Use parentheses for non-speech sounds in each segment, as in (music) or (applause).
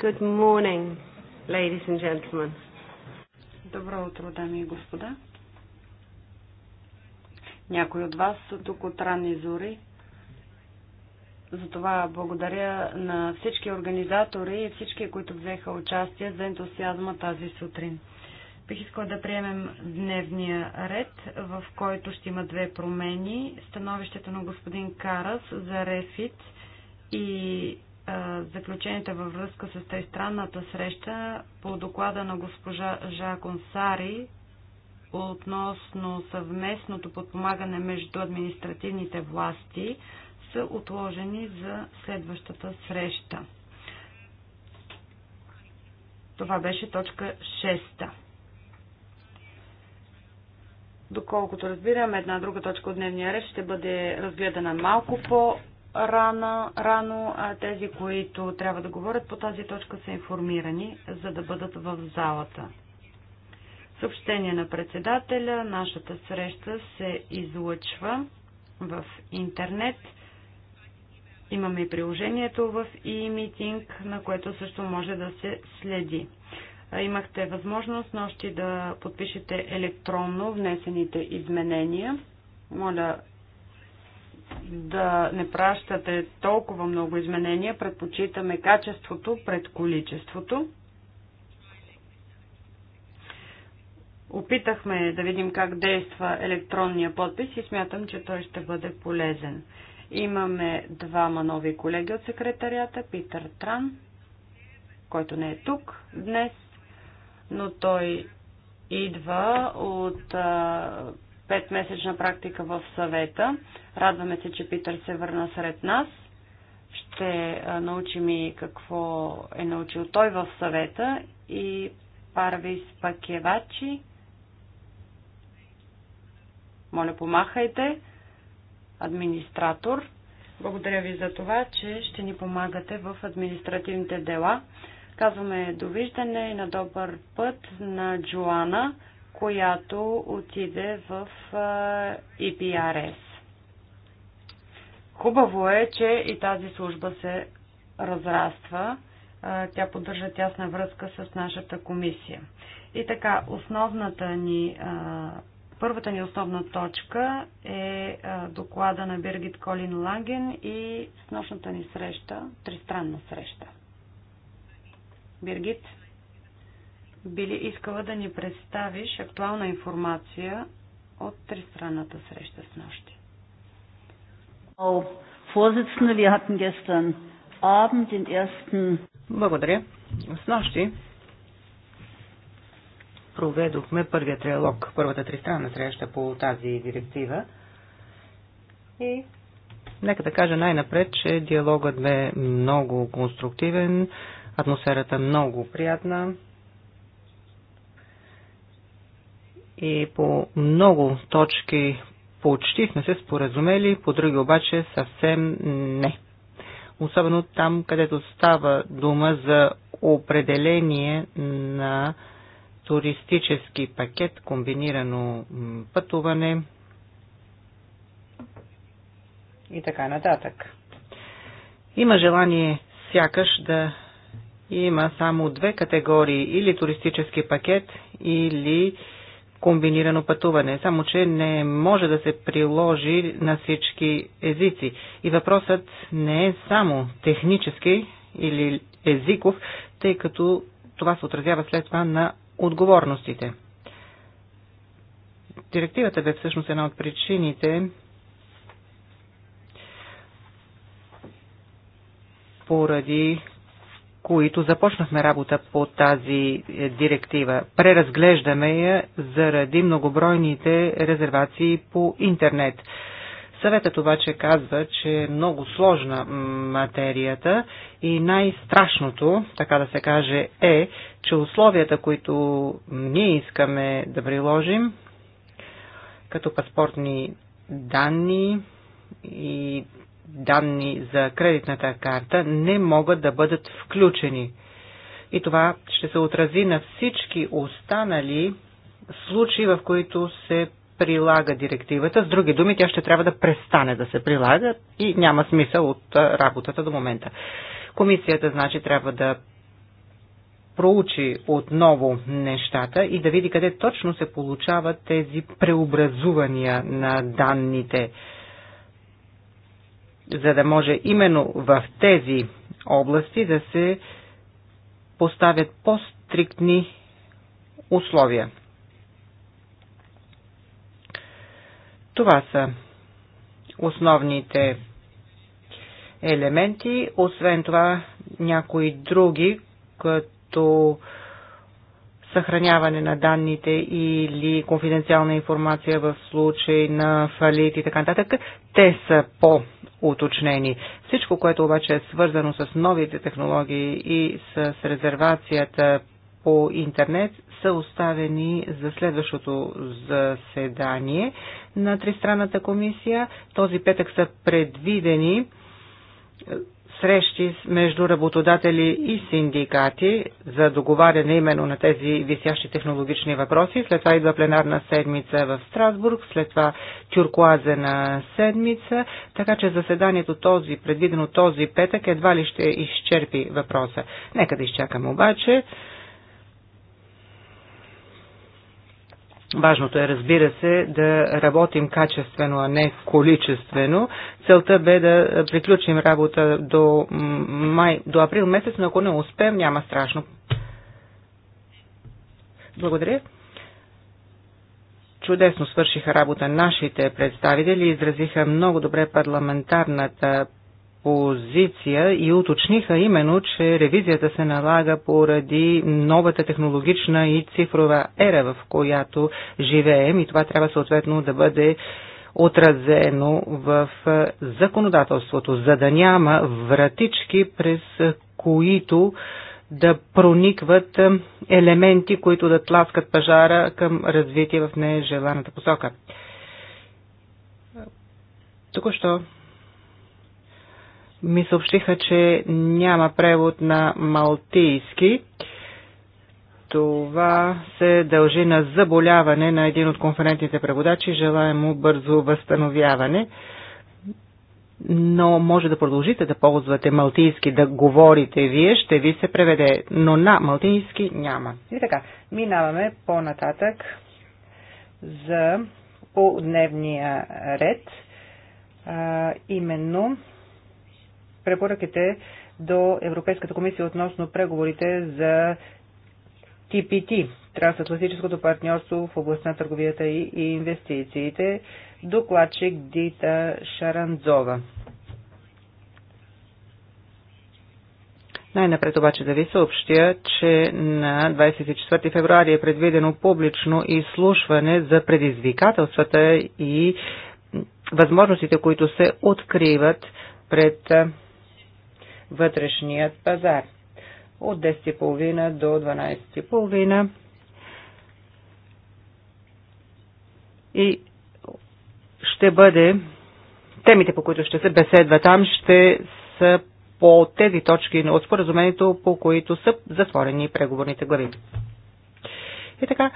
Good morning, ladies and gentlemen. Добро утро, дами и господа. Някои от вас са тук от ранни зори. Затова благодаря на всички организатори и всички, които взеха участие за ентусиазма тази сутрин. Бих искала да приемем дневния ред, в който ще има две промени. Становището на господин Карас за Рефит и заключенията във връзка с тристранната среща по доклада на госпожа Жакон Сари относно съвместното подпомагане между административните власти са отложени за следващата среща. Това беше точка 6. Доколкото разбирам, една друга точка от дневния ред ще бъде разгледана малко по рано, рано, тези, които трябва да говорят по тази точка, са информирани, за да бъдат в залата. Съобщение на председателя. Нашата среща се излъчва в интернет. Имаме и приложението в e-meeting, на което също може да се следи. Имахте възможност нощи да подпишете електронно внесените изменения. Моля да не пращате толкова много изменения. Предпочитаме качеството пред количеството. Опитахме да видим как действа електронния подпис и смятам, че той ще бъде полезен. Имаме двама нови колеги от секретарията, Питър Тран, който не е тук днес, но той идва от петмесечна практика в съвета. Радваме се, че Питър се върна сред нас. Ще научим и какво е научил той в съвета и Парвис Пакевачи. Моля, помахайте. Администратор. Благодаря ви за това, че ще ни помагате в административните дела. Казваме довиждане и на добър път на Джоана която отиде в EPRS. Хубаво е, че и тази служба се разраства. Тя поддържа тясна връзка с нашата комисия. И така, основната ни, първата ни основна точка е доклада на Биргит Колин Лаген и с нощната ни среща, тристранна среща. Биргит? били искала да ни представиш актуална информация от тристранната среща с нощи. Благодаря. С нощи проведохме първия триалог, първата тристранна среща по тази директива. И нека да кажа най-напред, че диалогът бе много конструктивен, атмосферата много приятна, и по много точки почти сме се споразумели, по други обаче съвсем не. Особено там, където става дума за определение на туристически пакет, комбинирано пътуване и така нататък. Има желание сякаш да има само две категории или туристически пакет, или комбинирано пътуване, само че не може да се приложи на всички езици. И въпросът не е само технически или езиков, тъй като това се отразява след това на отговорностите. Директивата бе всъщност една от причините, поради които започнахме работа по тази е, директива. Преразглеждаме я заради многобройните резервации по интернет. Съветът обаче казва, че е много сложна материята и най-страшното, така да се каже, е, че условията, които ние искаме да приложим, като паспортни данни и данни за кредитната карта не могат да бъдат включени. И това ще се отрази на всички останали случаи, в които се прилага директивата. С други думи, тя ще трябва да престане да се прилага и няма смисъл от работата до момента. Комисията, значи, трябва да проучи отново нещата и да види къде точно се получават тези преобразувания на данните за да може именно в тези области да се поставят по-стриктни условия. Това са основните елементи, освен това някои други, като съхраняване на данните или конфиденциална информация в случай на фалит и така нататък, те са по уточнени. Всичко, което обаче е свързано с новите технологии и с резервацията по интернет, са оставени за следващото заседание на Тристранната комисия. Този петък са предвидени срещи между работодатели и синдикати за договаряне именно на тези висящи технологични въпроси. След това идва пленарна седмица в Страсбург, след това тюркуазена седмица, така че заседанието този, предвидено този петък, едва ли ще изчерпи въпроса. Нека да изчакаме обаче. Важното е, разбира се, да работим качествено, а не количествено. Целта бе да приключим работа до, май, до април месец, но ако не успеем, няма страшно. Благодаря. Чудесно свършиха работа нашите представители и изразиха много добре парламентарната позиция и уточниха именно, че ревизията се налага поради новата технологична и цифрова ера, в която живеем и това трябва съответно да бъде отразено в е, законодателството, за да няма вратички, през които да проникват е, елементи, които да тласкат пожара към развитие в нежеланата посока. Току-що ми съобщиха, че няма превод на малтийски. Това се дължи на заболяване на един от конферентните преводачи. Желаем му бързо възстановяване. Но може да продължите да ползвате малтийски, да говорите вие, ще ви се преведе, но на малтийски няма. И така, минаваме по-нататък за по дневния ред, а, именно препоръките до Европейската комисия относно преговорите за TPT, Трансатлантическото партньорство в областта на търговията и инвестициите, докладчик Дита Шаранзова. Най-напред обаче да ви съобщя, че на 24 февруари е предвидено публично изслушване за предизвикателствата и възможностите, които се откриват пред вътрешният пазар. От 10.30 до 12.30 и ще бъде темите, по които ще се беседва там, ще са по тези точки от споразумението, по които са затворени преговорните глави. И така,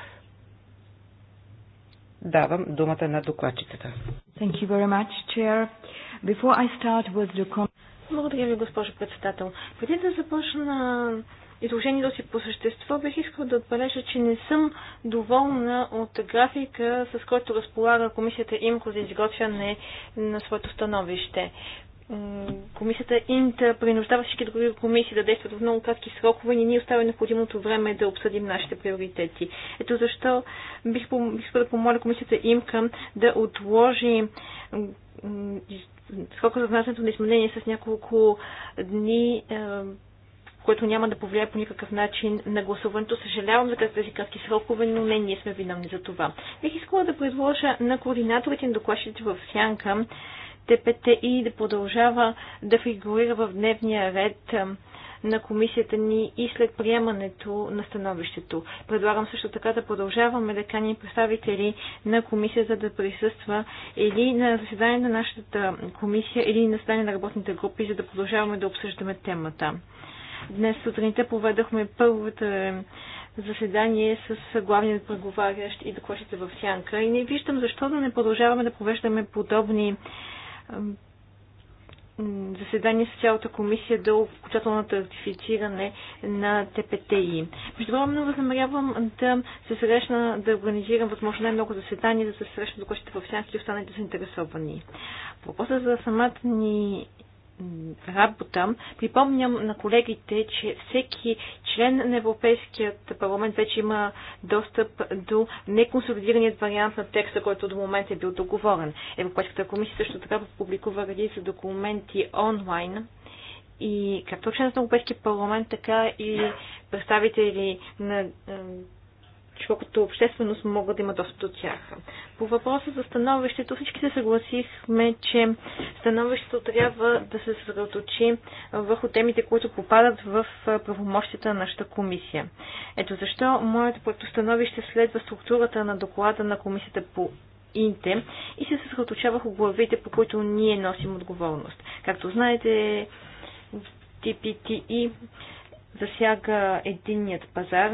давам думата на докладчицата. Thank you very much, Chair. Before I start with the благодаря ви, госпожо председател. Преди да започна изложението си по същество, бих искал да отбележа, че не съм доволна от графика, с който разполага комисията ИМКО за изготвяне на своето становище комисията Инта принуждава всички други комисии да действат в много кратки срокове и ние оставя необходимото време да обсъдим нашите приоритети. Ето защо бих, бих да помоля комисията Имка да отложи срока за внасянето на изменение с няколко дни, е, което няма да повлияе по никакъв начин на гласуването. Съжалявам за тези кратки срокове, но не ние сме виновни за това. Бих искала да предложа на координаторите на докладчите в Сянка ТПТИ да продължава да фигурира в дневния ред на комисията ни и след приемането на становището. Предлагам също така да продължаваме да каним представители на комисията да присъства или на заседание на нашата комисия, или на заседание на работните групи, за да продължаваме да обсъждаме темата. Днес сутринта проведохме първото е, заседание с главният преговарящ и докладчите в сянка и не виждам защо да не продължаваме да провеждаме подобни заседание с цялата комисия до окончателното ратифициране на ТПТИ. Междувременно възнамерявам да се срещна, да организирам възможно най-много заседания, да се срещна докато ще в сянски и останалите заинтересовани. Въпросът за самата ни работа. Припомням на колегите, че всеки член на Европейският парламент вече има достъп до неконсолидираният вариант на текста, който до момента е бил договорен. Европейската комисия също така публикува за документи онлайн. И както член на Европейския парламент, така и представители на колкото общественост могат да има достъп до тях. По въпроса за становището всички се съгласихме, че становището трябва да се съсредоточи върху темите, които попадат в правомощията на нашата комисия. Ето защо моето становище следва структурата на доклада на комисията по Инте и се съсредоточава върху главите, по които ние носим отговорност. Както знаете, TPTI засяга единният пазар,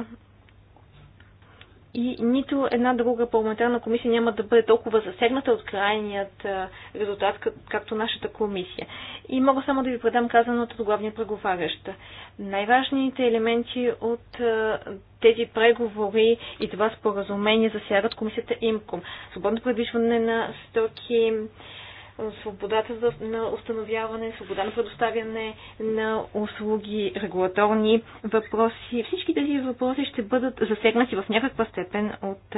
и нито една друга парламентарна комисия няма да бъде толкова засегната от крайният резултат, както нашата комисия. И мога само да ви предам казаното от главния преговаряща. Най-важните елементи от тези преговори и това споразумение засягат комисията ИМКОМ. Свободно предвижване на стоки, свободата за, на установяване, свобода на предоставяне на услуги, регулаторни въпроси. Всички тези въпроси ще бъдат засегнати в някаква степен от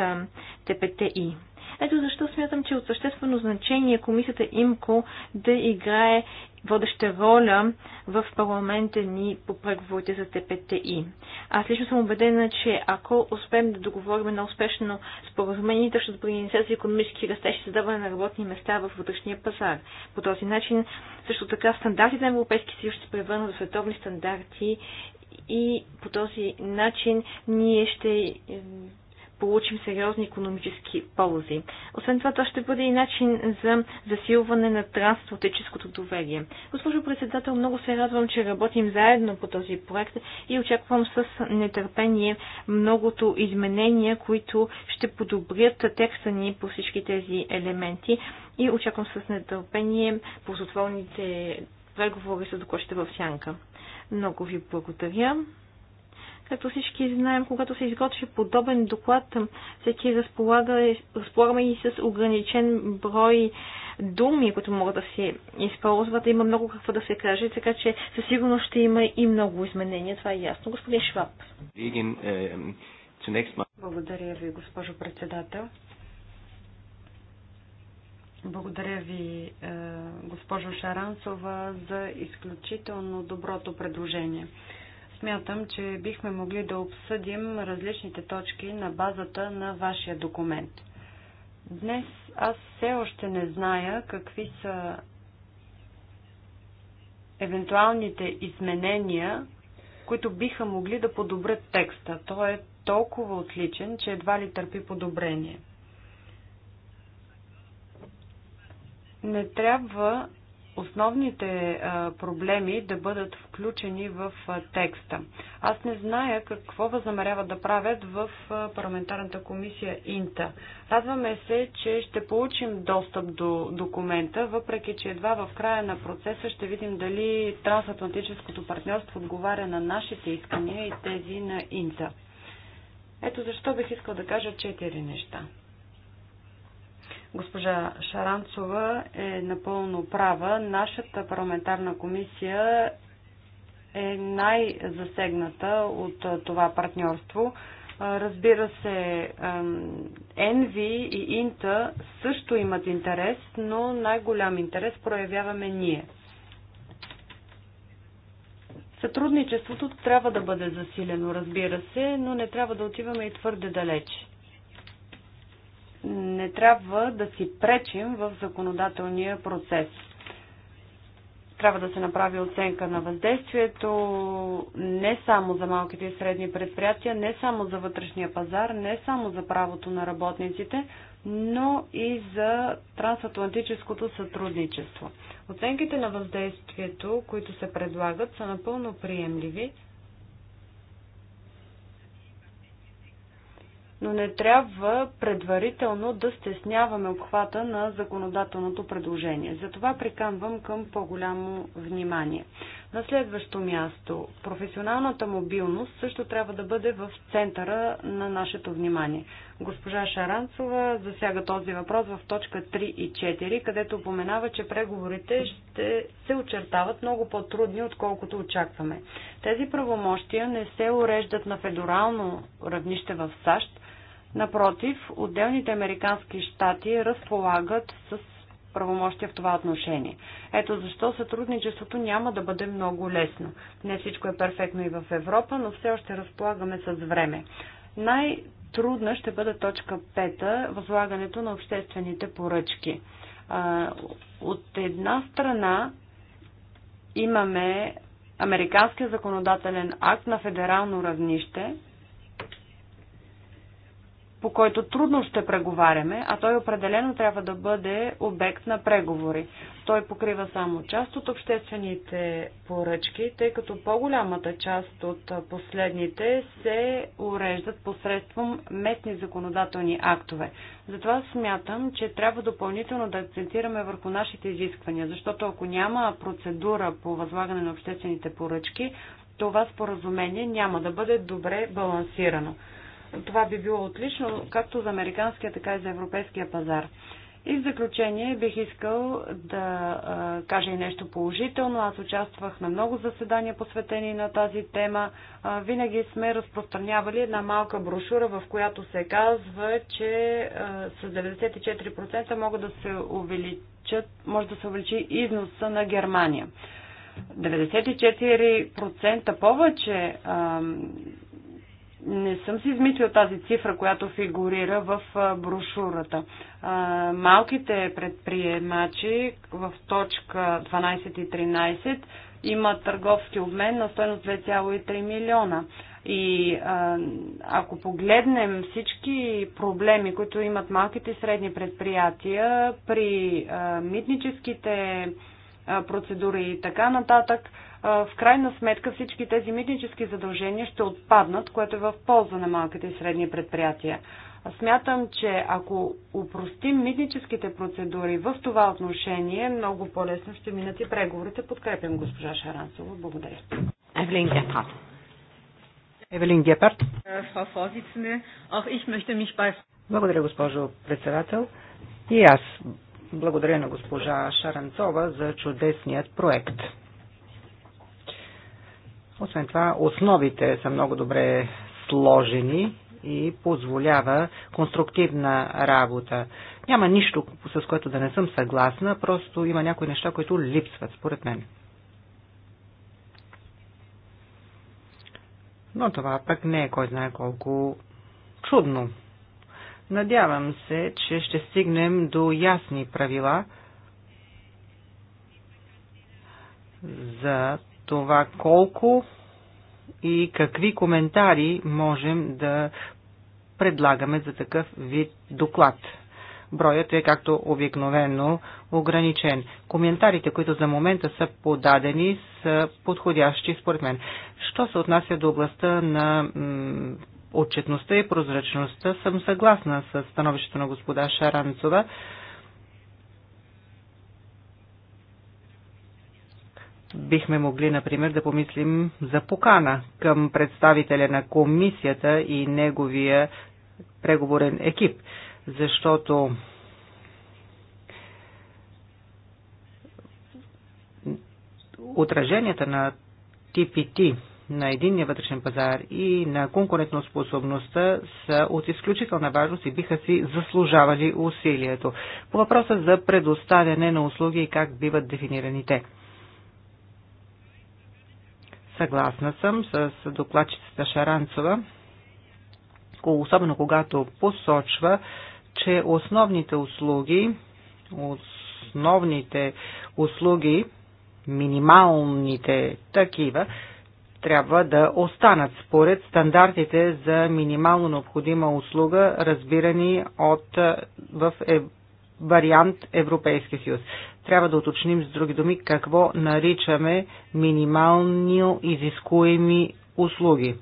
ТПТИ. Ето защо смятам, че е от съществено значение комисията ИМКО да играе водеща роля в парламента ни по преговорите за ТПТИ. Аз лично съм убедена, че ако успеем да договорим на успешно споразумение, то ще допринесе за економически растеж и създаване на работни места в вътрешния пазар. По този начин също така стандартите на Европейския съюз ще се превърнат в световни стандарти и по този начин ние ще получим сериозни економически ползи. Освен това, то ще бъде и начин за засилване на трансатлантическото доверие. Госпожо председател, много се радвам, че работим заедно по този проект и очаквам с нетърпение многото изменения, които ще подобрят текста ни по всички тези елементи и очаквам с нетърпение ползотворните преговори с докошите в сянка. Много ви благодаря. Както всички знаем, когато се изготви подобен доклад, всеки разполага, разполагаме и с ограничен брой думи, които могат да се използват. Има много какво да се каже, така че със сигурност ще има и много изменения. Това е ясно. Господин Шваб. Е, Благодаря ви, госпожо председател. Благодаря ви, е, госпожо Шарансова, за изключително доброто предложение смятам, че бихме могли да обсъдим различните точки на базата на вашия документ. Днес аз все още не зная какви са евентуалните изменения, които биха могли да подобрят текста. Той е толкова отличен, че едва ли търпи подобрение. Не трябва основните проблеми да бъдат включени в текста. Аз не зная какво възнамеряват да правят в парламентарната комисия Инта. Радваме се, че ще получим достъп до документа, въпреки че едва в края на процеса ще видим дали трансатлантическото партньорство отговаря на нашите искания и тези на Инта. Ето защо бих искал да кажа четири неща. Госпожа Шаранцова е напълно права. Нашата парламентарна комисия е най-засегната от това партньорство. Разбира се, Енви и Инта също имат интерес, но най-голям интерес проявяваме ние. Сътрудничеството трябва да бъде засилено, разбира се, но не трябва да отиваме и твърде далече не трябва да си пречим в законодателния процес. Трябва да се направи оценка на въздействието не само за малките и средни предприятия, не само за вътрешния пазар, не само за правото на работниците, но и за трансатлантическото сътрудничество. Оценките на въздействието, които се предлагат, са напълно приемливи, но не трябва предварително да стесняваме обхвата на законодателното предложение. Затова приканвам към по-голямо внимание. На следващо място, професионалната мобилност също трябва да бъде в центъра на нашето внимание. Госпожа Шаранцова засяга този въпрос в точка 3 и 4, където упоменава, че преговорите ще се очертават много по-трудни, отколкото очакваме. Тези правомощия не се уреждат на федерално равнище в САЩ, Напротив, отделните американски щати разполагат с правомощия в това отношение. Ето защо сътрудничеството няма да бъде много лесно. Не всичко е перфектно и в Европа, но все още разполагаме с време. Най-трудна ще бъде точка 5 възлагането на обществените поръчки. От една страна имаме Американския законодателен акт на федерално равнище, по който трудно ще преговаряме, а той определено трябва да бъде обект на преговори. Той покрива само част от обществените поръчки, тъй като по-голямата част от последните се уреждат посредством местни законодателни актове. Затова смятам, че трябва допълнително да акцентираме върху нашите изисквания, защото ако няма процедура по възлагане на обществените поръчки, това споразумение няма да бъде добре балансирано. Това би било отлично както за американския, така и за европейския пазар. И в заключение бих искал да а, кажа и нещо положително. Аз участвах на много заседания, посветени на тази тема. А, винаги сме разпространявали една малка брошура, в която се казва, че а, с 94% могат да се увеличат, може да се увеличи износа на Германия. 94% повече не съм си измислил тази цифра, която фигурира в брошурата. Малките предприемачи в точка 12 и 13 имат търговски обмен на стоеност 2,3 милиона. И а, ако погледнем всички проблеми, които имат малките и средни предприятия при а, митническите а, процедури и така нататък, в крайна сметка всички тези митнически задължения ще отпаднат, което е в полза на малките и средни предприятия. Смятам, че ако упростим митническите процедури в това отношение, много по-лесно ще минат и преговорите. Подкрепям госпожа Шаранцова. Благодаря. Евлин Гепард. Евелин Гепард. Э, благодаря, госпожо председател. И аз благодаря на госпожа Шаранцова за чудесният проект. Освен това, основите са много добре сложени и позволява конструктивна работа. Няма нищо, с което да не съм съгласна, просто има някои неща, които липсват, според мен. Но това пък не е кой знае колко чудно. Надявам се, че ще стигнем до ясни правила за това колко и какви коментари можем да предлагаме за такъв вид доклад. Броят е, както обикновено, ограничен. Коментарите, които за момента са подадени, са подходящи според мен. Що се отнася до областта на отчетността и прозрачността, съм съгласна с становището на господа Шаранцова. бихме могли, например, да помислим за покана към представителя на комисията и неговия преговорен екип, защото отраженията на ТПТ на единния вътрешен пазар и на конкурентоспособността са от изключителна важност и биха си заслужавали усилието. По въпроса за предоставяне на услуги и как биват дефинирани те. Съгласна съм с докладчицата Шаранцова, особено когато посочва, че основните услуги, основните услуги, минималните такива, трябва да останат според стандартите за минимално необходима услуга, разбирани от, в вариант Европейския съюз. Трябва да уточним с други думи какво наричаме минимални изискуеми услуги.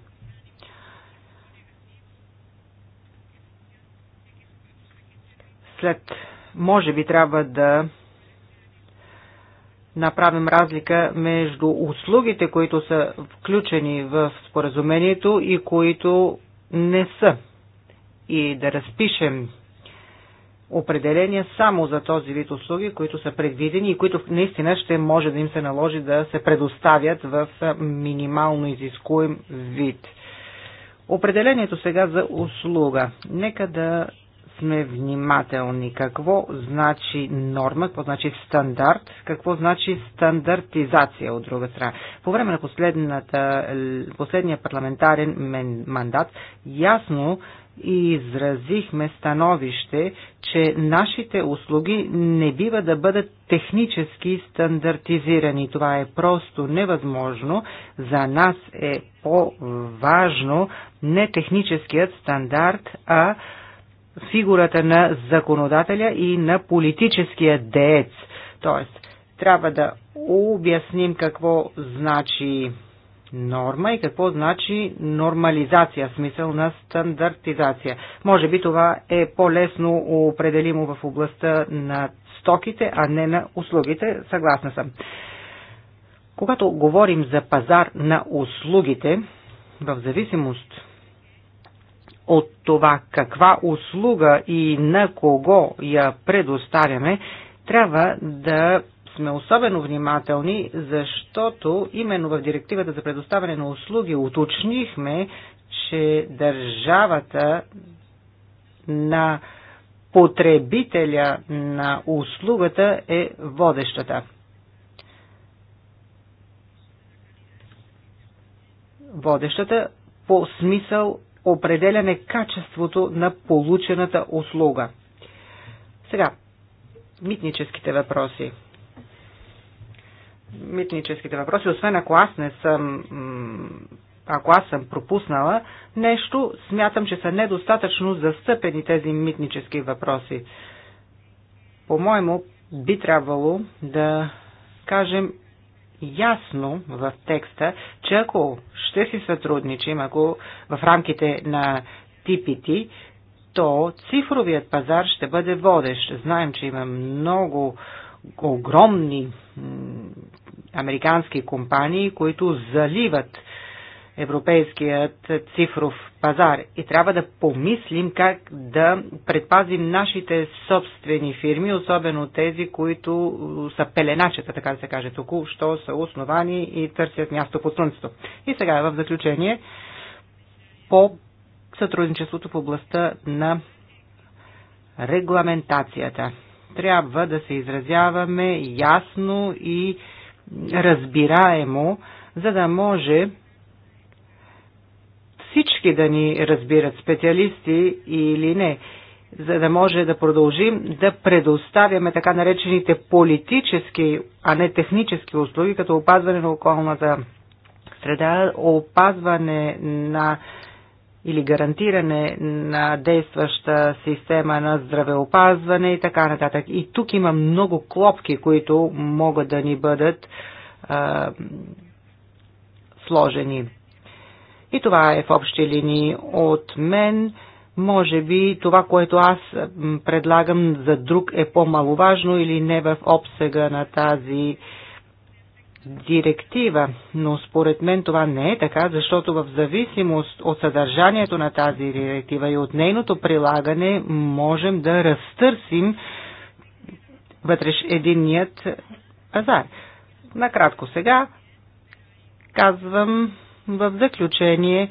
След, може би трябва да направим разлика между услугите, които са включени в споразумението и които не са. И да разпишем определения само за този вид услуги, които са предвидени и които наистина ще може да им се наложи да се предоставят в минимално изискуем вид. Определението сега за услуга. Нека да сме внимателни. Какво значи норма, какво значи стандарт, какво значи стандартизация от друга страна. По време на последния парламентарен мандат ясно и изразихме становище, че нашите услуги не бива да бъдат технически стандартизирани. Това е просто невъзможно. За нас е по-важно не техническият стандарт, а фигурата на законодателя и на политическия деец. Тоест, трябва да обясним какво значи норма и какво значи нормализация, в смисъл на стандартизация. Може би това е по-лесно определимо в областта на стоките, а не на услугите. Съгласна съм. Когато говорим за пазар на услугите, в зависимост от това каква услуга и на кого я предоставяме, трябва да сме особено внимателни, защото именно в директивата за предоставяне на услуги уточнихме, че държавата на потребителя на услугата е водещата. Водещата по смисъл определяне качеството на получената услуга. Сега, митническите въпроси митническите въпроси, освен ако аз не съм, ако аз съм пропуснала нещо, смятам, че са недостатъчно застъпени тези митнически въпроси. По-моему, би трябвало да кажем ясно в текста, че ако ще си сътрудничим, ако в рамките на TPT, то цифровият пазар ще бъде водещ. Знаем, че има много огромни американски компании, които заливат европейският цифров пазар и трябва да помислим как да предпазим нашите собствени фирми, особено тези, които са пеленачета, така да се каже, току-що са основани и търсят място под слънцето. И сега в заключение по сътрудничеството в областта на регламентацията. Трябва да се изразяваме ясно и разбираемо, за да може всички да ни разбират, специалисти или не, за да може да продължим да предоставяме така наречените политически, а не технически услуги, като опазване на околната среда, опазване на или гарантиране на действаща система на здравеопазване и така нататък. И тук има много клопки, които могат да ни бъдат а, сложени. И това е в общи линии от мен. Може би това, което аз предлагам за друг е по-маловажно или не в обсега на тази а, директива, но според мен това не е така, защото в зависимост от съдържанието на тази директива и от нейното прилагане можем да разтърсим вътреш единният пазар. Накратко сега казвам в заключение,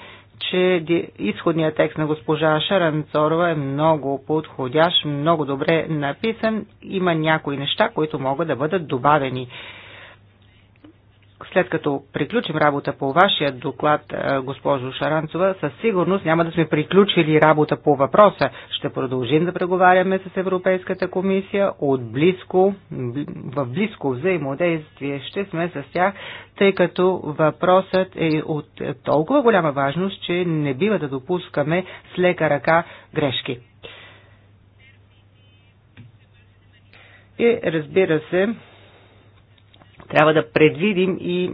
че изходният текст на госпожа Шаранцорова е много подходящ, много добре написан. Има някои неща, които могат да бъдат добавени след като приключим работа по вашия доклад, е, госпожо Шаранцова, със сигурност няма да сме приключили работа по въпроса. Ще продължим да преговаряме с Европейската комисия от близко, в близко взаимодействие ще сме с тях, тъй като въпросът е от толкова голяма важност, че не бива да допускаме с лека ръка грешки. И разбира се, трябва да предвидим и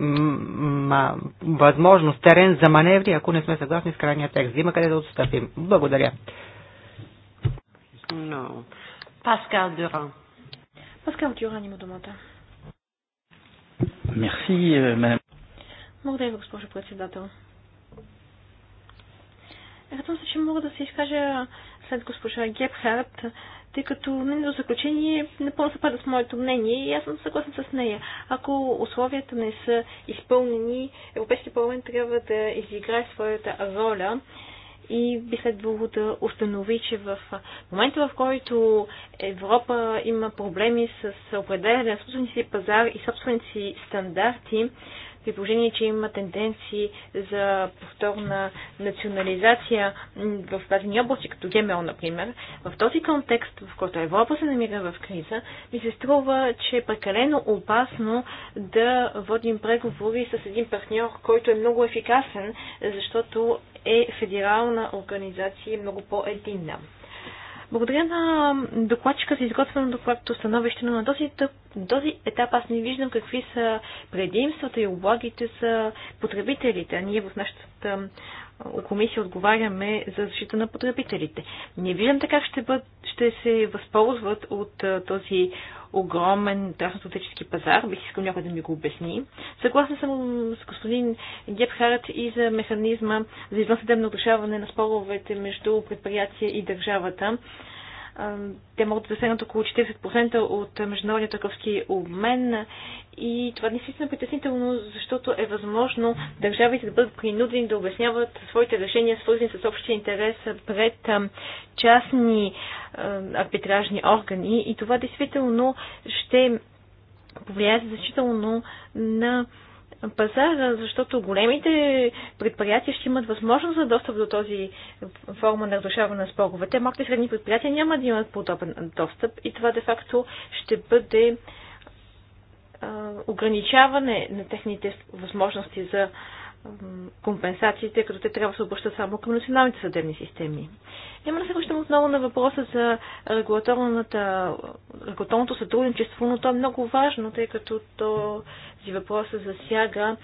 възможност, терен за маневри, ако не сме съгласни с крайния текст. Има къде да отстъпим. Благодаря. No. Паскал Дюран. Паскал Дюран има думата. Мерси, мадам. Благодаря ви, госпожо председател. Радвам се, че мога да се изкажа след госпожа Гебхарт, тъй като нейното нали, заключение напълно пада с моето мнение и аз съм съгласна с нея. Ако условията не са изпълнени, Европейския парламент трябва да изиграе своята роля и би следвало да установи, че в момента, в който Европа има проблеми с определен на собствените си пазар и собствените си стандарти, при положение, че има тенденции за повторна национализация в тази области, като ГМО, например, в този контекст, в който Европа се намира в криза, ми се струва, че е прекалено опасно да водим преговори с един партньор, който е много ефикасен, защото е федерална организация и много по-единна. Благодаря на докладчика за изготвеното проекто становище, но на този, този етап аз не виждам какви са предимствата и облагите за потребителите. Ние в нашата комисия отговаряме за защита на потребителите. Не виждам така ще, бъд, ще се възползват от този огромен трансатлантически пазар. Бих искал някой да ми го обясни. Съгласна съм с господин Гепхарт и за механизма за извънсъдебно решаване на споровете между предприятия и държавата те могат да засегнат около 40% от международния търговски обмен и това не е притеснително, защото е възможно държавите да бъдат принудени да обясняват своите решения, свързани с общия интерес пред частни арбитражни органи и това действително ще повлияе значително на пазара, защото големите предприятия ще имат възможност за достъп до този форма на разрушаване на споровете. малките и средни предприятия, няма да имат подобен достъп и това де-факто ще бъде ограничаване на техните възможности за компенсациите, като те трябва да се обръщат само към националните съдебни системи. Няма да се връщам отново на въпроса за регулаторното сътрудничество, но то е много важно, тъй като този въпрос засяга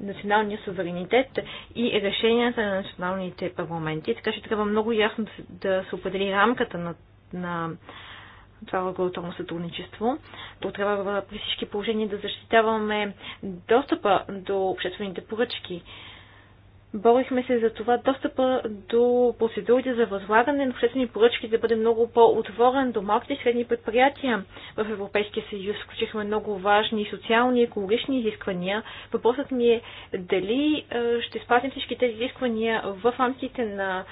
националния суверенитет и решенията на националните парламенти. Така че трябва много ясно да се определи рамката на, на това регулаторно сътрудничество. То трябва при всички положения да защитаваме достъпа до обществените поръчки. Борихме се за това достъпа до процедурите за възлагане на обществени поръчки да бъде много по-отворен до малките и средни предприятия в Европейския съюз. Включихме много важни социални и екологични изисквания. Въпросът ми е дали ще спазим всички тези изисквания в рамките на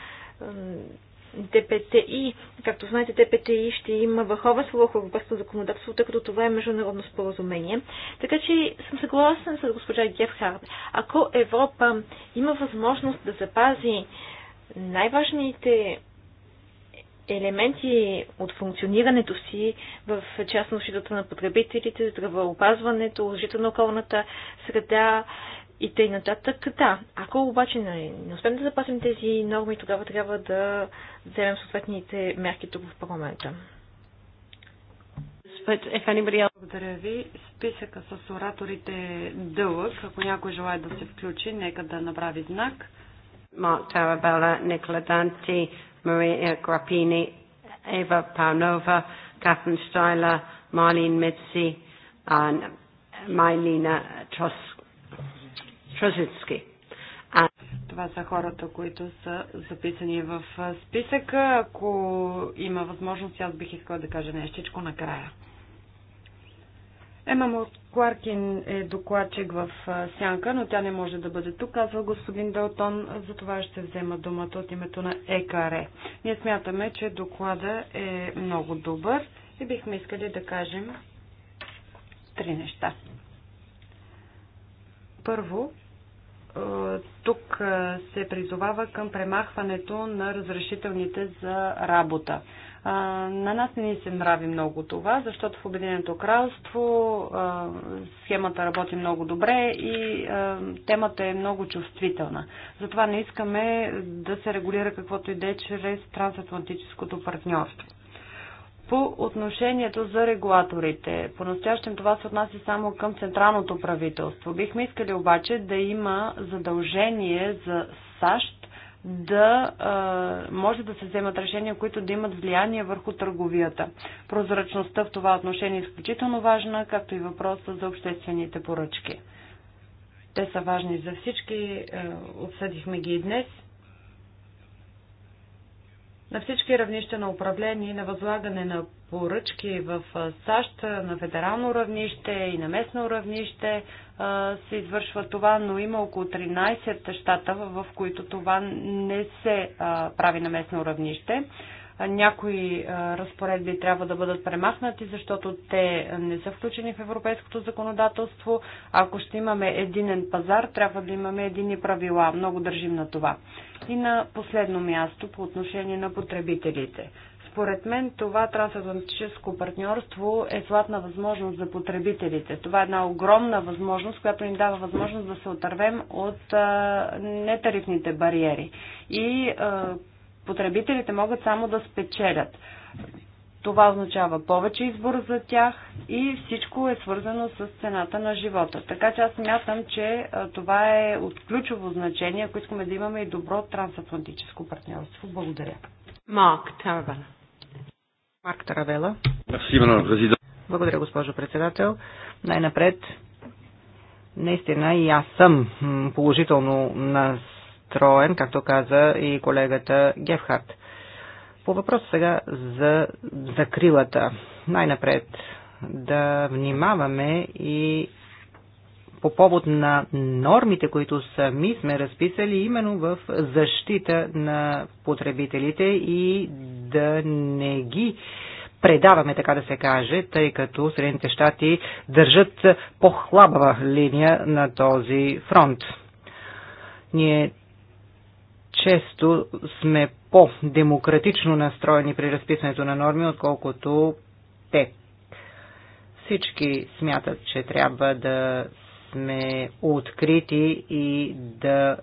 ДПТИ. Както знаете, ДПТИ ще има върховен слово в европейското законодателство, тъй като това е международно споразумение. Така че съм съгласен с госпожа Гефхард. Ако Европа има възможност да запази най-важните елементи от функционирането си, в частност на потребителите, здравеопазването, защита на околната среда и тъй нататък. Да, ако обаче не, не успеем да запасим тези норми, тогава трябва да вземем съответните мерки тук в парламента. Благодаря ви. Списъка с ораторите е дълъг. Ако някой желая да се включи, нека да направи знак. Марк Тарабела, Никола Данти, Мария Грапини, Ева Паунова, Кафен Штайла, Марлин Митси, Майлина Троск. А... Това са хората, които са записани в списъка. Ако има възможност, аз бих искала да кажа нещичко накрая. Ема Кларкин е докладчик в Сянка, но тя не може да бъде тук, казва господин Далтон, затова ще взема думата от името на ЕКАРЕ. Ние смятаме, че доклада е много добър и бихме искали да кажем три неща. Първо, е, тук е, се призовава към премахването на разрешителните за работа. Е, на нас не ни се нрави много това, защото в Обединеното кралство схемата работи много добре и темата е много чувствителна. Затова не искаме да се регулира каквото и да е чрез трансатлантическото партньорство. По отношението за регулаторите, по-настоящем това се отнася само към централното правителство. Бихме искали обаче да има задължение за САЩ да а, може да се вземат решения, които да имат влияние върху търговията. Прозрачността в това отношение е изключително важна, както и въпроса за обществените поръчки. Те са важни за всички, обсъдихме ги и днес на всички равнища на управление и на възлагане на поръчки в САЩ, на федерално равнище и на местно равнище се извършва това, но има около 13 щата, в които това не се прави на местно равнище. Някои разпоредби трябва да бъдат премахнати, защото те не са включени в европейското законодателство. Ако ще имаме единен пазар, трябва да имаме едини правила. Много държим на това. И на последно място по отношение на потребителите. Според мен това трансатлантическо партньорство е златна възможност за потребителите. Това е една огромна възможност, която ни дава възможност да се отървем от а, нетарифните бариери. И а, Потребителите могат само да спечелят. Това означава повече избор за тях и всичко е свързано с цената на живота. Така че аз мятам, че това е от ключово значение, ако искаме да имаме и добро трансатлантическо партньорство. Благодаря. Марк Таравела. Марк Таравела. Благодаря, госпожо председател. Най-напред, наистина и аз съм положително на троен, както каза и колегата Гефхарт. По въпрос сега за закрилата. Най-напред да внимаваме и по повод на нормите, които сами сме разписали именно в защита на потребителите и да не ги предаваме, така да се каже, тъй като Средните щати държат по-хлабава линия на този фронт. Ние често сме по-демократично настроени при разписането на норми, отколкото те. Всички смятат, че трябва да сме открити и да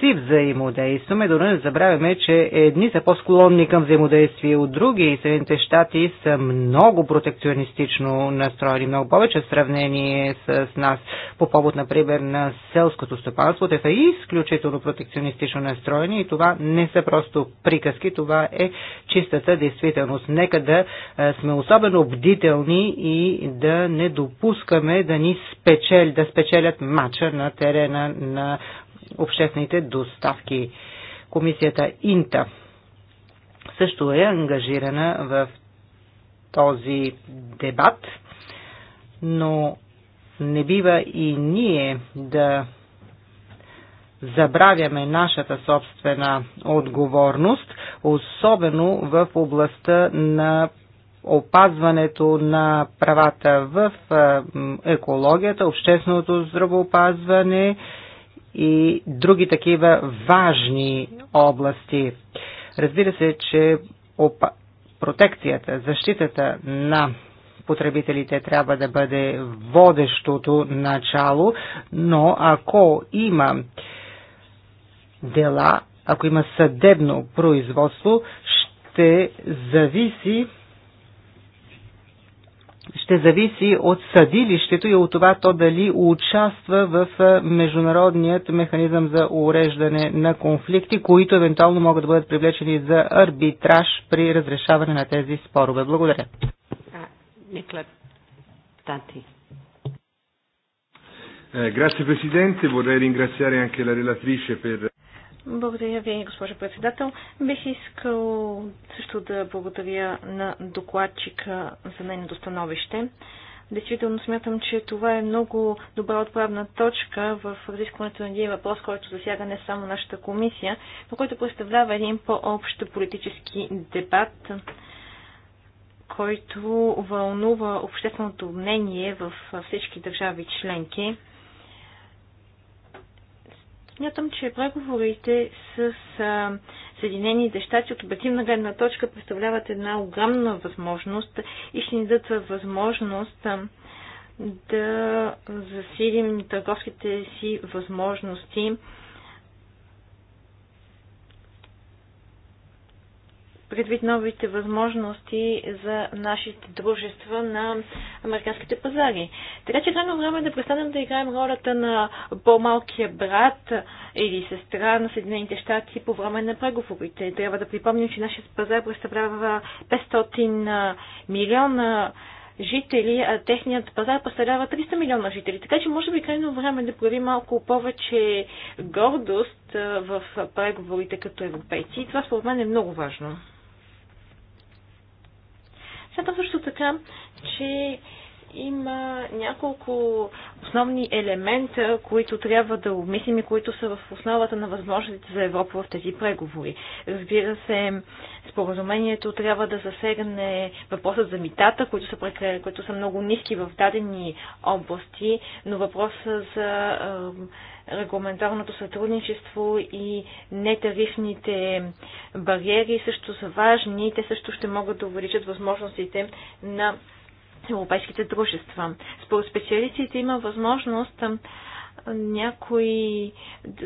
си взаимодействаме, дори не забравяме, че едни са по-склонни към взаимодействие от други и Съединените щати са много протекционистично настроени, много повече в сравнение с нас. По повод, например, на селското стопанство, те са изключително протекционистично настроени и това не са просто приказки, това е чистата действителност. Нека да е, сме особено бдителни и да не допускаме да ни спечелят, да спечелят мача на терена на обществените доставки. Комисията Инта също е ангажирана в този дебат, но не бива и ние да забравяме нашата собствена отговорност, особено в областта на опазването на правата в екологията, общественото здравоопазване и други такива важни области. Разбира се, че опа, протекцията, защитата на потребителите трябва да бъде водещото начало, но ако има дела, ако има съдебно производство, ще зависи ще зависи от съдилището и от това то дали участва в международният механизъм за уреждане на конфликти, които евентуално могат да бъдат привлечени за арбитраж при разрешаване на тези спорове. Благодаря. Никла Танти. Grazie е, Presidente, vorrei ringraziare anche la relatrice per... Благодаря ви, госпожа председател. Бих искал също да благодаря на докладчика за нейното становище. Действително смятам, че това е много добра отправна точка в разискването на един въпрос, който засяга не само нашата комисия, но който представлява един по-общ политически дебат, който вълнува общественото мнение в всички държави членки Смятам, че преговорите с а, Съединените щати от обективна гледна точка представляват една огромна възможност и ще ни дадат възможност а, да засилим търговските си възможности предвид новите възможности за нашите дружества на американските пазари. Така че е крайно време е да престанем да играем ролята на по-малкия брат или сестра на Съединените щати по време на преговорите. Трябва да припомним, че нашият пазар представлява 500 милиона жители, а техният пазар представлява 300 милиона жители. Така че може би е крайно време да прояви малко повече гордост в преговорите като европейци. И това според мен е много важно. Смятам също така, че има няколко основни елемента, които трябва да обмислим и които са в основата на възможностите за Европа в тези преговори. Разбира се, споразумението трябва да засегне въпросът за митата, които са, които са много ниски в дадени области, но въпросът за регламентарното сътрудничество и нетарифните бариери също са важни. Те също ще могат да увеличат възможностите на европейските дружества. Според специалистите има възможност някои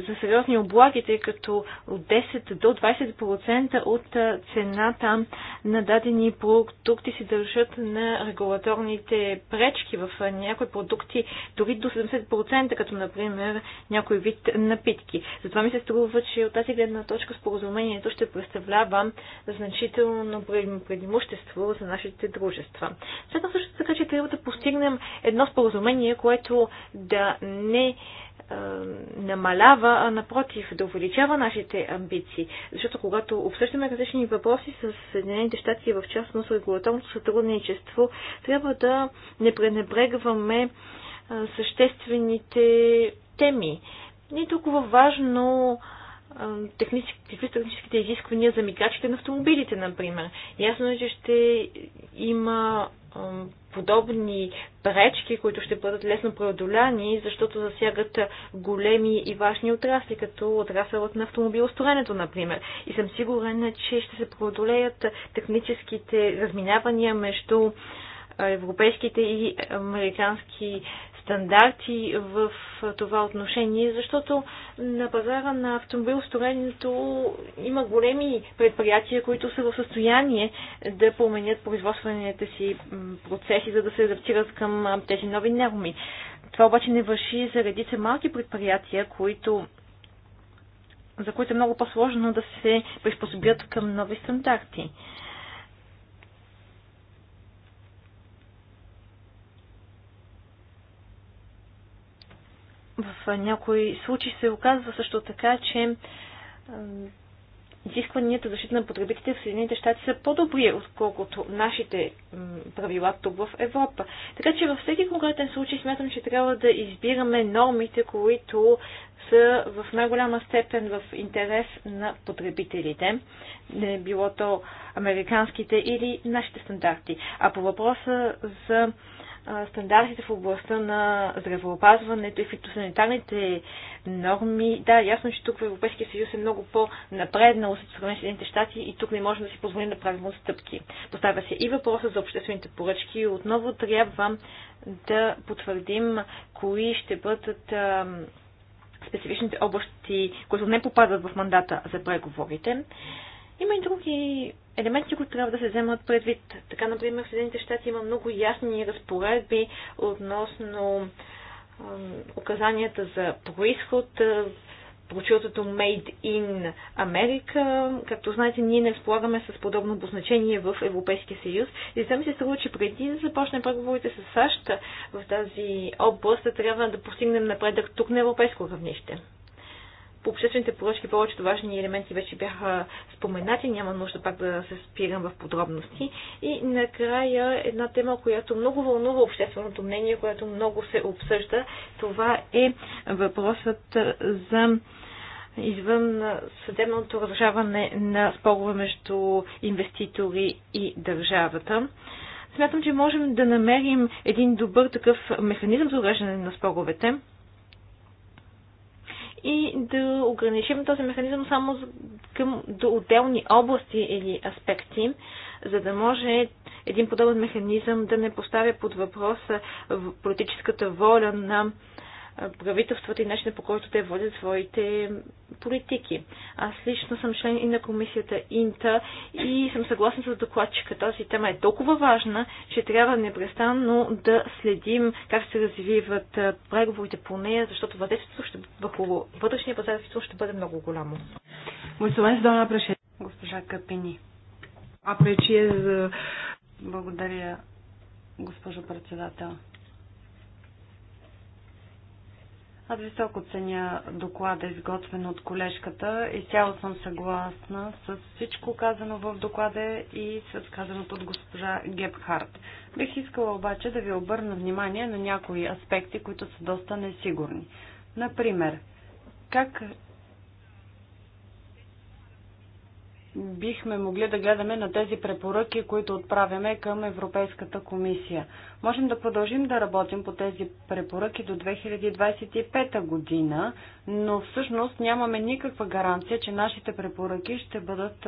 за сериозни облаги, тъй като от 10 до 20% от цената на дадени продукти се държат на регулаторните пречки в някои продукти, дори до 70%, като например някой вид напитки. Затова ми се струва, че от тази гледна точка споразумението ще представлява значително предимущество за нашите дружества. Следно също така, че трябва да постигнем едно споразумение, което да не намалява, а напротив, да увеличава нашите амбиции. Защото когато обсъждаме различни въпроси с Съединените щати и в частност регулаторното сътрудничество, трябва да не пренебрегваме съществените теми. Не е толкова важно а, технически, техническите изисквания за мигачите на автомобилите, например. Ясно е, че ще има подобни пречки, които ще бъдат лесно преодоляни, защото засягат големи и важни отрасли, като отрасълът на автомобилостроенето, например. И съм сигурен, че ще се преодолеят техническите разминавания между европейските и американски стандарти в това отношение, защото на пазара на автомобилстроенето има големи предприятия, които са в състояние да променят производствените си процеси, за да се адаптират към тези нови норми. Това обаче не върши за редица малки предприятия, които за които е много по-сложно да се приспособят към нови стандарти. В някои случаи се оказва също така, че изискванията за защита на потребителите в Съединените щати са по-добри, отколкото нашите правила тук в Европа. Така че във всеки конкретен случай смятам, че трябва да избираме нормите, които са в най-голяма степен в интерес на потребителите, не било то американските или нашите стандарти. А по въпроса за стандартите в областта на здравеопазването и фитосанитарните норми. Да, ясно, е, че тук в Европейския съюз е много по-напреднал от страна Съединените щати и тук не можем да си позволим да правим отстъпки. Поставя се и въпроса за обществените поръчки и отново трябва да потвърдим кои ще бъдат специфичните области, които не попадат в мандата за преговорите. Има и други елементи, които трябва да се вземат предвид. Така, например, в Съединените щати има много ясни разпоредби относно указанията за происход, прочутото Made in America. Както знаете, ние не разполагаме с подобно обозначение в Европейския съюз. И сега ми се струва, че преди да започнем преговорите с САЩ в тази област, трябва да постигнем напредък тук на европейско равнище. По обществените поръчки повечето важни елементи вече бяха споменати, няма нужда пак да се спирам в подробности. И накрая една тема, която много вълнува общественото мнение, която много се обсъжда, това е въпросът за извън съдебното разрешаване на спорове между инвеститори и държавата. Смятам, че можем да намерим един добър такъв механизъм за уреждане на споровете и да ограничим този механизъм само към, до отделни области или аспекти, за да може един подобен механизъм да не поставя под въпрос политическата воля на правителствата и начина по който те водят своите политики. Аз лично съм член и на комисията Инта и съм съгласна с докладчика. Тази тема е толкова важна, че трябва непрестанно да следим как се развиват преговорите по нея, защото въздействието ще, върху вътрешния пазар ще бъде много голямо. Mulțumesc, doamna președinte. Госпожа Капини. за Благодаря, госпожо председател. Аз високо ценя доклада, изготвен от колежката. Изцяло съм съгласна с всичко казано в доклада и с казаното от госпожа Гебхарт. Бих искала обаче да ви обърна внимание на някои аспекти, които са доста несигурни. Например, как бихме могли да гледаме на тези препоръки, които отправяме към Европейската комисия. Можем да продължим да работим по тези препоръки до 2025 година, но всъщност нямаме никаква гаранция, че нашите препоръки ще бъдат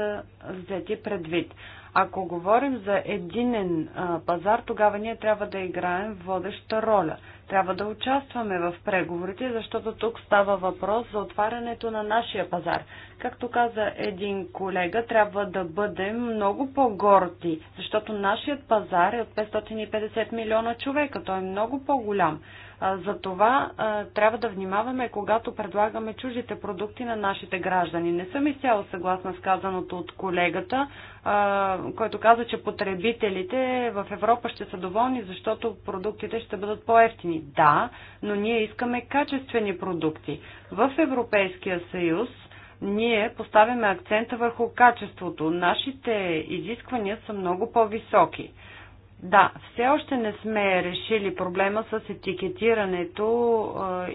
взети предвид. Ако говорим за единен пазар, тогава ние трябва да играем водеща роля. Трябва да участваме в преговорите, защото тук става въпрос за отварянето на нашия пазар. Както каза един колега, трябва да бъдем много по-горди, защото нашият пазар е от 550 милиона човека. Той е много по-голям. За това трябва да внимаваме, когато предлагаме чуждите продукти на нашите граждани. Не съм изцяло съгласна с казаното от колегата, който каза, че потребителите в Европа ще са доволни, защото продуктите ще бъдат по-ефтини. Да, но ние искаме качествени продукти. В Европейския съюз ние поставяме акцента върху качеството. Нашите изисквания са много по-високи. Да, все още не сме решили проблема с етикетирането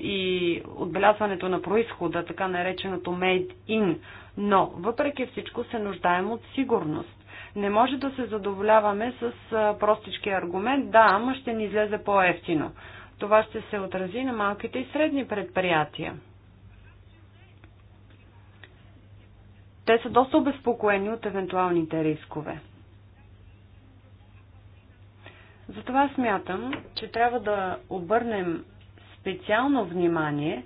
и отбелязването на происхода, така нареченото made in, но въпреки всичко се нуждаем от сигурност. Не може да се задоволяваме с простички аргумент, да, ама ще ни излезе по-ефтино. Това ще се отрази на малките и средни предприятия. Те са доста обезпокоени от евентуалните рискове. Затова смятам, че трябва да обърнем специално внимание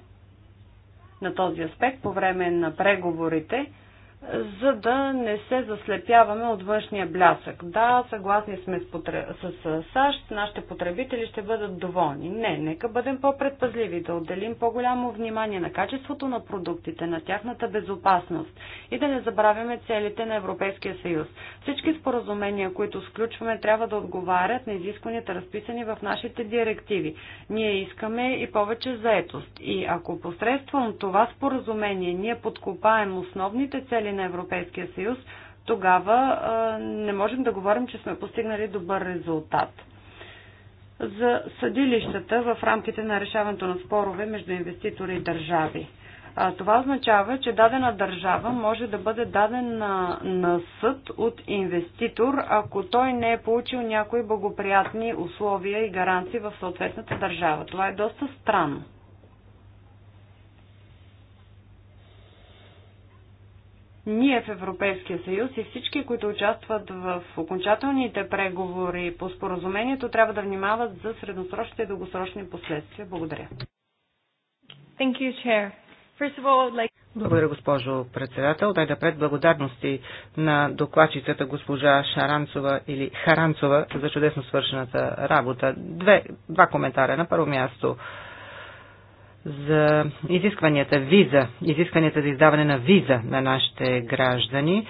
на този аспект по време на преговорите – за да не се заслепяваме от външния блясък. Да, съгласни сме с, потреб... с САЩ, нашите потребители ще бъдат доволни. Не, нека бъдем по-предпазливи, да отделим по-голямо внимание на качеството на продуктите, на тяхната безопасност и да не забравяме целите на Европейския съюз. Всички споразумения, които сключваме, трябва да отговарят на изискванията, разписани в нашите директиви. Ние искаме и повече заетост. И ако посредством това споразумение ние подкопаем основните цели на Европейския съюз, тогава не можем да говорим, че сме постигнали добър резултат. За съдилищата в рамките на решаването на спорове между инвеститори и държави. Това означава, че дадена държава може да бъде даден на, на съд от инвеститор, ако той не е получил някои благоприятни условия и гаранции в съответната държава. Това е доста странно. ние в Европейския съюз и всички, които участват в окончателните преговори по споразумението, трябва да внимават за средносрочните и дългосрочни последствия. Благодаря. Thank you, Chair. First of all, like... Благодаря, госпожо председател. Дай да пред благодарности на докладчицата госпожа Шаранцова или Харанцова за чудесно свършената работа. Две, два коментара. На първо място, за изискванията виза, изискванията за издаване на виза на нашите граждани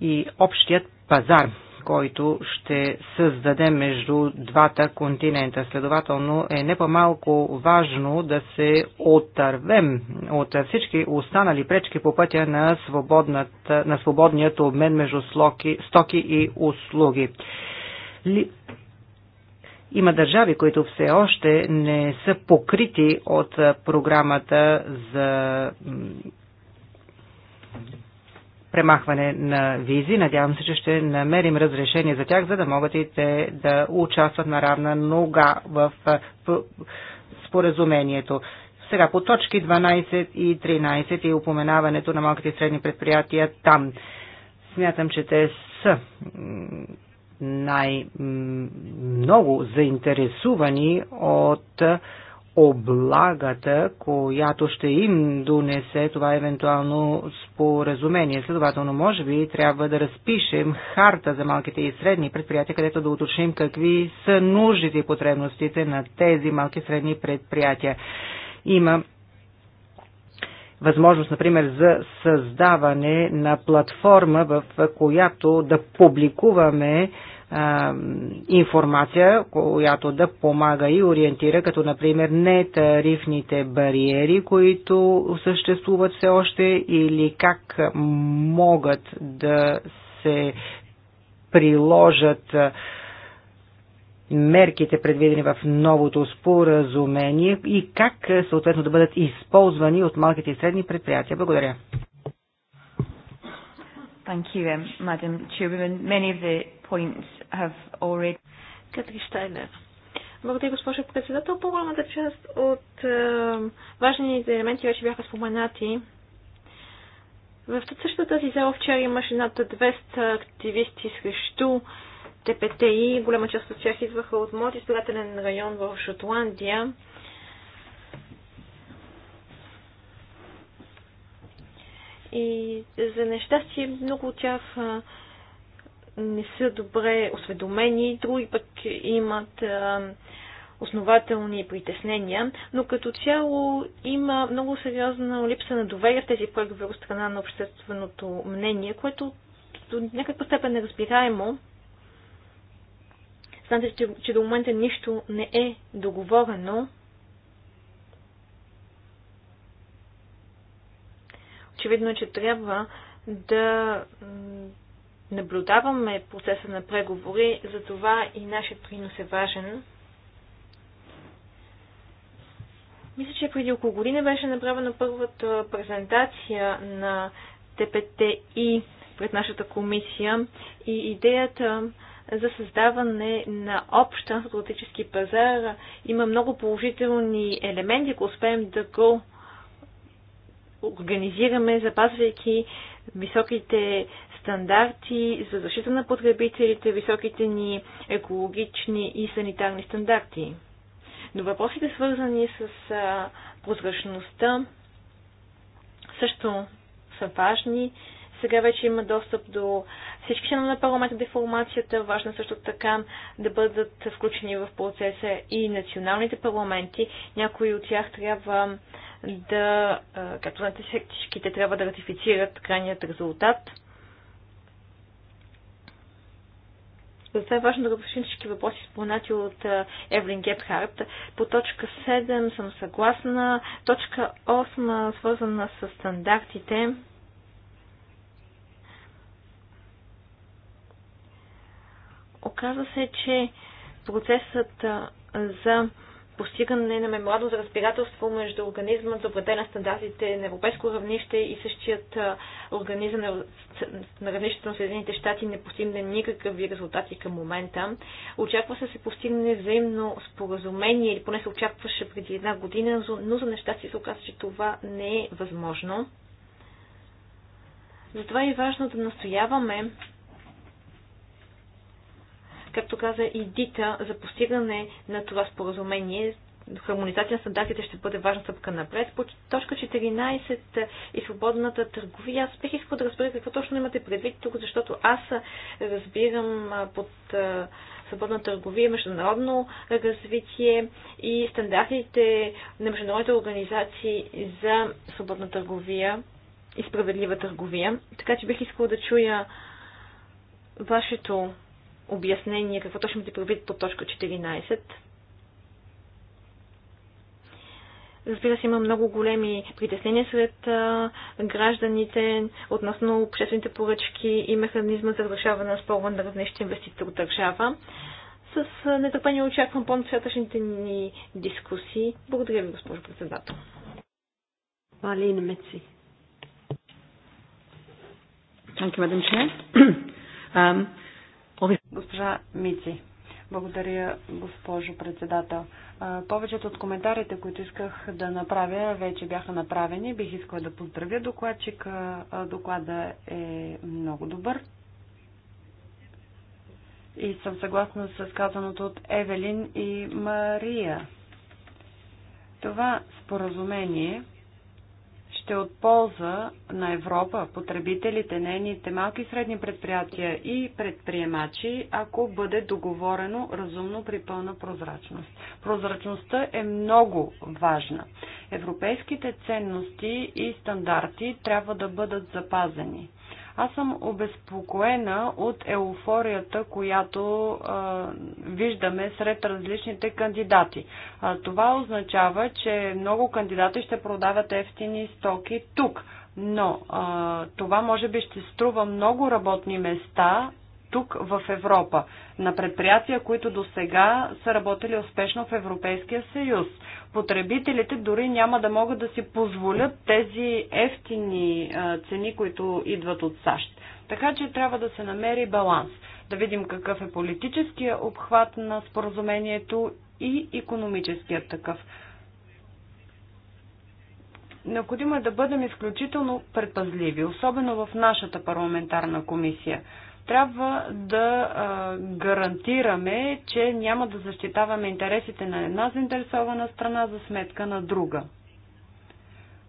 и общият пазар, който ще създаде между двата континента. Следователно е не по-малко важно да се отървем от всички останали пречки по пътя на, на свободният обмен между слоки, стоки и услуги. Има държави, които все още не са покрити от програмата за премахване на визи. Надявам се, че ще намерим разрешение за тях, за да могат и те да участват на равна нога в споразумението. Сега по точки 12 и 13 и упоменаването на малките и средни предприятия там. Смятам, че те са най-много заинтересувани от облагата, която ще им донесе това евентуално споразумение. Следователно, може би трябва да разпишем харта за малките и средни предприятия, където да уточним какви са нуждите и потребностите на тези малки и средни предприятия. Има възможност, например, за създаване на платформа, в която да публикуваме а, информация, която да помага и ориентира, като например нетарифните бариери, които съществуват все още или как могат да се приложат мерките, предвидени в новото споразумение и как съответно да бъдат използвани от малките и средни предприятия. Благодаря. Thank you, um, Madam Chairwoman. Many of the points have already... Катри Штайлер. Благодаря, госпожа председател. По-голямата част от е, важните елементи вече бяха споменати. В същата тази зала вчера имаше над 200 активисти срещу ТПТИ. Голяма част от тях идваха от моят избирателен район в Шотландия. И за нещастие много от тях е, не са добре осведомени, други пък имат основателни притеснения, но като цяло има много сериозна липса на доверие в тези проекти от страна на общественото мнение, което до някаква степен е разбираемо. Знаете, че, че до момента нищо не е договорено. Очевидно е, че трябва да наблюдаваме процеса на преговори, затова и нашият принос е важен. Мисля, че преди около година беше направена първата презентация на ТПТИ пред нашата комисия и идеята за създаване на общ трансатлантически пазар има много положителни елементи, ако успеем да го организираме, запазвайки високите стандарти за защита на потребителите, високите ни екологични и санитарни стандарти. Но въпросите, свързани с прозрачността, също са важни. Сега вече има достъп до всички членове на парламента деформацията. Важно е също така да бъдат включени в процеса и националните парламенти. Някои от тях трябва да, както знаете, всичките трябва да ратифицират крайният резултат. Затова е важно да решим всички въпроси, споменати от Евлин Гепхарт. По точка 7 съм съгласна. Точка 8, свързана с стандартите. Оказва се, че процесът за постигане на меморандум за разбирателство между организма за на стандартите на европейско равнище и същият организъм на равнището на Съединените щати не постигне никакви резултати към момента. Очаква се се постигне взаимно споразумение или поне се очакваше преди една година, но за неща си се оказа, че това не е възможно. Затова е важно да настояваме както каза и Дита, за постигане на това споразумение хармонизация на стандартите ще бъде важна стъпка напред. По точка 14 и свободната търговия, аз бих искал да разбера какво точно имате предвид тук, защото аз разбирам под свободна търговия, международно развитие и стандартите на международните организации за свободна търговия и справедлива търговия. Така че бих искала да чуя вашето обяснение какво точно ти правит по точка 14. Разбира се, има много големи притеснения сред а, гражданите относно обществените поръчки и механизма за разрешаване на спорва на равнище инвестиции от държава. С нетърпение очаквам по-нататъчните ни дискусии. Благодаря ви, госпожо председател. Малина Меци. Danke, Madam Chair. (clears throat) Um, Госпожа Мици. Благодаря, госпожо председател. Повечето от коментарите, които исках да направя, вече бяха направени. Бих искала да поздравя докладчика. Доклада е много добър. И съм съгласна с казаното от Евелин и Мария. Това споразумение ще от полза на Европа, потребителите, нейните малки и средни предприятия и предприемачи, ако бъде договорено разумно при пълна прозрачност. Прозрачността е много важна. Европейските ценности и стандарти трябва да бъдат запазени. Аз съм обезпокоена от еуфорията, която а, виждаме сред различните кандидати. А, това означава, че много кандидати ще продават ефтини стоки тук но а, това може би ще струва много работни места тук в Европа, на предприятия, които до сега са работили успешно в Европейския съюз. Потребителите дори няма да могат да си позволят тези ефтини цени, които идват от САЩ. Така че трябва да се намери баланс. Да видим какъв е политическия обхват на споразумението и економическият такъв. Необходимо е да бъдем изключително предпазливи, особено в нашата парламентарна комисия. Трябва да а, гарантираме, че няма да защитаваме интересите на една заинтересована страна за сметка на друга.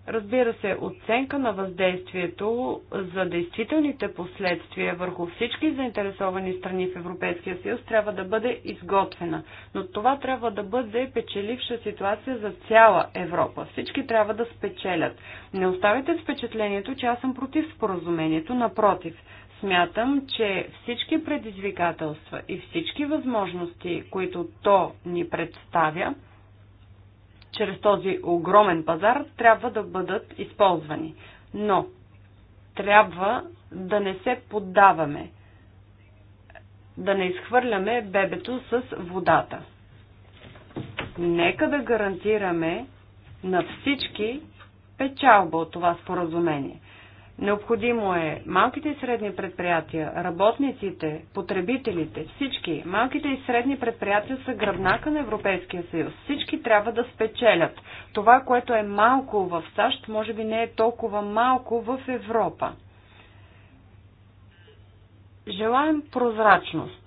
Разбира се, оценка на въздействието за действителните последствия върху всички заинтересовани страни в Европейския съюз трябва да бъде изготвена. Но това трябва да бъде печеливша ситуация за цяла Европа. Всички трябва да спечелят. Не оставите впечатлението, че аз съм против споразумението. Напротив, Смятам, че всички предизвикателства и всички възможности, които то ни представя, чрез този огромен пазар, трябва да бъдат използвани. Но трябва да не се поддаваме, да не изхвърляме бебето с водата. Нека да гарантираме на всички печалба от това споразумение – Необходимо е малките и средни предприятия, работниците, потребителите, всички. Малките и средни предприятия са гръбнака на Европейския съюз. Всички трябва да спечелят. Това, което е малко в САЩ, може би не е толкова малко в Европа. Желаем прозрачност.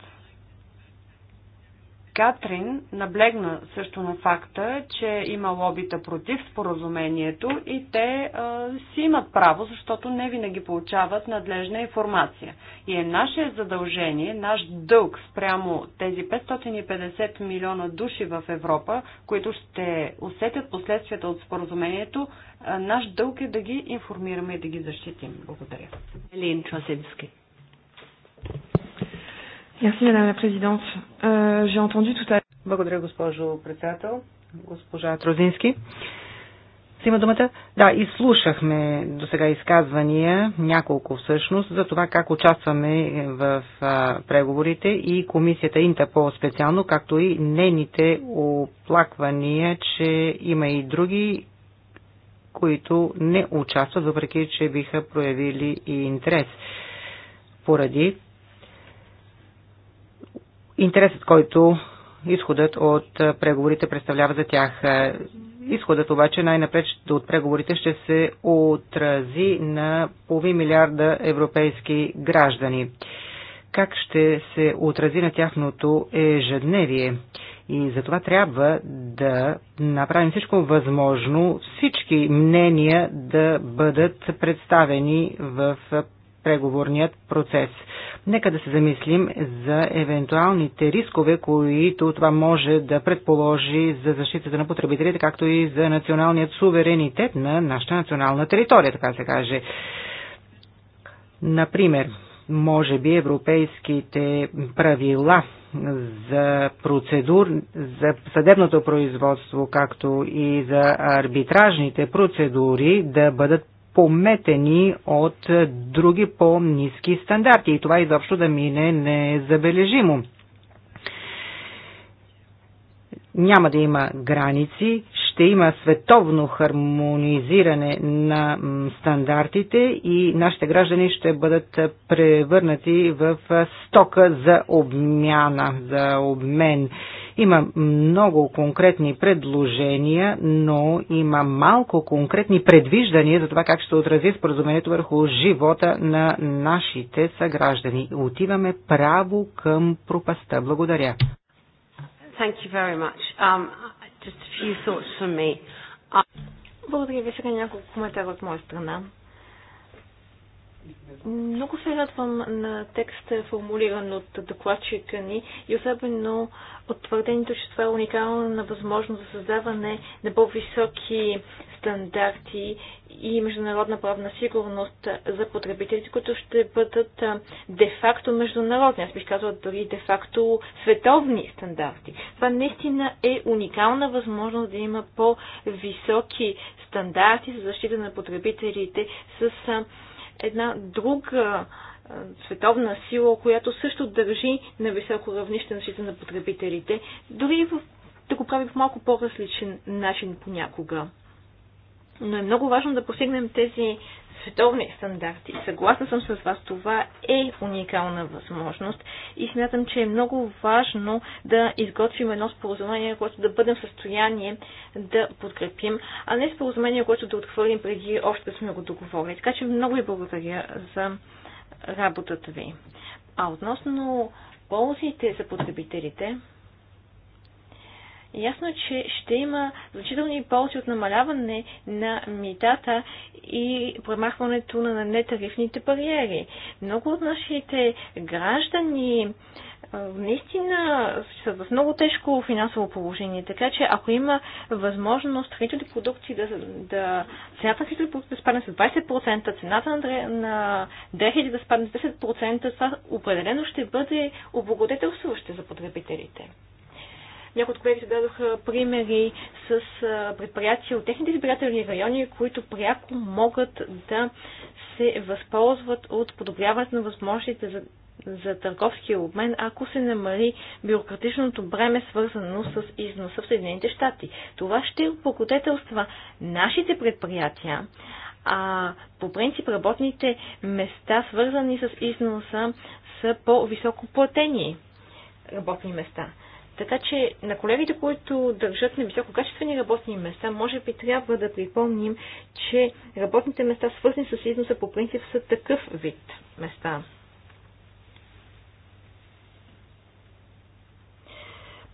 Катрин наблегна също на факта, че има лобита против споразумението и те а, си имат право, защото не винаги получават надлежна информация. И е наше задължение, наш дълг спрямо тези 550 милиона души в Европа, които ще усетят последствията от споразумението, а, наш дълг е да ги информираме и да ги защитим. Благодаря. Елин Чосевски. Merci, euh, entendu tout à Благодаря, госпожо председател. Госпожа Трозински. Си има думата? Да, изслушахме до сега изказвания, няколко всъщност, за това как участваме в а, преговорите и комисията Инта по-специално, както и нейните оплаквания, че има и други, които не участват, въпреки че биха проявили и интерес поради интересът, който изходът от преговорите представлява за тях. Изходът обаче най-напред от преговорите ще се отрази на половин милиарда европейски граждани. Как ще се отрази на тяхното ежедневие? И за това трябва да направим всичко възможно всички мнения да бъдат представени в преговорният процес. Нека да се замислим за евентуалните рискове, които това може да предположи за защитата на потребителите, както и за националният суверенитет на нашата национална територия, така се каже. Например, може би европейските правила за процедур, за съдебното производство, както и за арбитражните процедури да бъдат пометени от други по-низки стандарти и това изобщо да мине незабележимо. Няма да има граници, ще има световно хармонизиране на стандартите и нашите граждани ще бъдат превърнати в стока за обмяна, за обмен. Има много конкретни предложения, но има малко конкретни предвиждания за това как ще отрази споразумението върху живота на нашите съграждани. Отиваме право към пропаста. Благодаря. Thank you very much. Um, just a few thoughts from me. Благодаря ви сега няколко коментара от моя страна. Много се радвам на текста, формулиран от докладчика ни и особено от твърдението, че това е уникална възможност за създаване на по-високи стандарти и международна правна сигурност за потребителите, които ще бъдат де-факто международни, аз бих казала дори де-факто световни стандарти. Това наистина е уникална възможност да има по-високи стандарти за защита на потребителите с една друга световна сила, която също държи на високо равнище защита на потребителите, дори в, да го прави в малко по-различен начин понякога. Но е много важно да постигнем тези световни стандарти. Съгласна съм с вас, това е уникална възможност и смятам, че е много важно да изготвим едно споразумение, което да бъдем в състояние да подкрепим, а не споразумение, което да отхвърлим преди още да сме го договорили. Така че много ви благодаря за работата ви. А относно ползите за потребителите, Ясно е, че ще има значителни ползи от намаляване на митата и премахването на нетарифните бариери. Много от нашите граждани е, наистина са в много тежко финансово положение. Така че ако има възможност хранителни продукти да, да цената на хранителни продукти да спадне с 20%, цената на, на дрехите да спадне с 10%, това определено ще бъде облагодетелствуваще за потребителите. Някои от колегите дадоха примери с предприятия от техните избирателни райони, които пряко могат да се възползват от подобряването на възможностите за за търговския обмен, ако се намали бюрократичното бреме, свързано с износа в Съединените щати. Това ще покотетелства нашите предприятия, а по принцип работните места, свързани с износа, са по-високо платени работни места. Така че на колегите, които държат на висококачествени работни места, може би трябва да припомним, че работните места, свързани с износа, по принцип са такъв вид места.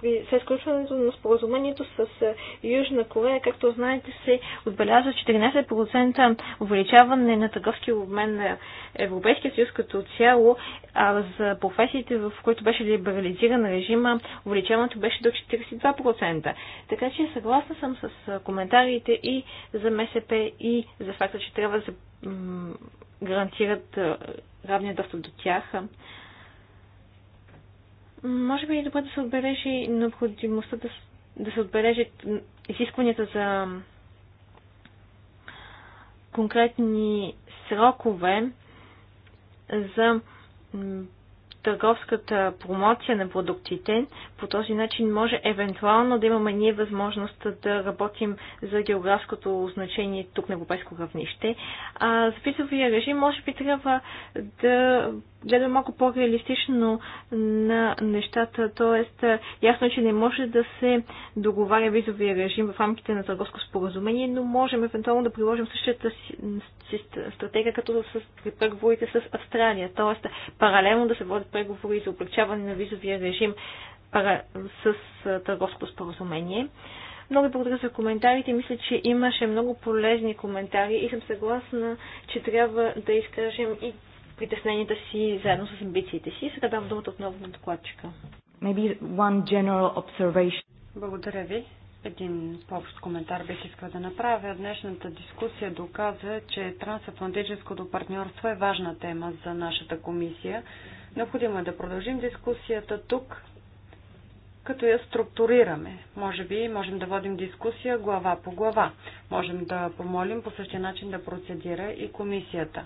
след сключването на споразумението с е, Южна Корея, както знаете, се отбелязва 14% увеличаване на търговския обмен на Европейския съюз като цяло, а за професиите, в които беше либерализиран режима, увеличаването беше до 42%. Така че съгласна съм с е, коментарите и за МСП, и за факта, че трябва да се гарантират е, равния достъп до тях. Може би е добре да се отбележи необходимостта да, да се отбележи изискванията за конкретни срокове за търговската промоция на продуктите. По този начин може евентуално да имаме ние възможност да работим за географското значение тук на европейско равнище. А за визовия режим може би трябва да гледа малко по-реалистично на нещата, т.е. ясно е, че не може да се договаря визовия режим в рамките на търговско споразумение, но можем евентуално да приложим същата си стратегия, като с преговорите с Австралия, т.е. паралелно да се водят преговори за облегчаване на визовия режим с е, търговско споразумение. Много ви благодаря за коментарите. Мисля, че имаше много полезни коментари и съм съгласна, че трябва да изкажем и притесненията си заедно с амбициите си. Сега давам думата отново на докладчика. Maybe one general observation. Благодаря ви. Един по-общ коментар бих искал да направя. Днешната дискусия доказа, че трансатлантическото партньорство е важна тема за нашата комисия. Необходимо е да продължим дискусията тук, като я структурираме. Може би можем да водим дискусия глава по глава. Можем да помолим по същия начин да процедира и комисията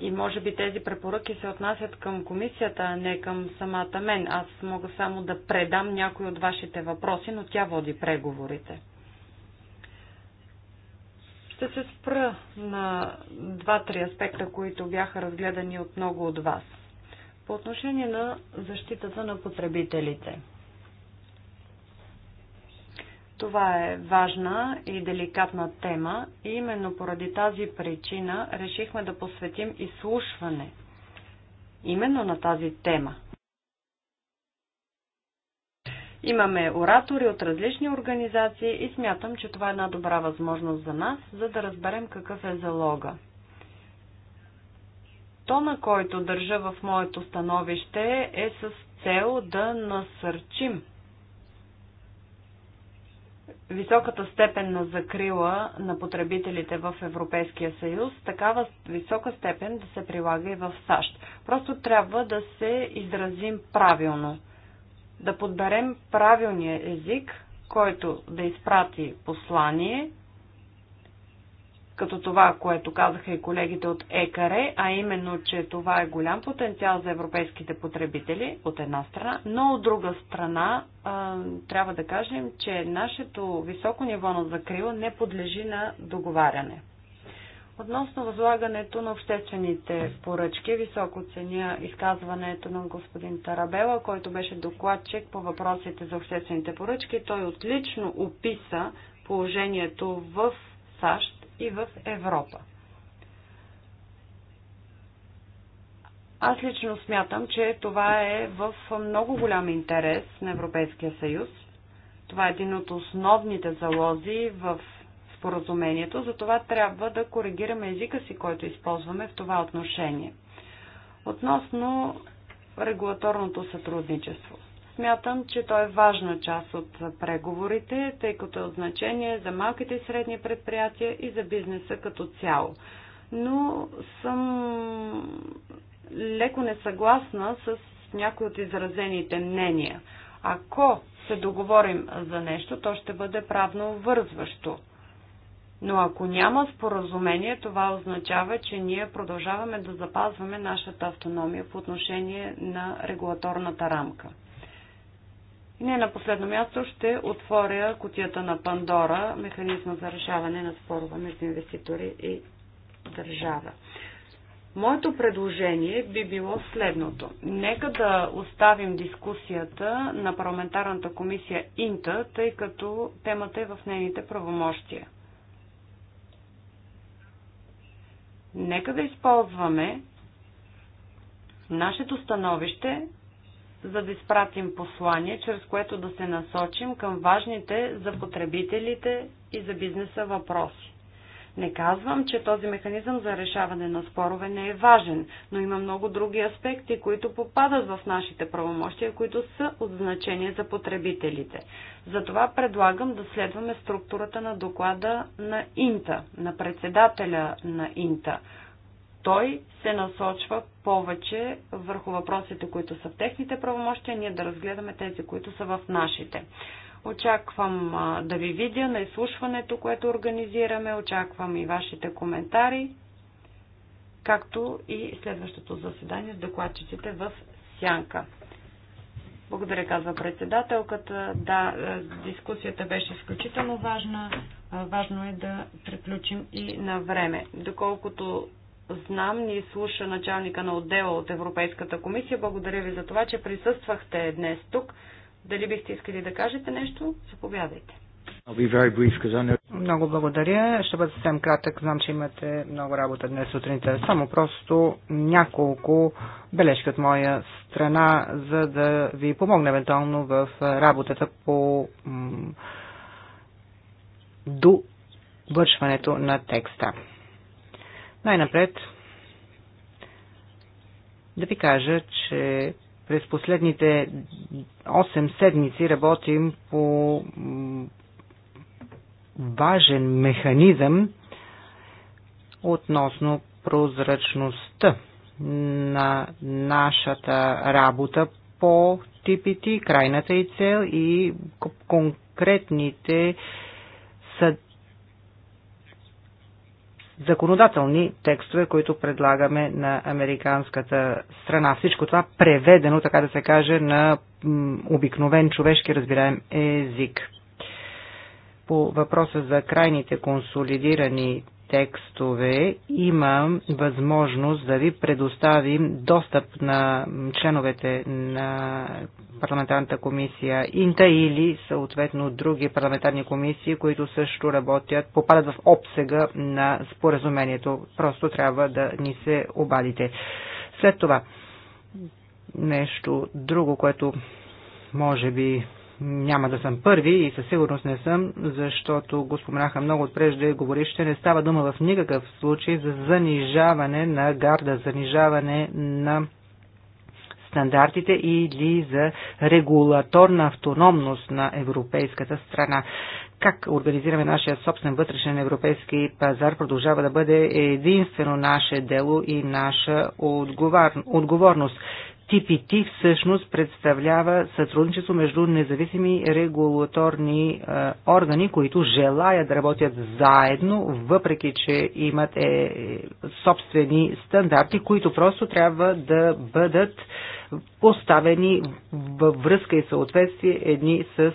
и може би тези препоръки се отнасят към комисията, а не към самата мен. Аз мога само да предам някои от вашите въпроси, но тя води преговорите. Ще се спра на два-три аспекта, които бяха разгледани от много от вас. По отношение на защитата на потребителите – това е важна и деликатна тема и именно поради тази причина решихме да посветим изслушване именно на тази тема. Имаме оратори от различни организации и смятам, че това е една добра възможност за нас, за да разберем какъв е залога. То, на който държа в моето становище, е с цел да насърчим високата степен на закрила на потребителите в Европейския съюз, такава висока степен да се прилага и в САЩ. Просто трябва да се изразим правилно, да подберем правилния език, който да изпрати послание – като това, което казаха и колегите от ЕКАРЕ, а именно, че това е голям потенциал за европейските потребители от една страна, но от друга страна трябва да кажем, че нашето високо ниво на закрила не подлежи на договаряне. Относно възлагането на обществените поръчки, високо ценя изказването на господин Тарабела, който беше докладчик по въпросите за обществените поръчки. Той отлично описа положението в САЩ и в Европа. Аз лично смятам, че това е в много голям интерес на Европейския съюз. Това е един от основните залози в споразумението, затова трябва да коригираме езика си, който използваме в това отношение. Относно регулаторното сътрудничество. Смятам, че той е важна част от преговорите, тъй като е от значение за малките и средни предприятия и за бизнеса като цяло. Но съм леко несъгласна с някои от изразените мнения. Ако се договорим за нещо, то ще бъде правно вързващо. Но ако няма споразумение, това означава, че ние продължаваме да запазваме нашата автономия по отношение на регулаторната рамка. И не на последно място ще отворя кутията на Пандора, механизма за решаване на спорове между инвеститори и държава. Моето предложение би било следното. Нека да оставим дискусията на парламентарната комисия Инта, тъй като темата е в нейните правомощия. Нека да използваме нашето становище за да изпратим послание, чрез което да се насочим към важните за потребителите и за бизнеса въпроси. Не казвам, че този механизъм за решаване на спорове не е важен, но има много други аспекти, които попадат в нашите правомощия, които са от значение за потребителите. Затова предлагам да следваме структурата на доклада на Инта, на председателя на Инта той се насочва повече върху въпросите, които са в техните правомощия, ние да разгледаме тези, които са в нашите. Очаквам а, да ви видя на изслушването, което организираме. Очаквам и вашите коментари, както и следващото заседание с докладчиците в Сянка. Благодаря, казва председателката. Да, е, дискусията беше изключително важна. Е, важно е да приключим и на време. Доколкото знам, ни слуша началника на отдела от Европейската комисия. Благодаря ви за това, че присъствахте днес тук. Дали бихте искали да кажете нещо? Заповядайте. много благодаря. Ще бъда съвсем кратък. Знам, че имате много работа днес сутринта. Само просто няколко бележки от моя страна, за да ви помогне евентуално в работата по довършването на текста. Най-напред да ви кажа, че през последните 8 седмици работим по важен механизъм относно прозрачността на нашата работа по типите, крайната и цел и конкретните съд законодателни текстове, които предлагаме на американската страна. Всичко това преведено, така да се каже, на обикновен човешки разбираем език. По въпроса за крайните консолидирани текстове има възможност да ви предоставим достъп на членовете на парламентарната комисия Инта или съответно други парламентарни комисии, които също работят, попадат в обсега на споразумението. Просто трябва да ни се обадите. След това нещо друго, което може би няма да съм първи и със сигурност не съм, защото го споменаха много от прежде говорище, не става дума в никакъв случай за занижаване на гарда, занижаване на стандартите или за регулаторна автономност на европейската страна. Как организираме нашия собствен вътрешен европейски пазар продължава да бъде единствено наше дело и наша отговорност. TPT всъщност представлява сътрудничество между независими регулаторни е, органи, които желаят да работят заедно, въпреки че имат е, е собствени стандарти, които просто трябва да бъдат поставени във връзка и съответствие едни с,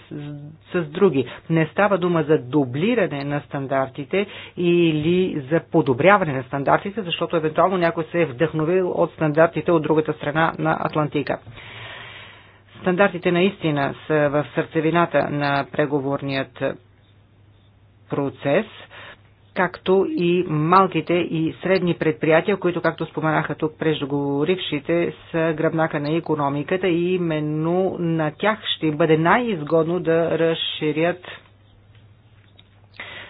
с други. Не става дума за дублиране на стандартите или за подобряване на стандартите, защото евентуално някой се е вдъхновил от стандартите от другата страна на Атлантика. Стандартите наистина са в сърцевината на преговорният процес – както и малките и средни предприятия, които, както споменаха тук преждоговорившите, са гръбнака на економиката и именно на тях ще бъде най-изгодно да разширят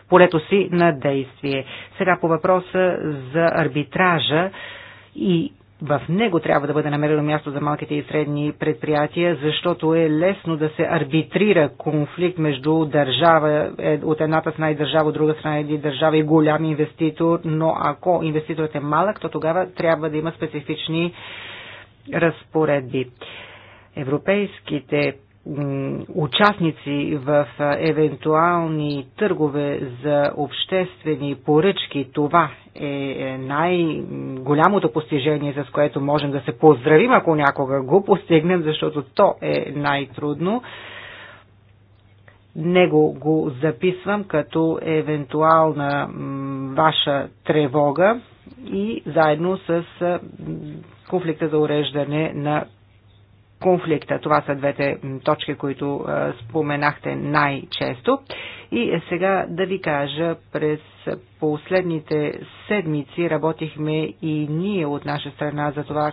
полето си на действие. Сега по въпроса за арбитража и в него трябва да бъде намерено място за малките и средни предприятия, защото е лесно да се арбитрира конфликт между държава, е, от едната страна и държава, от друга страна и държава и голям инвеститор, но ако инвеститорът е малък, то тогава трябва да има специфични разпоредби. Европейските участници в евентуални търгове за обществени поръчки. Това е, е най-голямото постижение, с което можем да се поздравим, ако някога го постигнем, защото то е най-трудно. Него го записвам като евентуална ваша тревога и заедно с конфликта за уреждане на конфликта. Това са двете точки, които споменахте най-често. И сега да ви кажа, през последните седмици работихме и ние от наша страна за това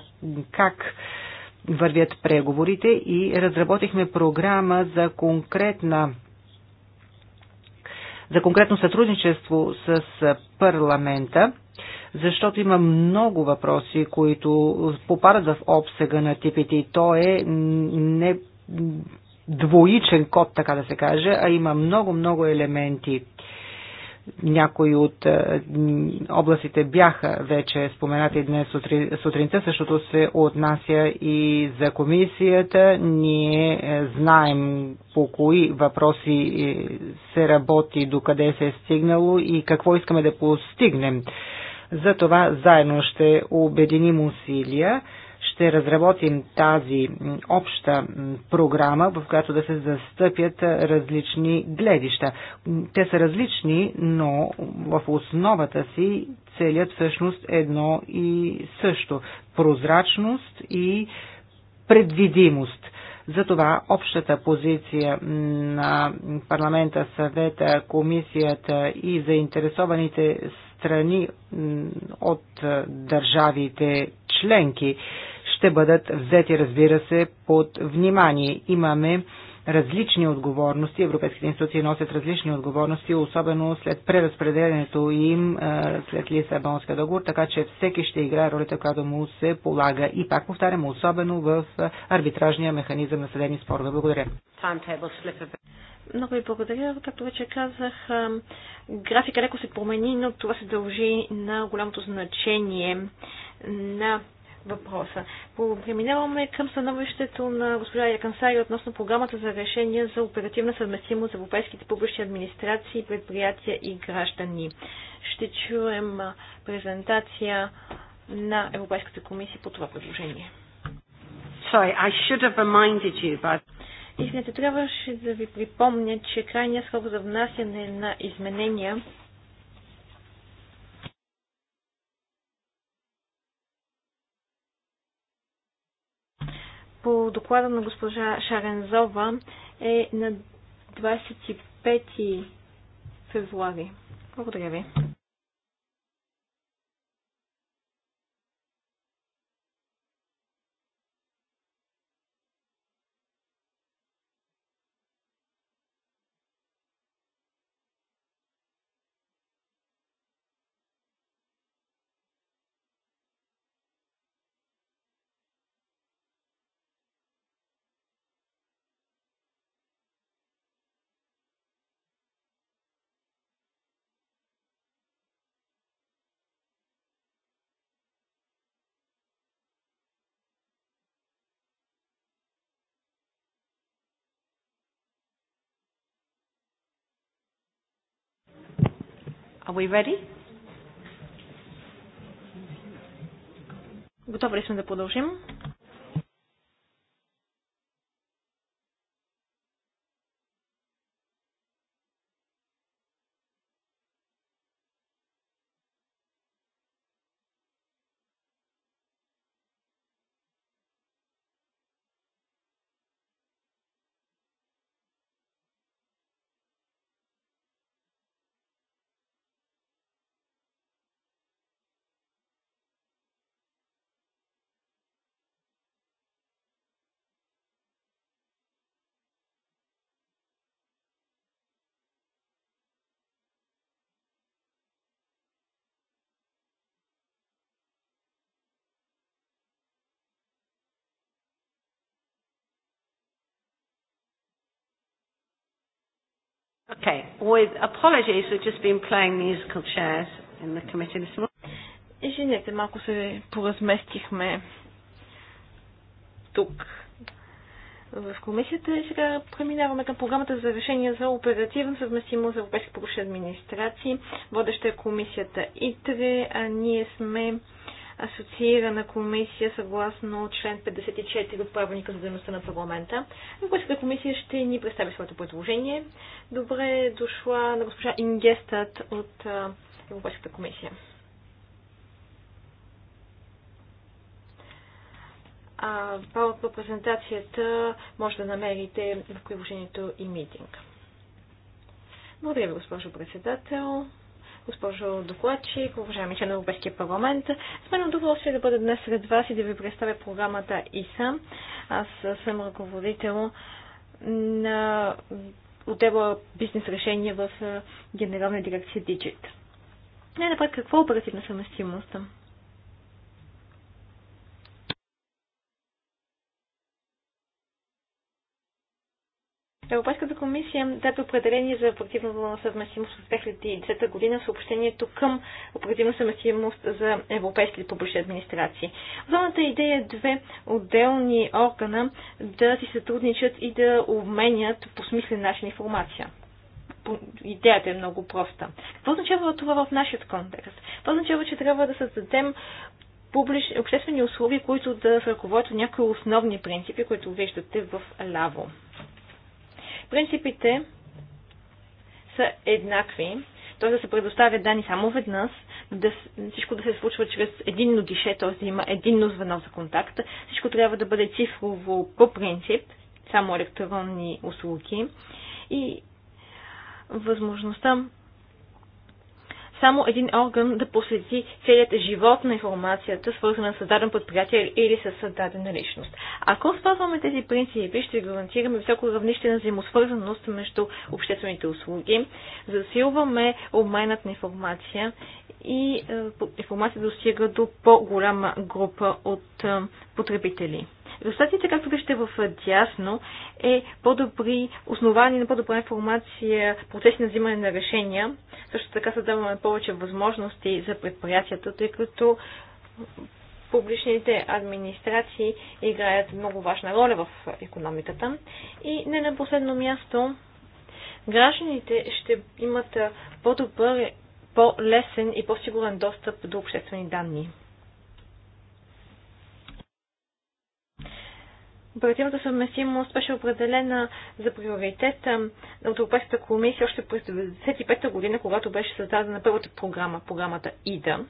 как вървят преговорите и разработихме програма за конкретна за конкретно сътрудничество с парламента защото има много въпроси, които попадат в обсега на типите и то е не двоичен код, така да се каже, а има много-много елементи. Някои от е, областите бяха вече споменати днес сутринта, защото се отнася и за комисията. Ние е, знаем по кои въпроси е, се работи, докъде се е стигнало и какво искаме да постигнем за това заедно ще обединим усилия, ще разработим тази обща програма, в която да се застъпят различни гледища. Те са различни, но в основата си целят всъщност едно и също – прозрачност и предвидимост – затова общата позиция на парламента, съвета, комисията и заинтересованите страни от държавите членки ще бъдат взети, разбира се, под внимание. Имаме различни отговорности, европейските институции носят различни отговорности, особено след преразпределението им след Лисабонска договор, така че всеки ще играе ролята, която му се полага. И пак повтарям, особено в арбитражния механизъм на съдебни спорове. Благодаря. Много ви благодаря. Както вече казах, графика леко се промени, но това се дължи на голямото значение на въпроса. Преминаваме към становището на госпожа Якансари относно програмата за решение за оперативна съвместимост за европейските публични администрации, предприятия и граждани. Ще чуем презентация на Европейската комисия по това предложение. Sorry, I should have reminded you, but... Истината трябваше да ви припомня, че крайният срок за внасяне на изменения по доклада на госпожа Шарензова е на 25 февруари. Благодаря ви. Are we ready? Готови ли сме да продължим? Okay, with apologies, we've just been playing musical chairs in the committee this morning. Извинете, малко се поразместихме тук в комисията и сега преминаваме към програмата за решение за оперативна съвместимост за европейски публични администрации. Водеща е комисията ИТРЕ, а ние сме асоциирана комисия съгласно член 54 от правилника за дейността на парламента. Европейската комисия ще ни представи своето предложение. Добре е дошла на госпожа Ингестът от Европейската комисия. А по презентацията може да намерите в приложението и митинг. Благодаря ви, госпожо председател госпожо докладчик, уважаеми член на Европейския парламент. С мен е удоволствие да бъда днес сред вас и да ви представя програмата ИСА. Аз съм ръководител на отдела бизнес решения в Генерална дирекция Digit. Не напред, какво е оперативна съвместимост? Европейската комисия даде определение за оперативна съвместимост от 2010 година в съобщението към оперативна съвместимост за европейските публични администрации. Основната идея е две отделни органа да си сътрудничат и да обменят по смислен начин информация идеята е много проста. Какво означава това в нашия контекст? Това означава, че трябва да създадем публич... обществени услуги, които да се ръководят някои основни принципи, които виждате в ляво. Принципите са еднакви, т.е. да се предоставят данни само веднъж, да, всичко да се случва чрез единно гише, т.е. да има единно звено за контакт. Всичко трябва да бъде цифрово по принцип, само електронни услуги. И възможността само един орган да посвети целият живот на информацията, свързана с даден предприятие или с дадена личност. Ако спазваме тези принципи, ще гарантираме високо равнище на взаимосвързаност между обществените услуги, засилваме обменът на информация и е, информация достига до по-голяма група от е, потребители. Достатите, както виждате в е, дясно, е по-добри основания на по-добра информация, процеси на взимане на решения. Също така създаваме повече възможности за предприятията, тъй като публичните администрации играят много важна роля в економиката. И не на последно място, гражданите ще имат е, по-добър, по-лесен и по-сигурен достъп до обществени данни. Оперативната съвместимост беше определена за приоритет от Европейската комисия още през 1995 година, когато беше създадена първата програма, програмата ИДА.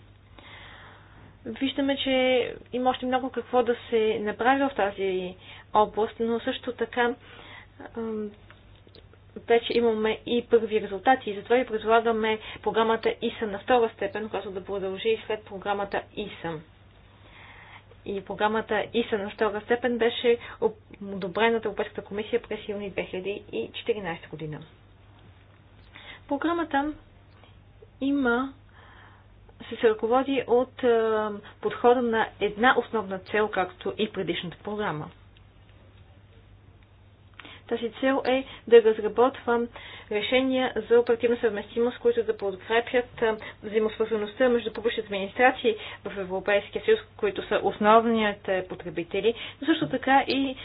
Виждаме, че има още много какво да се направи в тази област, но също така вече имаме и първи резултати. И затова ви предлагаме програмата ИСА на втора степен, която да продължи и след програмата ИСА и програмата ИСА на втора степен беше одобрена от Европейската комисия през юни 2014 година. Програмата има се, се ръководи от подхода на една основна цел, както и предишната програма – тази цел е да разработва решения за оперативна съвместимост, които да подкрепят взаимосвързаността между публичните администрации в Европейския съюз, които са основният е, потребители, но също така и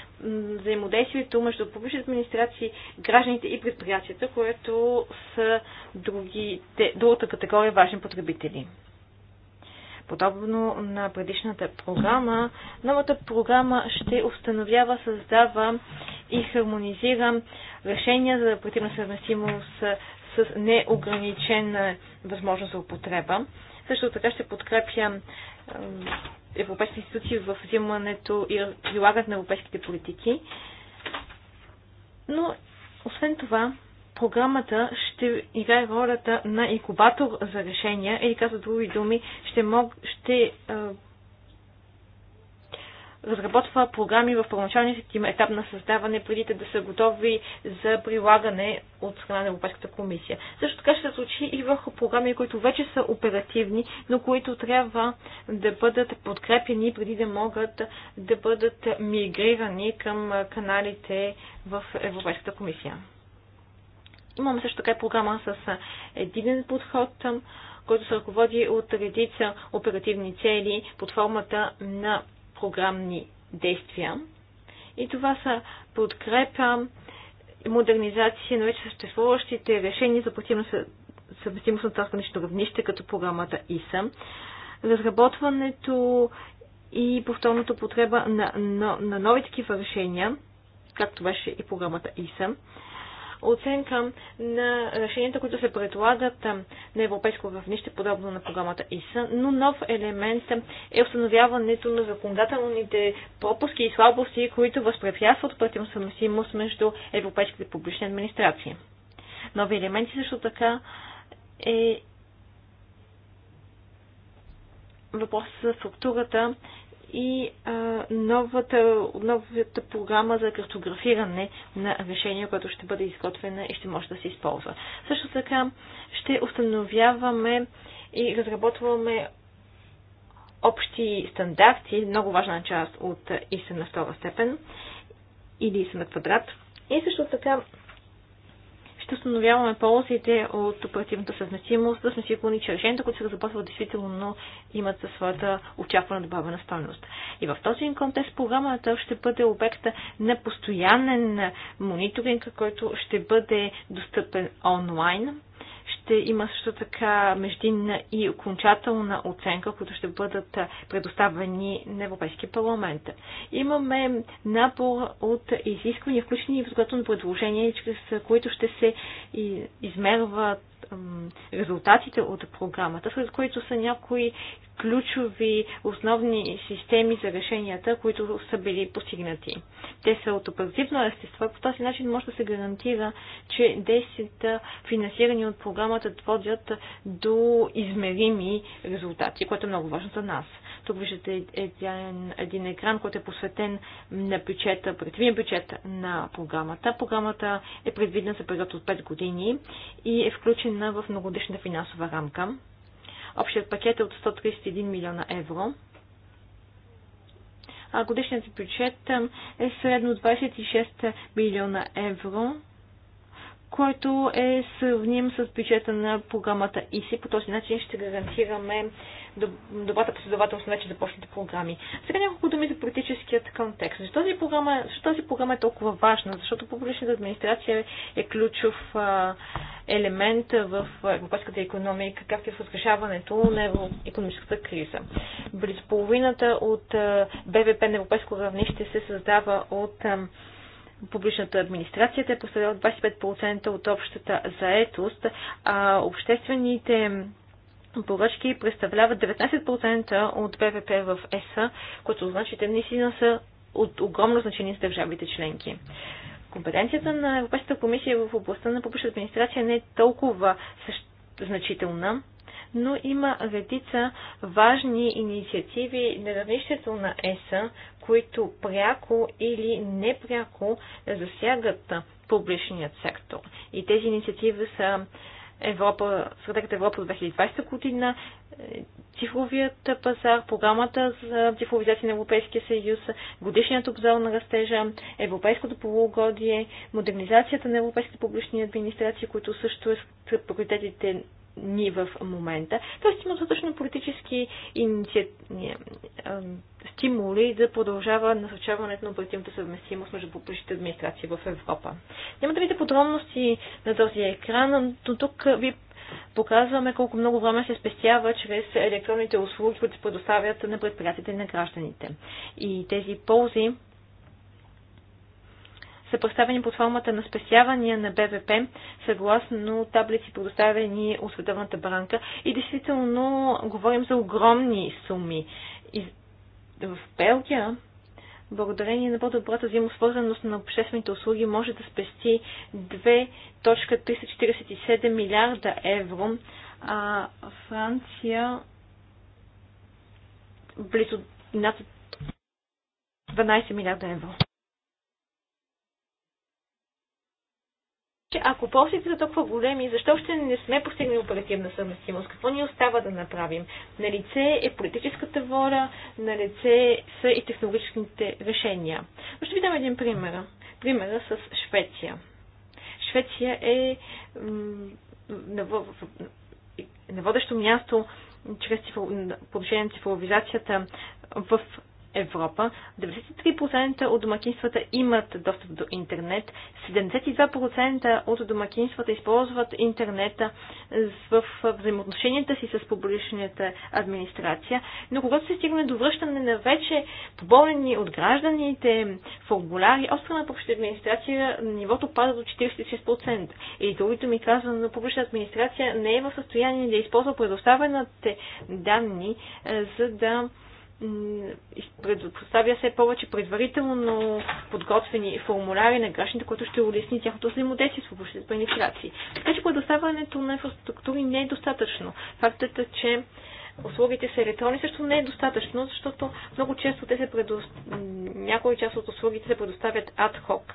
взаимодействието между публичните администрации, гражданите и предприятията, което са другите, другата категория важни потребители. Подобно на предишната програма, новата програма ще установява, създава и хармонизира решения за противна съвместимост с неограничена е, възможност за употреба. Също така ще подкрепя европейски институции в взимането и прилагането на европейските политики. Но, освен това, програмата ще играе ролята на инкубатор за решения или каза други думи, ще, мог, ще а, разработва програми в първоначалния си етап на създаване, преди да са готови за прилагане от страна на Европейската комисия. Също така ще се случи и върху програми, които вече са оперативни, но които трябва да бъдат подкрепени преди да могат да бъдат мигрирани към каналите в Европейската комисия. Имаме също така и програма с единен подход, който се ръководи от редица оперативни цели под формата на програмни действия. И това са подкрепа, модернизация на вече съществуващите решения за съвместимост на трансгранично равнище, като програмата ИСА, разработването и повторното потреба на, на, на нови такива решения, както беше и програмата ИСА, оценка на решенията, които се предлагат на европейско равнище, подобно на програмата ИСА, но нов елемент е установяването на законодателните пропуски и слабости, които възпрепятстват пътем съвместимост между европейските публични администрации. Нови елементи също така е въпросът за структурата и а, новата, новата програма за картографиране на решения, което ще бъде изготвена и ще може да се използва. Също така ще установяваме и разработваме общи стандарти, много важна част от истина втора степен или истина квадрат. И също така ще установяваме ползите от оперативната съвместимост, с сме сигурни, че които се разработват, действително имат със своята очаквана добавена стойност. И в този контекст програмата ще бъде обекта на постоянен мониторинг, който ще бъде достъпен онлайн ще има също така междинна и окончателна оценка, които ще бъдат предоставени на Европейския парламент. Имаме набор от изисквания, включени в законодателно предложения, чрез които ще се измерват резултатите от програмата, сред които са някои ключови основни системи за решенията, които са били постигнати. Те са от оперативно естество и по този начин може да се гарантира, че действията, финансирани от програмата, водят до измерими резултати, което е много важно за нас. Тук виждате един, един екран, който е посветен на бюджета, предвиден бюджет на програмата. Програмата е предвидена за период от 5 години и е включена в многодишна финансова рамка. Общият пакет е от 131 милиона евро. А годишният бюджет е средно 26 милиона евро който е сравним с бюджета на програмата ИСИ. По този начин ще гарантираме добрата последователност на вече започнати програми. Сега няколко думи за политическият контекст. Защо тази програма, защо тази програма е толкова важна? Защото публичната администрация е ключов елемент в европейската економика, както и в разрешаването на економическата криза. Близо половината от БВП на европейско равнище се създава от публичната администрация. Те поставят 25% от общата заетост, а обществените поръчки представляват 19% от БВП в ЕСА, което значи те наистина са от огромно значение с държавите членки. Компетенцията на Европейската комисия в областта на публична администрация не е толкова същ... значителна, но има редица важни инициативи на равнището на ЕСА, които пряко или непряко засягат публичният сектор. И тези инициативи са Европа, стратегията Европа от 2020 година, е, цифровият пазар, програмата за цифровизация на Европейския съюз, годишният обзор на растежа, европейското полугодие, модернизацията на европейските публични администрации, които също е приоритетите ни в момента. Тоест има достатъчно политически иници... стимули да продължава насърчаването на оперативната съвместимост между публичните администрации в Европа. Няма да видите подробности на този екран, но тук ви показваме колко много време се спестява чрез електронните услуги, които се предоставят на предприятията и на гражданите. И тези ползи са представени под формата на спасявания на БВП, съгласно таблици, предоставени от Световната банка. И действително говорим за огромни суми. И в Белгия, благодарение на по-добрата взаимосвързаност на обществените услуги, може да спести 2.347 милиарда евро, а Франция близо над 12 милиарда евро. че ако ползите са толкова големи, защо ще не сме постигнали оперативна съвместимост? Какво ни остава да направим? На лице е политическата воля, на лице са и технологичните решения. Но ще ви дам един пример. Примера с Швеция. Швеция е на водещо място чрез цифров... на цифровизацията в Европа. 93% от домакинствата имат достъп до интернет. 72% от домакинствата използват интернета в взаимоотношенията си с публичната администрация. Но когато се стигне до връщане на вече поболени от гражданите формуляри, остра на публичната администрация нивото пада до 46%. И другото ми казва, но публичната администрация не е в състояние да използва предоставените данни, е, за да предоставя все повече предварително подготвени формуляри на гражданите, които ще улесни тяхното взаимодействие с общите администрации. Така че предоставянето на инфраструктури не е достатъчно. Фактът е, че услугите са електронни също не е достатъчно, защото много често те се предоставят, някои част от услугите се предоставят ад хок,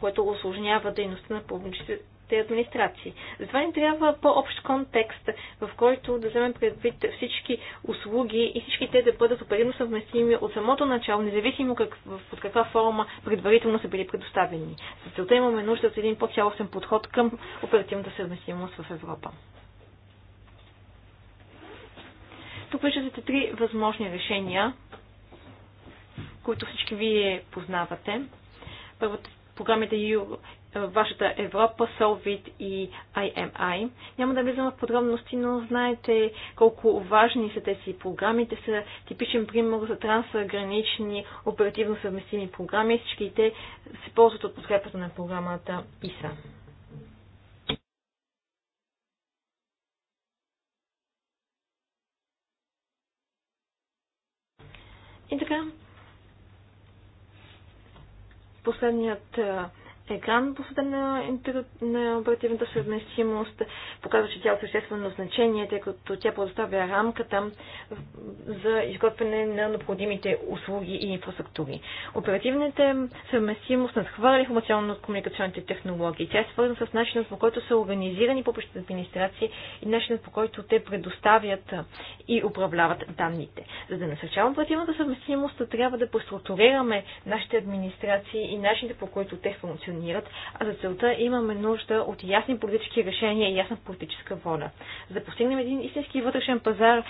което осложнява дейността на публичните администрации. Затова ни трябва по-общ контекст, в който да вземем предвид всички услуги и всички те да бъдат оперативно съвместими от самото начало, независимо как, от каква форма предварително са били предоставени. За целта имаме нужда от един по-цялостен подход към оперативната съвместимост в Европа. Тук виждате три възможни решения, които всички вие познавате. Първата програмите и е, Вашата Европа, Solvit и IMI. Няма да влизам в подробности, но знаете колко важни са тези програми. Те са типичен пример за трансгранични оперативно съвместими програми. Всички те се ползват от подкрепата на програмата ИСА. И така, Последният е, екран по съда на, интер... на оперативната съвместимост показва, че тя е съществено значение, тъй като тя предоставя рамката за изготвяне на необходимите услуги и инфраструктури. Оперативната съвместимост надхвърля информационно-комуникационните технологии. Тя е свързана с начинът, по който са организирани публичните администрации и начинът, по който те предоставят и управляват данните. За да насърчаваме оперативната съвместимост, трябва да преструктурираме нашите администрации и начините, по които те функционират функционират, а за целта имаме нужда от ясни политически решения и ясна политическа воля. За да постигнем един истински вътрешен пазар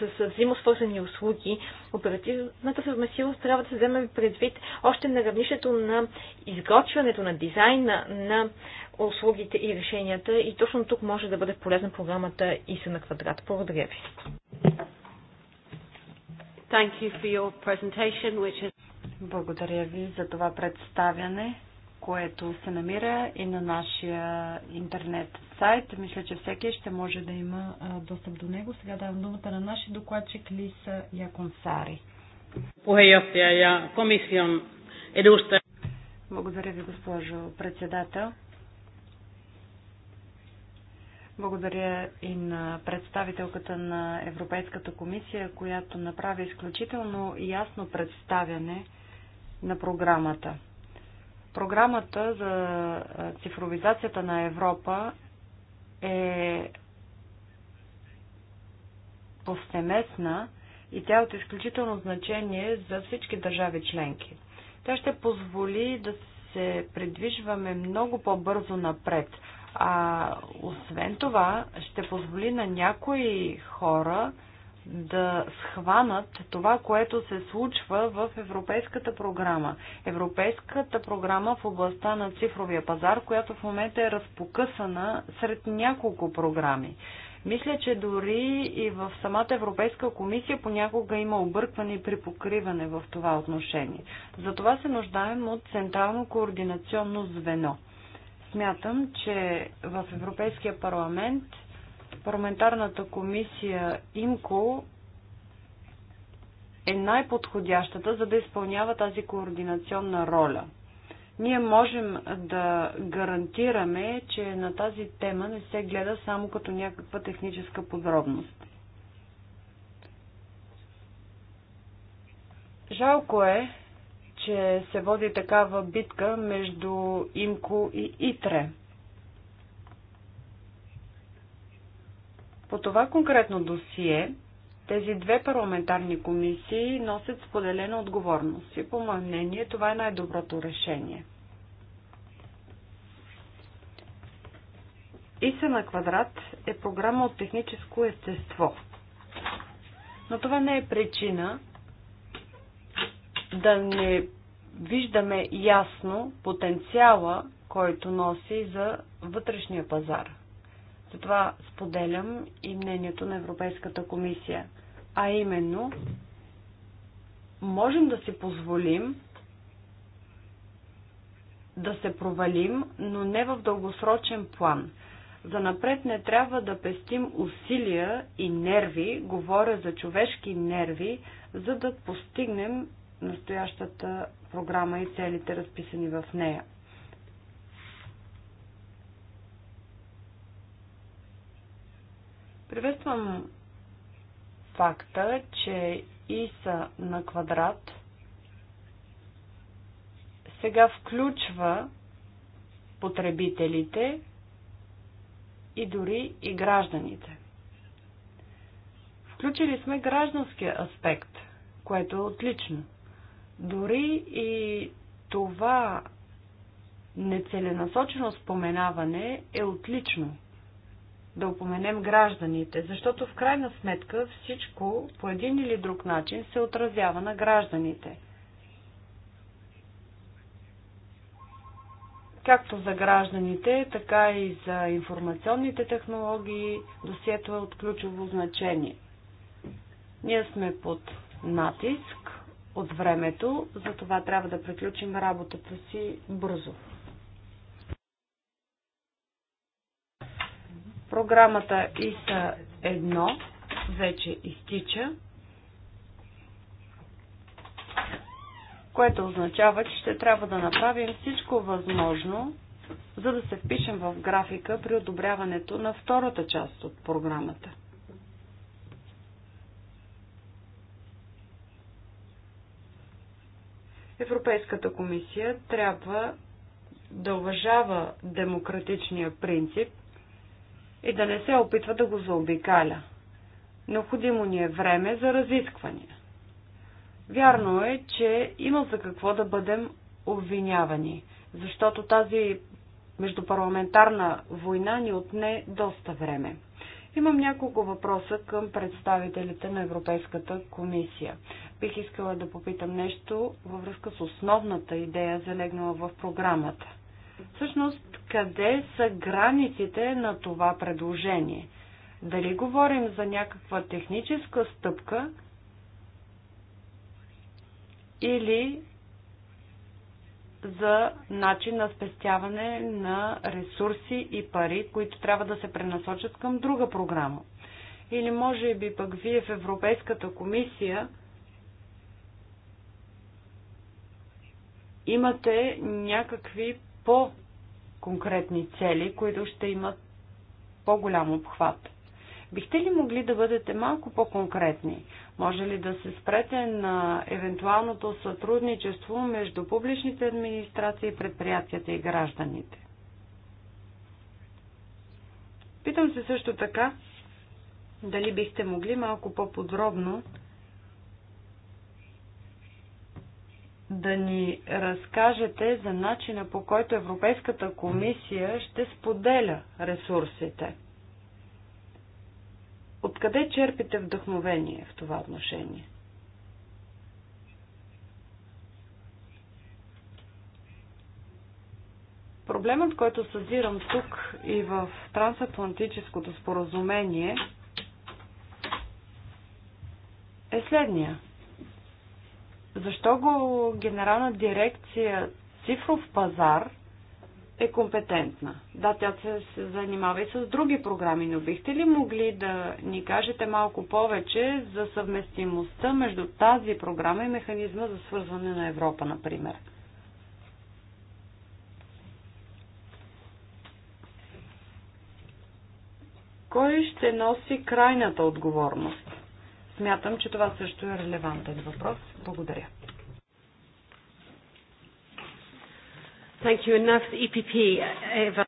с взаимосвързани услуги, оперативната съвместимост трябва да се вземе предвид още на равнището на изготвянето на дизайна на услугите и решенията и точно тук може да бъде полезна програмата се на квадрат. Благодаря ви. Thank you for your presentation, which is... Благодаря ви за това представяне което се намира и на нашия интернет сайт. Мисля, че всеки ще може да има достъп до него. Сега давам думата на нашия докладчик Лиса Яконсари. Благодаря ви, госпожо председател. Благодаря и на представителката на Европейската комисия, която направи изключително ясно представяне на програмата. Програмата за цифровизацията на Европа е повсеместна и тя е от изключително значение за всички държави членки. Тя ще позволи да се придвижваме много по-бързо напред. А освен това, ще позволи на някои хора да схванат това, което се случва в Европейската програма. Европейската програма в областта на цифровия пазар, която в момента е разпокъсана сред няколко програми. Мисля, че дори и в самата Европейска комисия понякога има объркване и припокриване в това отношение. Затова се нуждаем от централно координационно звено. Смятам, че в Европейския парламент парламентарната комисия ИМКО е най-подходящата, за да изпълнява тази координационна роля. Ние можем да гарантираме, че на тази тема не се гледа само като някаква техническа подробност. Жалко е, че се води такава битка между Имко и Итре. По това конкретно досие, тези две парламентарни комисии носят споделена отговорност и по мое мнение това е най-доброто решение. ИСА на квадрат е програма от техническо естество. Но това не е причина да не виждаме ясно потенциала, който носи за вътрешния пазар затова споделям и мнението на Европейската комисия. А именно, можем да си позволим да се провалим, но не в дългосрочен план. За напред не трябва да пестим усилия и нерви, говоря за човешки нерви, за да постигнем настоящата програма и целите разписани в нея. Приветствам факта, че ИСА на квадрат сега включва потребителите и дори и гражданите. Включили сме гражданския аспект, което е отлично. Дори и това нецеленасочено споменаване е отлично, да упоменем гражданите, защото в крайна сметка всичко по един или друг начин се отразява на гражданите. Както за гражданите, така и за информационните технологии досието е от ключово значение. Ние сме под натиск от времето, затова трябва да приключим работата си бързо. Програмата ИСА 1 вече изтича, което означава, че ще трябва да направим всичко възможно, за да се впишем в графика при одобряването на втората част от програмата. Европейската комисия трябва да уважава демократичния принцип и да не се опитва да го заобикаля. Необходимо ни е време за разисквания. Вярно е, че има за какво да бъдем обвинявани, защото тази междупарламентарна война ни отне доста време. Имам няколко въпроса към представителите на Европейската комисия. Бих искала да попитам нещо във връзка с основната идея, залегнала в програмата. Всъщност, къде са границите на това предложение? Дали говорим за някаква техническа стъпка или за начин на спестяване на ресурси и пари, които трябва да се пренасочат към друга програма. Или може би пък вие в Европейската комисия имате някакви по-конкретни цели, които ще имат по-голям обхват. Бихте ли могли да бъдете малко по-конкретни? Може ли да се спрете на евентуалното сътрудничество между публичните администрации, предприятията и гражданите? Питам се също така, дали бихте могли малко по-подробно да ни разкажете за начина по който Европейската комисия ще споделя ресурсите. Откъде черпите вдъхновение в това отношение? Проблемът, който съзирам тук и в трансатлантическото споразумение е следния. Защо го генерална дирекция цифров пазар е компетентна? Да, тя се, се занимава и с други програми, но бихте ли могли да ни кажете малко повече за съвместимостта между тази програма и механизма за свързване на Европа, например? Кой ще носи крайната отговорност? Смятам, че това също е релевантен въпрос. Благодаря. Thank you enough, EPP, Eva.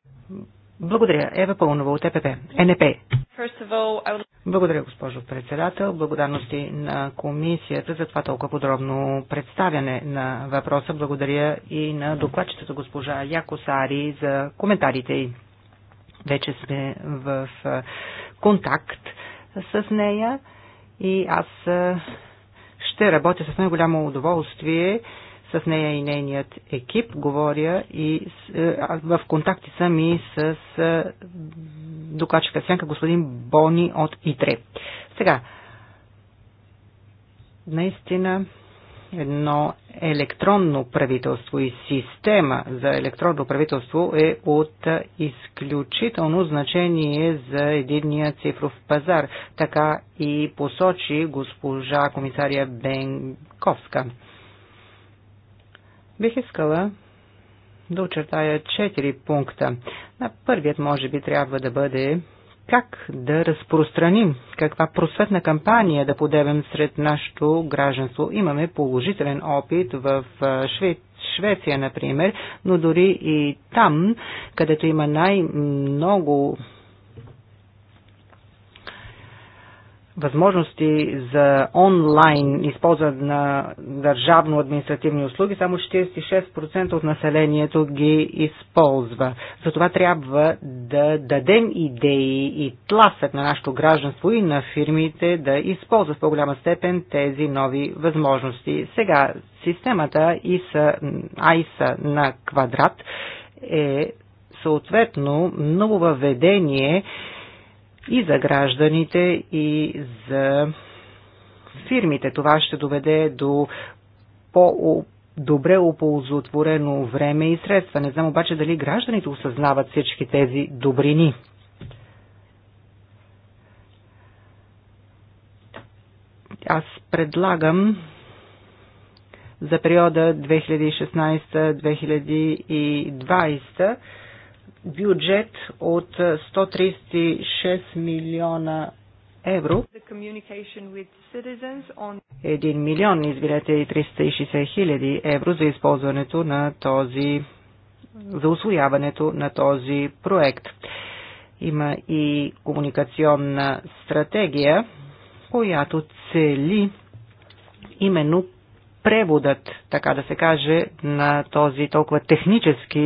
Благодаря. Ева Пълнова от ЕПП. Е НП. Е Благодаря, госпожо председател. Благодарности на комисията за това толкова подробно представяне на въпроса. Благодаря и на докладчицата госпожа Якосари за коментарите й. Вече сме в контакт с нея и аз ще работя с най-голямо удоволствие с нея и нейният екип. Говоря и в контакти съм и с докачка сянка господин Бони от ИТРЕ. Сега, наистина едно електронно правителство и система за електронно правителство е от изключително значение за единния цифров пазар, така и посочи госпожа комисария Бенковска. Бих искала да очертая четири пункта. На първият може би трябва да бъде как да разпространим, каква просветна кампания да подебем сред нашето гражданство. Имаме положителен опит в Швед, Швеция, например, но дори и там, където има най-много възможности за онлайн използване на държавно административни услуги, само 46% от населението ги използва. Затова трябва да дадем идеи и тласък на нашето гражданство и на фирмите да използват в по-голяма степен тези нови възможности. Сега системата ISA, ISA на квадрат е съответно ново въведение и за гражданите, и за фирмите. Това ще доведе до по добре оползотворено време и средства. Не знам обаче дали гражданите осъзнават всички тези добрини. Аз предлагам за периода 2016-2020 бюджет от 136 милиона евро. 1 милион, извинете, и 360 хиляди евро за използването на този, за освояването на този проект. Има и комуникационна стратегия, която цели именно преводът, така да се каже, на този толкова технически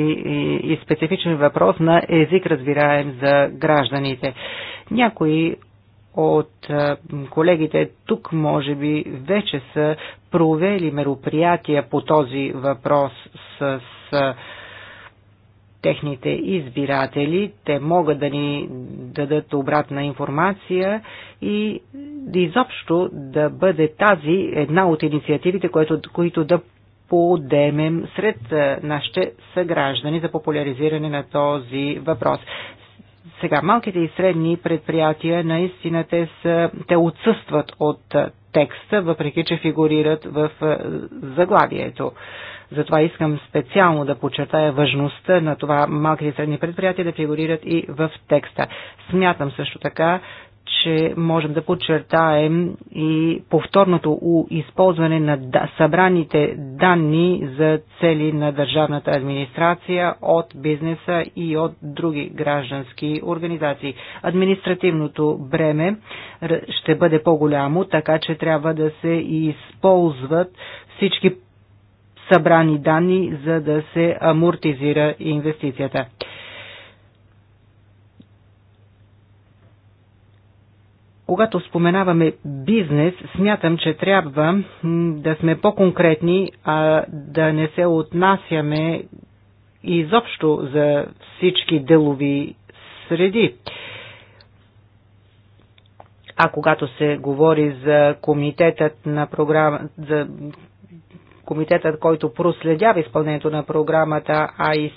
и специфичен въпрос на език разбираем за гражданите. Някои от колегите тук може би вече са провели мероприятия по този въпрос с техните избиратели. Те могат да ни дадат обратна информация и изобщо да бъде тази една от инициативите, което, които да подемем сред нашите съграждани за популяризиране на този въпрос. Сега, малките и средни предприятия наистина те, са, те отсъстват от текста, въпреки че фигурират в заглавието. Затова искам специално да подчертая важността на това малките и средни предприятия да фигурират и в текста. Смятам също така, че можем да подчертаем и повторното използване на събраните данни за цели на държавната администрация от бизнеса и от други граждански организации. Административното бреме ще бъде по-голямо, така че трябва да се използват всички събрани данни, за да се амортизира инвестицията. когато споменаваме бизнес, смятам, че трябва да сме по-конкретни, а да не се отнасяме изобщо за всички делови среди. А когато се говори за комитетът на програма, за комитетът, който проследява изпълнението на програмата АИС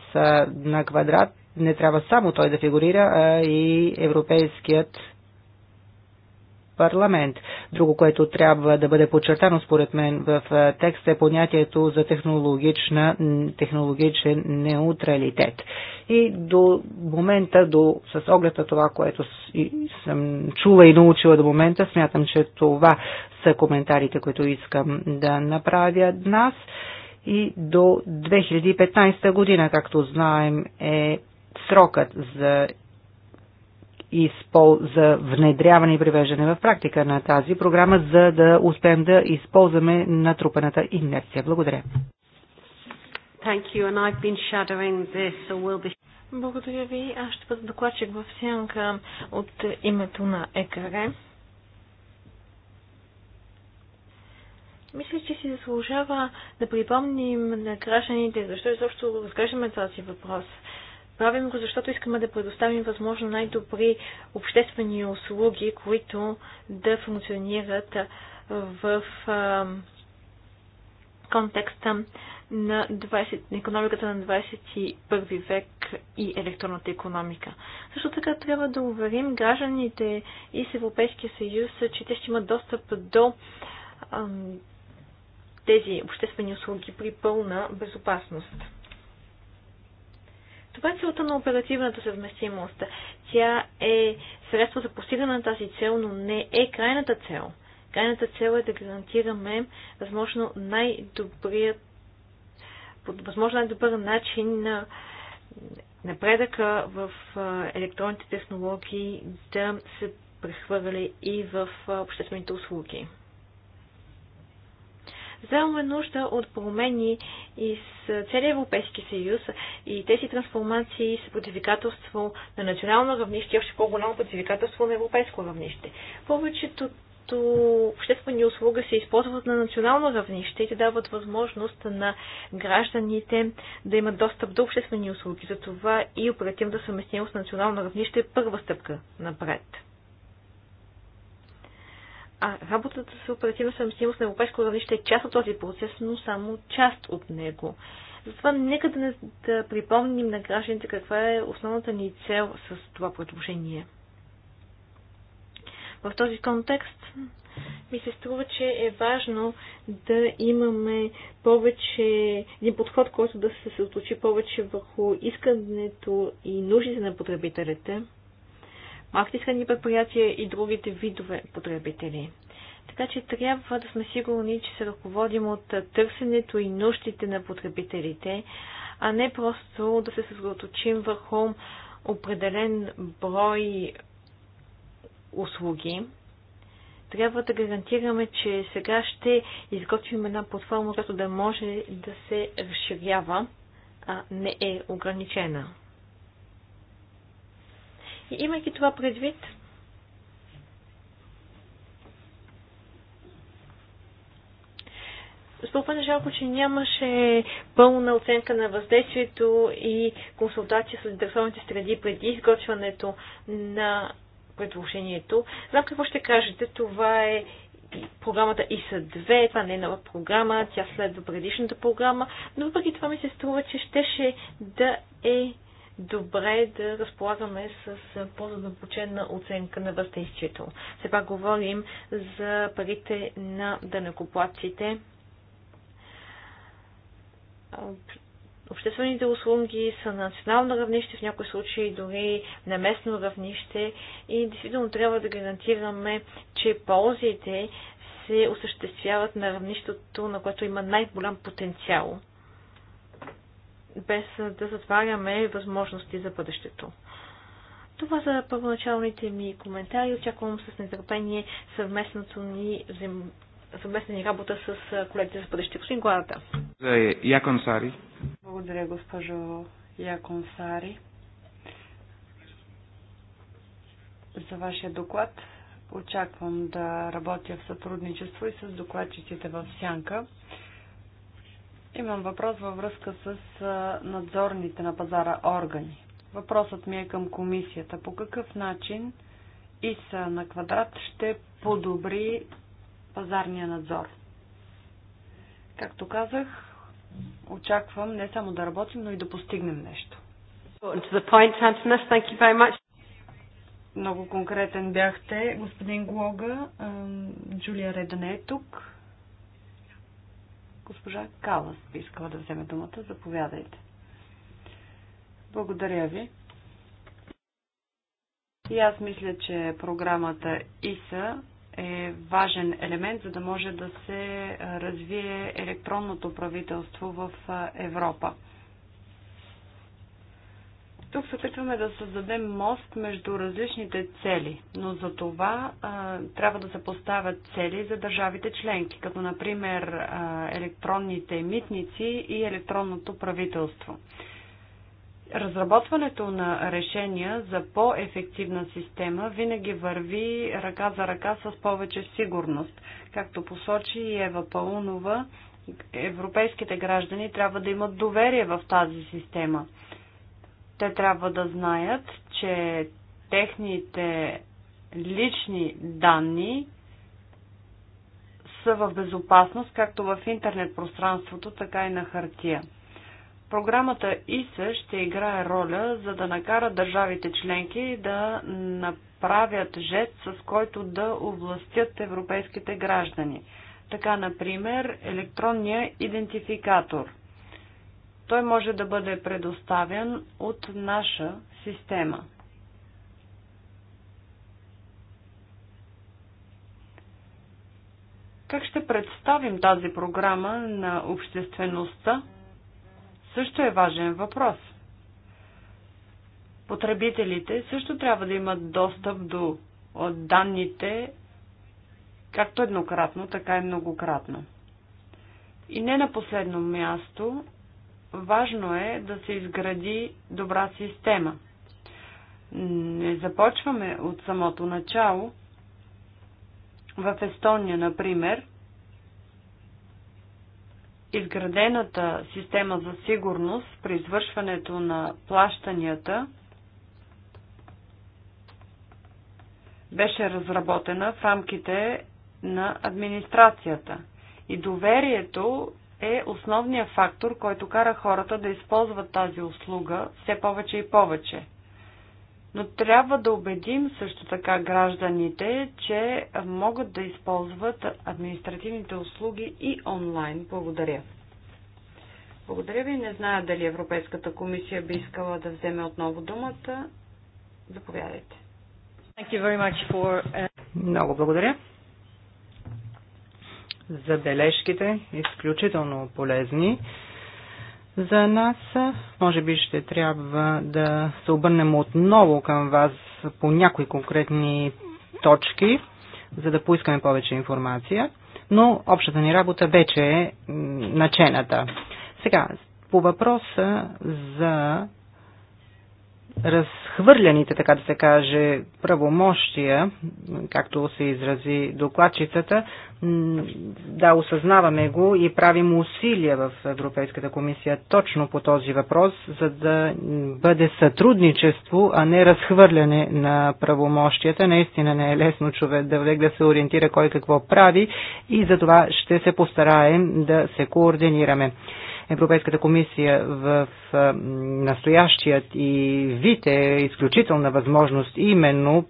на квадрат, не трябва само той да фигурира, а и Европейският парламент. Друго, което трябва да бъде подчертано според мен в текста е понятието за технологична, технологичен неутралитет. И до момента, до, с оглед на това, което съм чула и научила до момента, смятам, че това са коментарите, които искам да направя днес. И до 2015 година, както знаем, е срокът за изпол... за внедряване и привеждане в практика на тази програма, за да успеем да използваме натрупаната инерция. Благодаря. Thank you, and I've been shadowing this, be... Благодаря ви. Аз ще бъда докладчик в сянка от името на ЕКР. Мисля, че си заслужава да припомним на гражданите защо изобщо разглеждаме този въпрос. Правим го, защото искаме да предоставим възможно най-добри обществени услуги, които да функционират в контекста на 20, економиката на 21 век и електронната економика. Също така трябва да уверим гражданите и с Европейския съюз, че те ще имат достъп до тези обществени услуги при пълна безопасност. Това е целта на оперативната съвместимост. Тя е средство за постигане на тази цел, но не е крайната цел. Крайната цел е да гарантираме възможно най-добрият, възможно най-добър начин на напредъка в електронните технологии да се прехвърли и в обществените услуги за нужда от промени из целия Европейски съюз и тези трансформации са предизвикателство на национално равнище и още по-голямо предизвикателство на европейско равнище. Повечето като обществени услуга се използват на национално равнище и дават възможност на гражданите да имат достъп до обществени услуги. Затова и оперативната съвместимост на национално равнище е първа стъпка напред. А работата с оперативна съвместимост на европейско равнище е част от този процес, но само част от него. Затова нека да, не, да припомним на гражданите каква е основната ни цел с това предложение. В този контекст ми се струва, че е важно да имаме повече, един подход, който да се съсредоточи повече върху искането и нуждите на потребителите – малките средни предприятия и другите видове потребители. Така че трябва да сме сигурни, че се ръководим от търсенето и нуждите на потребителите, а не просто да се съсредоточим върху определен брой услуги. Трябва да гарантираме, че сега ще изготвим една платформа, която да може да се разширява, а не е ограничена. И имайки това предвид, Стопа на жалко, че нямаше пълна оценка на въздействието и консултация с държавните среди преди изготвянето на предложението. Знам какво ще кажете. Това е програмата ИСА-2, това не е нова програма, тя следва предишната програма, но въпреки това ми се струва, че щеше да е добре е да разполагаме с по-задълбочена оценка на въздействието. Все пак говорим за парите на данекоплаците. Обществените услуги са на национално равнище, в някои случаи дори на местно равнище и действително трябва да гарантираме, че ползите се осъществяват на равнището, на което има най-голям потенциал без да затваряме възможности за бъдещето. Това са първоначалните ми коментари. Очаквам с нетърпение съвместното ни взем... съвместна ни работа с колегите за бъдеще. Господин Гладата. Якон Сари. Благодаря, госпожо Якон Сари, за вашия доклад. Очаквам да работя в сътрудничество и с докладчиците в Сянка. Имам въпрос във връзка с надзорните на пазара органи. Въпросът ми е към комисията. По какъв начин ИСА на квадрат ще подобри пазарния надзор? Както казах, очаквам не само да работим, но и да постигнем нещо. Много конкретен бяхте, господин Глога. Джулия Реда не е тук. Госпожа Калас би искала да вземе думата. Заповядайте. Благодаря ви. И аз мисля, че програмата ИСА е важен елемент, за да може да се развие електронното правителство в Европа. Тук се опитваме да създадем мост между различните цели, но за това а, трябва да се поставят цели за държавите членки, като например а, електронните митници и електронното правителство. Разработването на решения за по-ефективна система винаги върви ръка за ръка с повече сигурност. Както посочи и Ева Паунова, европейските граждани трябва да имат доверие в тази система – те трябва да знаят, че техните лични данни са в безопасност, както в интернет пространството, така и на хартия. Програмата ИСА ще играе роля, за да накара държавите членки да направят жест, с който да областят европейските граждани. Така, например, електронния идентификатор. Той може да бъде предоставен от наша система. Как ще представим тази програма на обществеността? Също е важен въпрос. Потребителите също трябва да имат достъп до данните, както еднократно, така и многократно. И не на последно място важно е да се изгради добра система. Не започваме от самото начало. В Естония, например, изградената система за сигурност при извършването на плащанията беше разработена в рамките на администрацията. И доверието е основният фактор, който кара хората да използват тази услуга все повече и повече. Но трябва да убедим също така гражданите, че могат да използват административните услуги и онлайн. Благодаря. Благодаря ви. Не зная дали Европейската комисия би искала да вземе отново думата. Заповядайте. For... Uh, Много благодаря Забележките изключително полезни за нас. Може би ще трябва да се обърнем отново към вас по някои конкретни точки, за да поискаме повече информация, но общата ни работа вече е начената. Сега, по въпроса за разхвърляните, така да се каже, правомощия, както се изрази докладчицата, да, осъзнаваме го и правим усилия в Европейската комисия точно по този въпрос, за да бъде сътрудничество, а не разхвърляне на правомощията. Наистина не е лесно човек да влег да се ориентира кой какво прави и за това ще се постараем да се координираме. Европейската комисия в настоящият и вид е изключителна възможност именно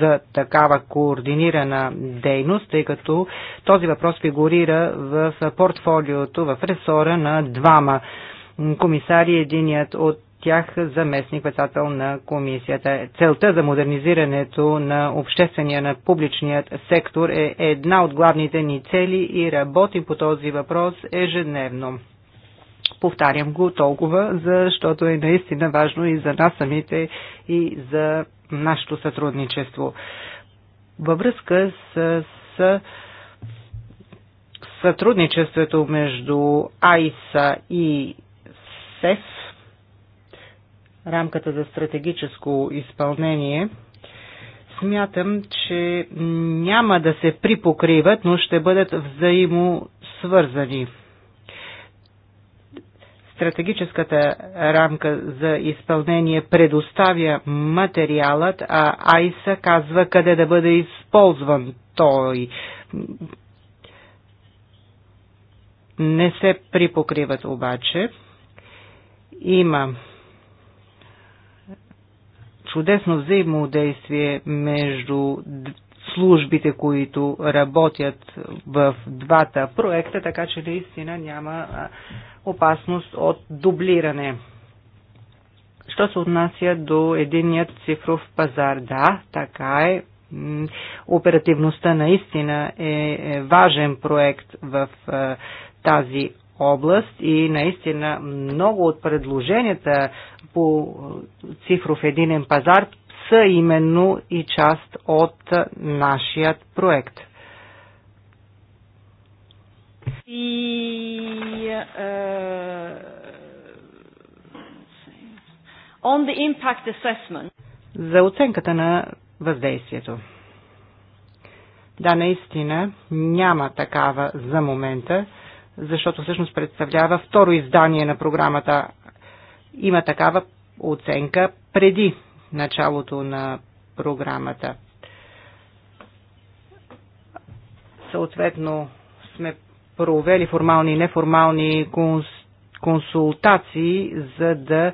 за такава координирана дейност, тъй като този въпрос фигурира в портфолиото, в ресора на двама комисари, единият от тях заместник председател на комисията. Целта за модернизирането на обществения, на публичният сектор е една от главните ни цели и работим по този въпрос ежедневно. Повтарям го толкова, защото е наистина важно и за нас самите, и за нашето сътрудничество. Във връзка с, с сътрудничеството между АИСА и СЕФ, рамката за стратегическо изпълнение, смятам, че няма да се припокриват, но ще бъдат взаимосвързани стратегическата рамка за изпълнение предоставя материалът, а Айса казва къде да бъде използван той. Не се припокриват обаче. Има чудесно взаимодействие между службите, които работят в двата проекта, така че наистина няма опасност от дублиране. Що се отнася до единият цифров пазар? Да, така е. Оперативността наистина е, е важен проект в е, тази област и наистина много от предложенията по е, цифров единен пазар са именно и част от нашият проект. The, uh, е, on the impact assessment. За оценката на въздействието. Да, наистина няма такава за момента, защото всъщност представлява второ издание на програмата. Има такава оценка преди началото на програмата. Съответно сме провели формални и неформални консултации, за да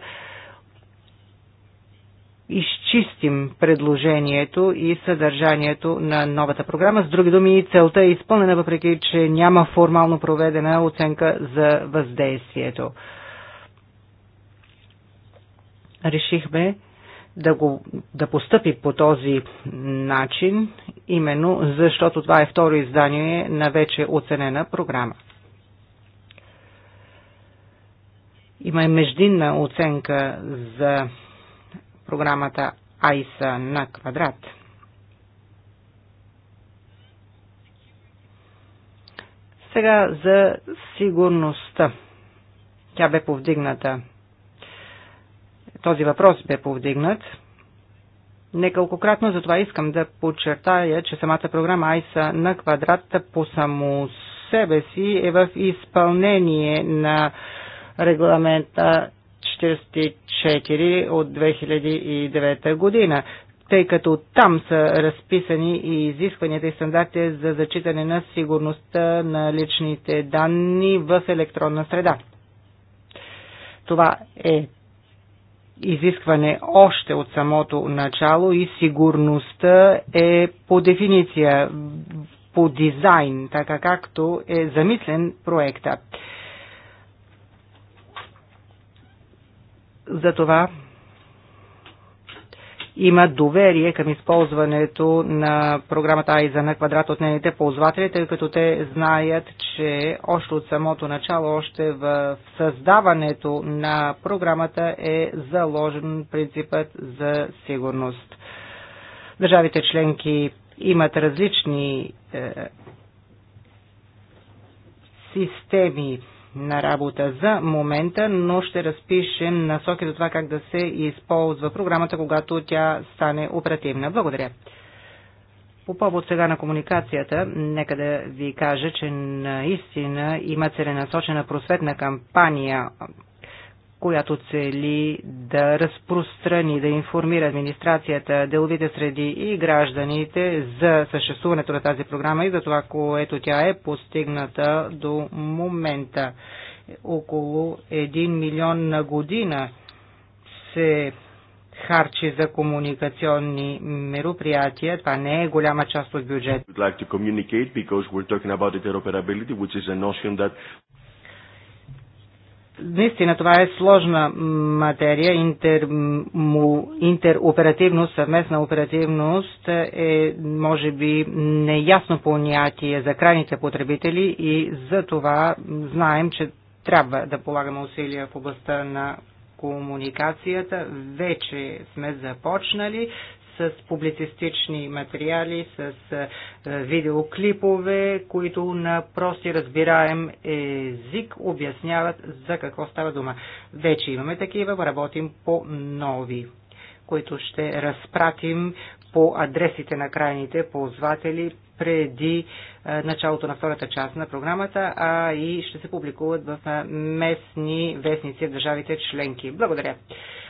изчистим предложението и съдържанието на новата програма. С други думи, целта е изпълнена, въпреки че няма формално проведена оценка за въздействието. Решихме да, го, да постъпи по този начин, именно защото това е второ издание на вече оценена програма. Има и междинна оценка за програмата АИСА на квадрат. Сега за сигурността. Тя бе повдигната този въпрос бе повдигнат. Неколкократно затова искам да подчертая, че самата програма Айса на квадрата по само себе си е в изпълнение на регламента 44 от 2009 година, тъй като там са разписани и изискванията и стандарти за зачитане на сигурността на личните данни в електронна среда. Това е изискване още от самото начало и сигурността е по дефиниция, по дизайн, така както е замислен проекта. Затова има доверие към използването на програмата Айза на квадрат от нейните ползватели, тъй като те знаят, че още от самото начало, още в създаването на програмата е заложен принципът за сигурност. Държавите членки имат различни е, системи на работа за момента, но ще разпишем насоки за това как да се използва програмата, когато тя стане оперативна. Благодаря. По повод сега на комуникацията, нека да ви кажа, че наистина има целенасочена просветна кампания която цели да разпространи, да информира администрацията, деловите среди и гражданите за съществуването на тази програма и за това, което тя е постигната до момента. Около 1 милион на година се харчи за комуникационни мероприятия. Това не е голяма част от бюджета. Наистина това е сложна материя. Интер, му, интероперативност, съвместна оперативност е, може би, неясно понятие за крайните потребители и за това знаем, че трябва да полагаме усилия в областта на комуникацията. Вече сме започнали с публицистични материали, с е, видеоклипове, които на прост и разбираем език обясняват за какво става дума. Вече имаме такива, работим по нови които ще разпратим по адресите на крайните ползватели преди е, е, началото на втората част на програмата, а и ще се публикуват в е, местни вестници в държавите членки. Благодаря.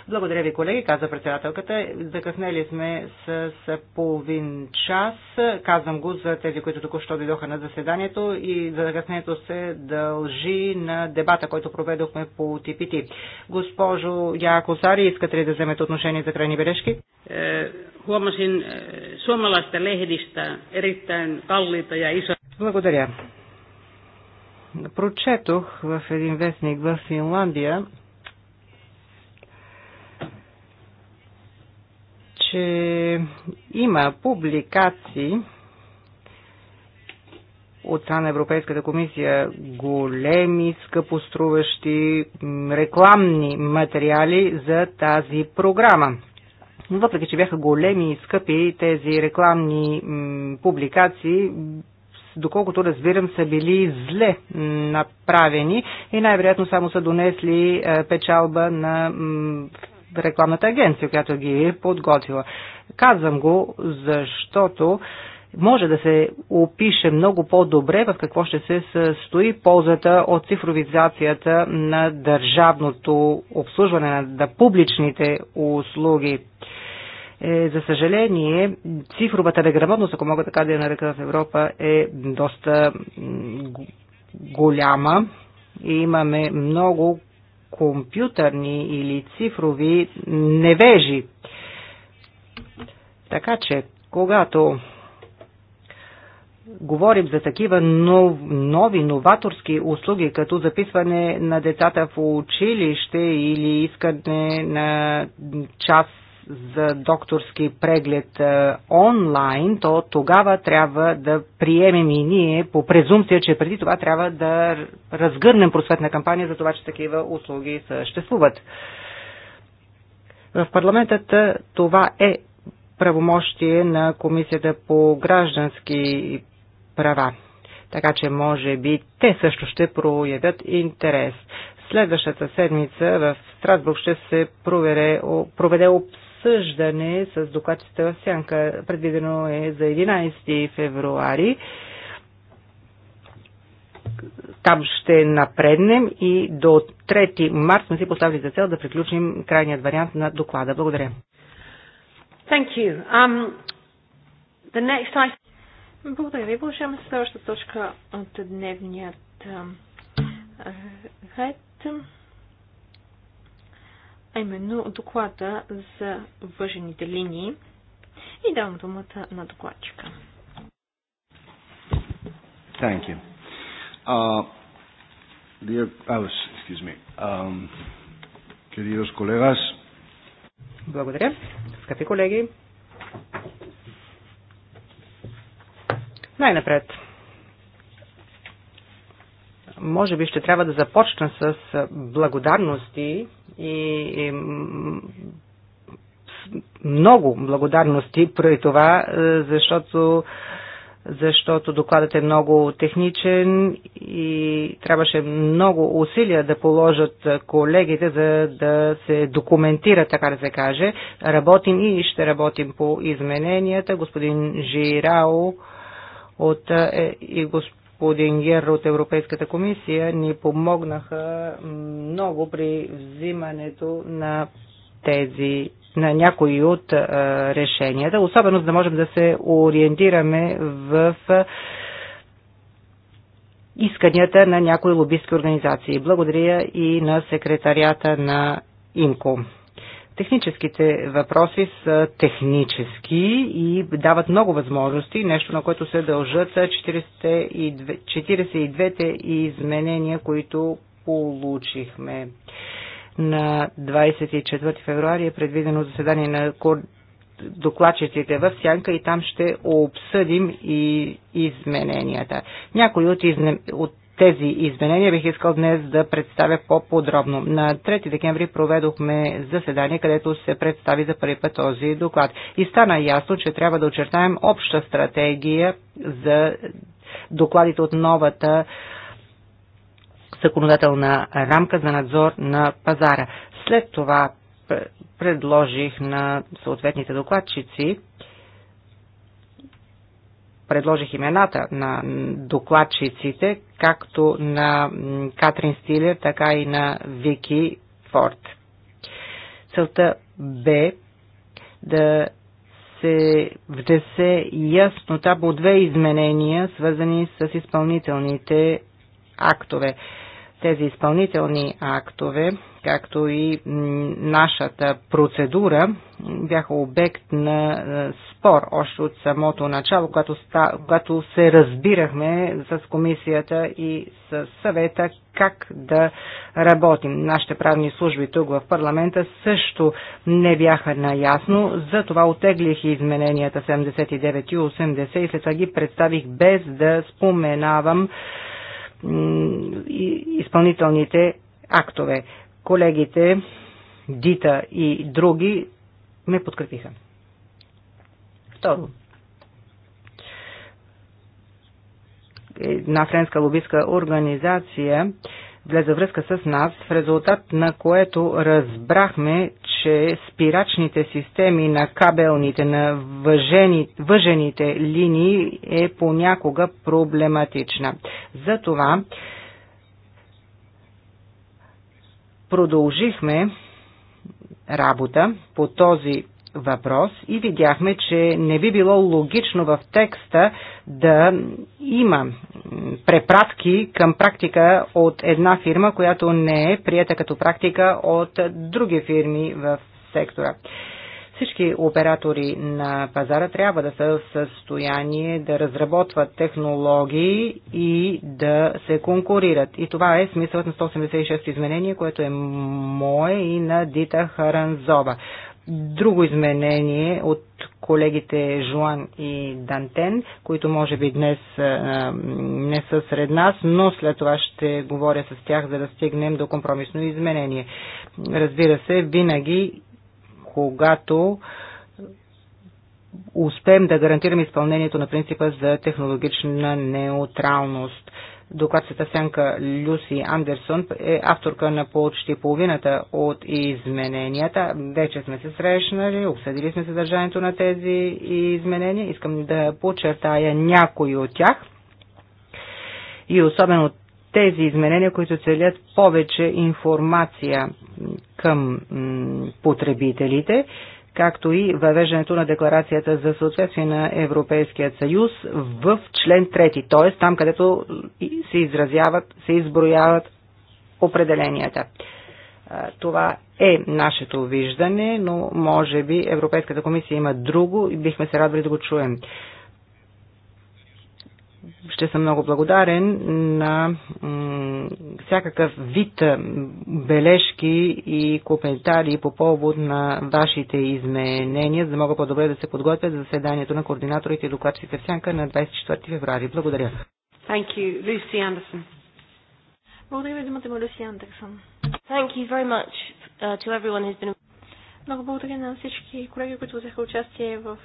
Благодаря ви, колеги, каза председателката. Закъснели сме с половин час. Казвам го за тези, които току-що дойдоха на заседанието и закъснението се дължи на дебата, който проведохме по ТПТ. Госпожо Якосари, искате ли да вземете отношение за крайни бележки? Е, huomasin suomalaista lehdistä erittäin kalliita ja благодаря. Прочетох в един вестник в Финландия, че има публикации от страна на Европейската комисия големи, скъпоструващи рекламни материали за тази програма. Въпреки, че бяха големи и скъпи тези рекламни публикации, доколкото разбирам, са били зле направени и най-вероятно само са донесли е, печалба на рекламната агенция, която ги е подготвила. Казвам го, защото може да се опише много по-добре в какво ще се състои ползата от цифровизацията на държавното обслужване на публичните услуги е, за съжаление, цифровата неграмотност, ако мога така да я нарека в Европа, е доста голяма и имаме много компютърни или цифрови невежи. Така че, когато говорим за такива нов, нови, новаторски услуги, като записване на децата в училище или искане на час за докторски преглед онлайн, то тогава трябва да приемем и ние по презумпция, че преди това трябва да разгърнем просветна кампания за това, че такива услуги съществуват. В парламентът това е правомощие на Комисията по граждански права. Така че може би те също ще проявят интерес. Следващата седмица в Страсбург ще се проведе, проведе обсъждане с докладчета в Сянка. Предвидено е за 11 февруари. Там ще напреднем и до 3 март сме си поставили за цел да приключим крайният вариант на доклада. Благодаря. Thank you. Um, the next I... Благодаря ви. Продължаваме с следващата точка от дневният ред. Uh, а именно доклада за въжените линии. И давам думата на докладчика. Thank you. Uh, dear Alice, excuse me. Um, queridos colegas. Благодаря. Скъпи колеги. Най-напред може би ще трябва да започна с благодарности и много благодарности преди това, защото защото докладът е много техничен и трябваше много усилия да положат колегите, за да се документира, така да се каже. Работим и ще работим по измененията. Господин Жирао от, е, и господин господин Гер от Европейската комисия ни помогнаха много при взимането на тези на някои от а, решенията, особено за да можем да се ориентираме в а, исканията на някои лобистки организации. Благодаря и на секретарията на ИМКО. Техническите въпроси са технически и дават много възможности, нещо на което се дължат 42-те изменения, които получихме. На 24 февруари е предвидено заседание на докладчиците в сянка и там ще обсъдим и измененията. Някои от, изне... от тези изменения бих искал днес да представя по-подробно. На 3 декември проведохме заседание, където се представи за първи път този доклад. И стана ясно, че трябва да очертаем обща стратегия за докладите от новата законодателна рамка за надзор на пазара. След това предложих на съответните докладчици предложих имената на докладчиците, както на Катрин Стилер, така и на Вики Форд. Целта бе да се внесе яснота по две изменения, свързани с изпълнителните актове. Тези изпълнителни актове, както и нашата процедура, бяха обект на спор още от самото начало, когато, ста, когато се разбирахме с комисията и с съвета как да работим. Нашите правни служби тук в парламента също не бяха наясно, затова отеглих измененията 79 и 80 и след това ги представих без да споменавам изпълнителните актове. Колегите Дита и други ме подкрепиха. Второ, една френска лобистка организация влезе връзка с нас, в резултат на което разбрахме, че спирачните системи на кабелните, на въжени, въжените линии е понякога проблематична. Затова продължихме работа по този въпрос и видяхме, че не би било логично в текста да има препратки към практика от една фирма, която не е прията като практика от други фирми в сектора. Всички оператори на пазара трябва да са в състояние да разработват технологии и да се конкурират. И това е смисълът на 186 изменение, което е мое и на Дита Харанзова. Друго изменение от колегите Жуан и Дантен, които може би днес а, не са сред нас, но след това ще говоря с тях, за да стигнем до компромисно изменение. Разбира се, винаги когато успеем да гарантираме изпълнението на принципа за технологична неутралност. Докладцата Сянка Люси Андерсон е авторка на почти половината от измененията. Вече сме се срещнали, обсъдили сме съдържанието на тези изменения. Искам да подчертая някои от тях. И особено тези изменения, които целят повече информация към потребителите, както и въвеждането на декларацията за съответствие на Европейския съюз в член 3, т.е. там, където се изразяват, се изброяват определенията. Това е нашето виждане, но може би Европейската комисия има друго и бихме се радвали да го чуем ще съм много благодарен на всякакъв вид бележки и коментари по повод на вашите изменения, за да мога по-добре да се подготвя за заседанието на координаторите и докладчите в Сянка на 24 феврари. Благодаря. Thank you, Lucy Anderson. Благодаря ви, думата Люси Андерсон. Thank you very much uh, to everyone who's been много благодаря на всички колеги, които взеха участие в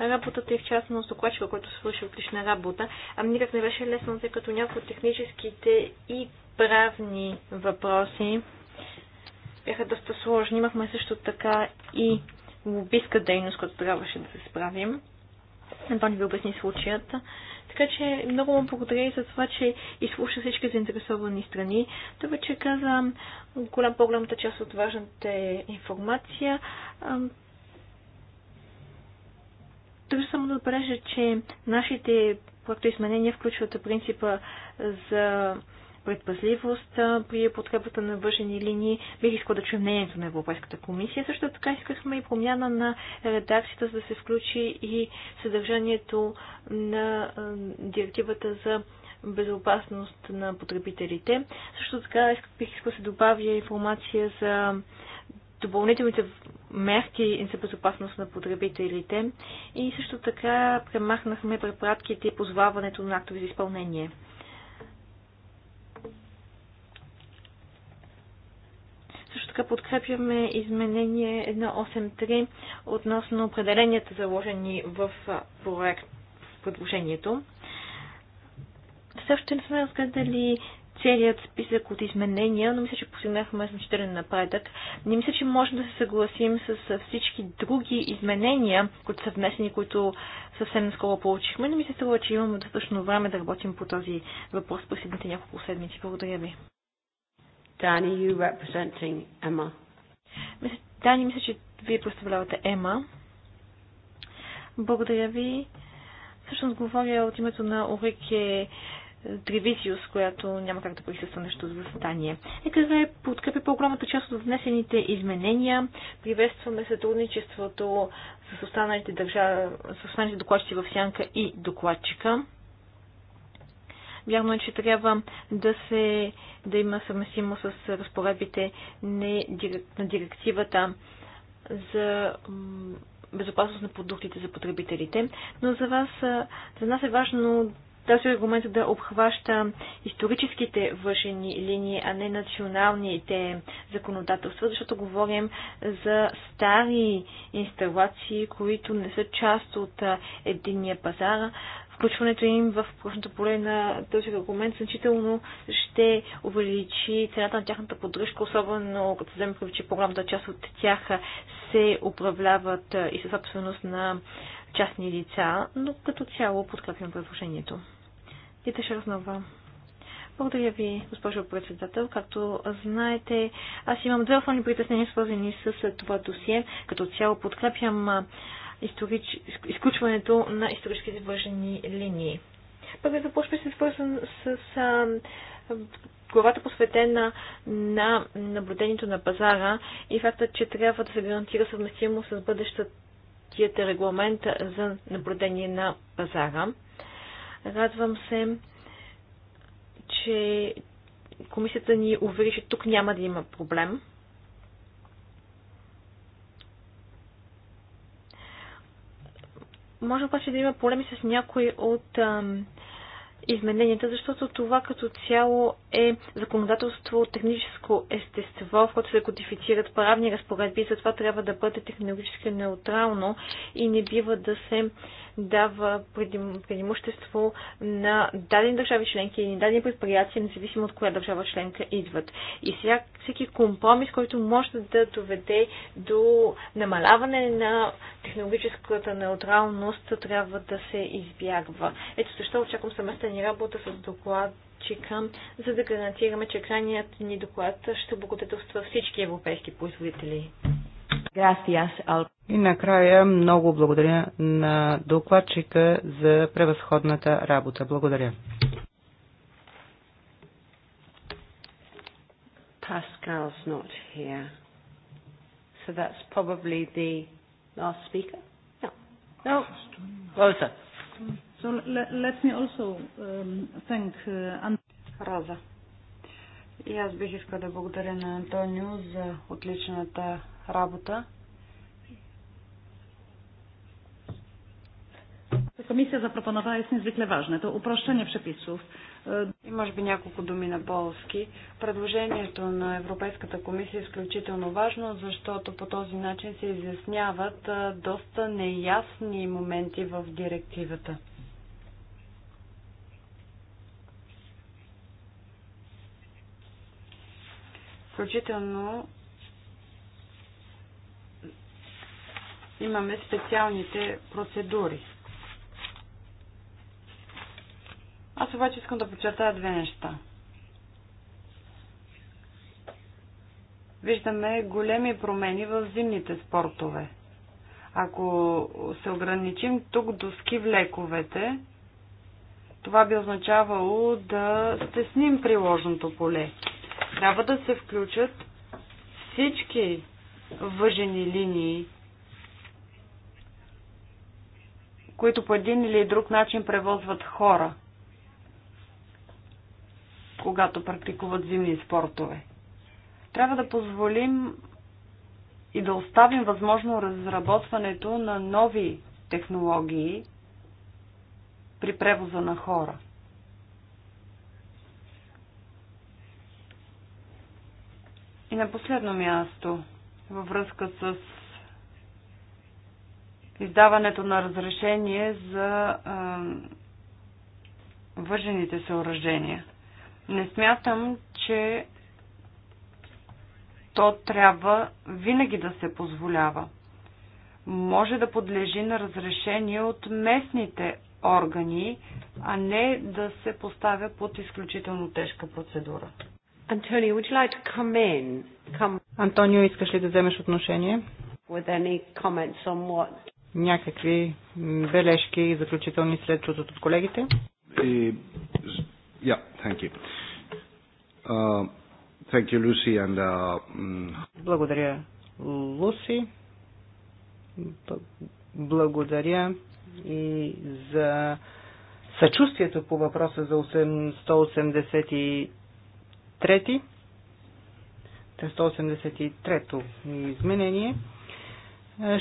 работата и в частност докладчика, който свърши отлична работа. А никак не беше лесно, тъй като някои от техническите и правни въпроси бяха доста сложни. Имахме също така и лобистка дейност, която трябваше да се справим. Антони ви обясни случаята. Така че много му благодаря и за това, че изслуша всички заинтересовани страни. Това вече каза голям, по-голямата част от важната е информация. Държа само да отбележа, че нашите проекто изменения включват принципа за предпазливост при подкрепата на вършени линии. Бих искал да чуем мнението на Европейската комисия. Също така искахме и промяна на редакцията, за да се включи и съдържанието на директивата за безопасност на потребителите. Също така бих искал да се добавя информация за допълнителните мерки за безопасност на потребителите и също така премахнахме препратките и позваването на актове за изпълнение. точка подкрепяме изменение 1.8.3 относно определенията заложени в проект в предложението. Също не сме разгледали целият списък от изменения, но мисля, че постигнахме значителен напредък. Не мисля, че можем да се съгласим с всички други изменения, които са внесени, които съвсем наскоро получихме, но мисля, че имаме достатъчно време да работим по този въпрос последните няколко седмици. Благодаря ви. Дани, you representing Emma. Дани, мисля, че вие представлявате Ема. Благодаря ви. Всъщност говоря от името на Орике Тревизиус, която няма как да присъства нещо за заседание. ЕКР подкрепи по-голямата част от внесените изменения. Приветстваме сътрудничеството с останалите, държави, с останалите докладчици в Сянка и докладчика. Вярно е, че трябва да, се, да има съвместимо с разпоредбите на директивата за безопасност на продуктите за потребителите, но за вас, за нас е важно този аргумент да обхваща историческите вършени линии, а не националните законодателства, защото говорим за стари инсталации, които не са част от единния пазар, включването им в прочното поле на този аргумент значително ще увеличи цената на тяхната поддръжка, особено като вземем предвид, че по-голямата част от тях се управляват и със собственост на частни лица, но като цяло подкрепям предложението. Дита Шарзнова. Благодаря ви, госпожо председател. Както знаете, аз имам две основни притеснения, свързани с това досие. Като цяло подкрепям историч... изключването на исторически завършени линии. Първият въпрос се свързан с, с а, главата посветена на наблюдението на пазара и факта, че трябва да се гарантира съвместимо с бъдещата регламент за наблюдение на пазара. Радвам се, че комисията ни увери, че тук няма да има проблем. Може обаче да има проблеми с някои от ам, измененията, защото това като цяло е законодателство от техническо естество, в което се кодифицират правни разпоредби, затова трябва да бъде технологически неутрално и не бива да се дава предимущество на дадени държави членки или дадени предприятия, независимо от коя държава членка идват. И всеки компромис, който може да доведе до намаляване на технологическата неутралност, трябва да се избягва. Ето защо очаквам съместна ни работа с доклад чекам, за да гарантираме, че крайният ни доклад ще благодетелства всички европейски производители. И накрая много благодаря на докладчика за превъзходната работа. Благодаря. Pascal's not here. So that's probably the last speaker. No. No. Rosa. So let, let me also um, thank uh, Rosa. И аз бих искал да благодаря на Антонио за отличната работа. Комисия за jest niezwykle ważne, to uproszczenie przepisów. И може би няколко думи на полски. Предложението на Европейската комисия е изключително важно, защото по този начин се изясняват доста неясни моменти в директивата. Включително имаме специалните процедури. Аз обаче искам да подчертая две неща. Виждаме големи промени в зимните спортове. Ако се ограничим тук до ски влековете, това би означавало да стесним приложното поле. Трябва да се включат всички въжени линии които по един или друг начин превозват хора, когато практикуват зимни спортове. Трябва да позволим и да оставим възможно разработването на нови технологии при превоза на хора. И на последно място, във връзка с издаването на разрешение за а, въжените съоръжения. Не смятам, че то трябва винаги да се позволява. Може да подлежи на разрешение от местните органи, а не да се поставя под изключително тежка процедура. Антонио, would you like to come in? Come... Антонио, искаш ли да вземеш отношение? With any comments on what някакви бележки и заключителни след чутото от колегите? И... Yeah, thank you. Uh, thank you, Lucy, and, uh... Mm. Благодаря, Луси. Благодаря и за съчувствието по въпроса за 183 183-то е изменение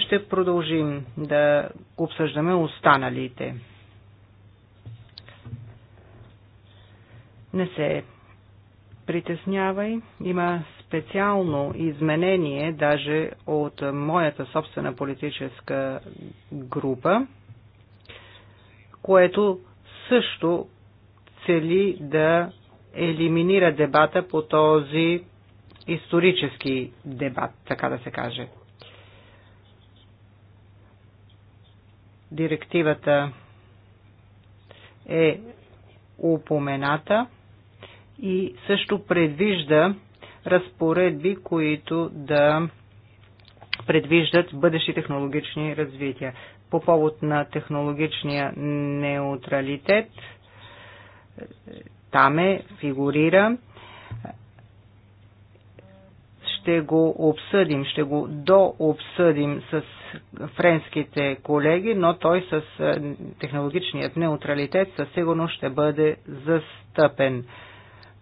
ще продължим да обсъждаме останалите. Не се притеснявай, има специално изменение даже от моята собствена политическа група, което също цели да елиминира дебата по този исторически дебат, така да се каже. Директивата е упомената и също предвижда разпоредби, които да предвиждат бъдещи технологични развития. По повод на технологичния неутралитет, там е, фигурира, ще го обсъдим, ще го дообсъдим с френските колеги, но той с е, технологичният неутралитет със сигурност ще бъде застъпен.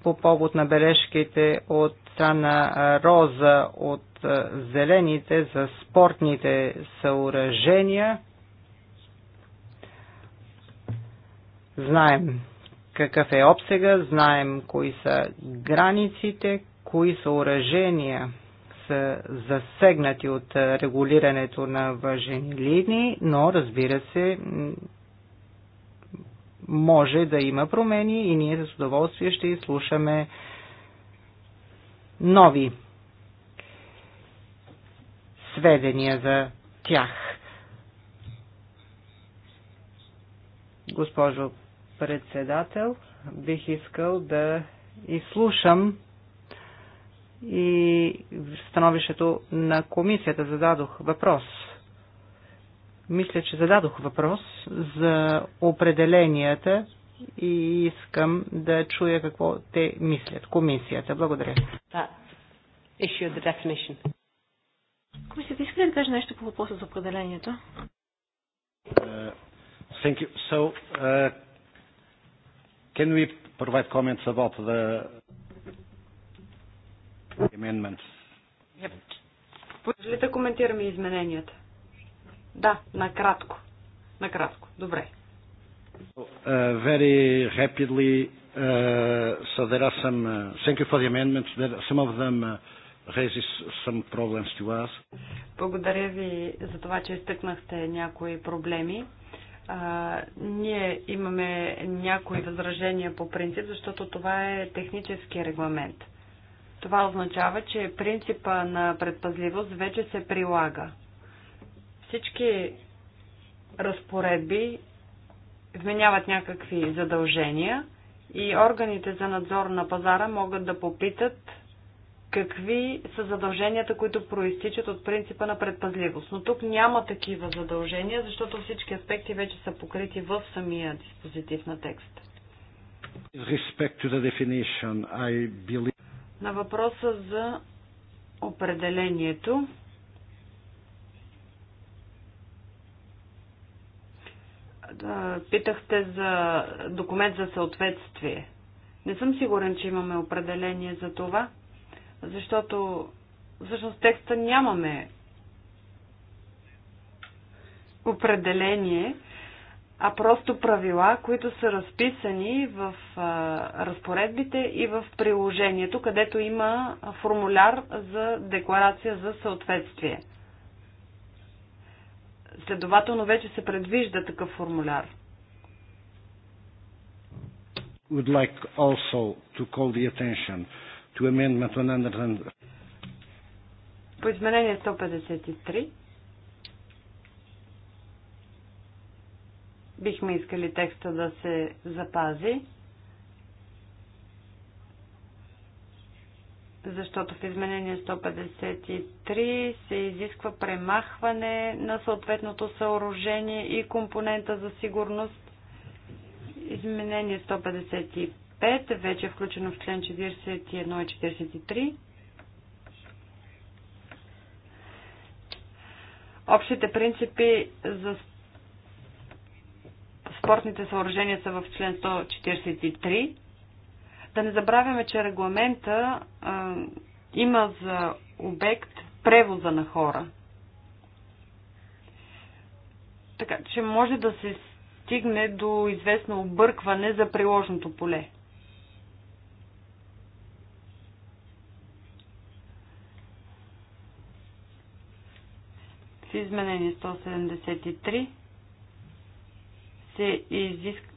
По повод на бележките от страна Роза от е, зелените за спортните съоръжения, знаем какъв е обсега, знаем кои са границите, кои съоръжения са засегнати от регулирането на въжени линии, но разбира се, може да има промени и ние с удоволствие ще изслушаме нови сведения за тях. Госпожо председател, бих искал да изслушам и в становището на комисията зададох въпрос. Мисля, че зададох въпрос за определенията и искам да чуя какво те мислят. Комисията. Благодаря. Комисията, иска ли да каже нещо по въпроса за определението? Uh, thank you. So, uh, can we provide comments about the може ли да коментираме измененията? Да, накратко. Накратко, добре. Uh, very rapidly, uh, so there are some, uh, thank you for the amendments, there, some of them uh, raises some problems to us. Благодаря ви за това, че изтъкнахте някои проблеми. ние имаме някои възражения по принцип, защото това е технически регламент. Това означава, че принципа на предпазливост вече се прилага. Всички разпоредби вменяват някакви задължения и органите за надзор на пазара могат да попитат какви са задълженията, които проистичат от принципа на предпазливост. Но тук няма такива задължения, защото всички аспекти вече са покрити в самия диспозитив на текста. Believe... На въпроса за определението. Питахте за документ за съответствие. Не съм сигурен, че имаме определение за това, защото всъщност текста нямаме определение а просто правила, които са разписани в а, разпоредбите и в приложението, където има формуляр за декларация за съответствие. Следователно вече се предвижда такъв формуляр. Would like also to call the attention to amendment 100. По изменение 153 Бихме искали текста да се запази, защото в изменение 153 се изисква премахване на съответното съоръжение и компонента за сигурност. Изменение 155 вече е включено в член 41 и 43. Общите принципи за спортните съоръжения са в член 143. Да не забравяме, че регламента а, има за обект превоза на хора. Така че може да се стигне до известно объркване за приложното поле. В изменение 173 се, изиск...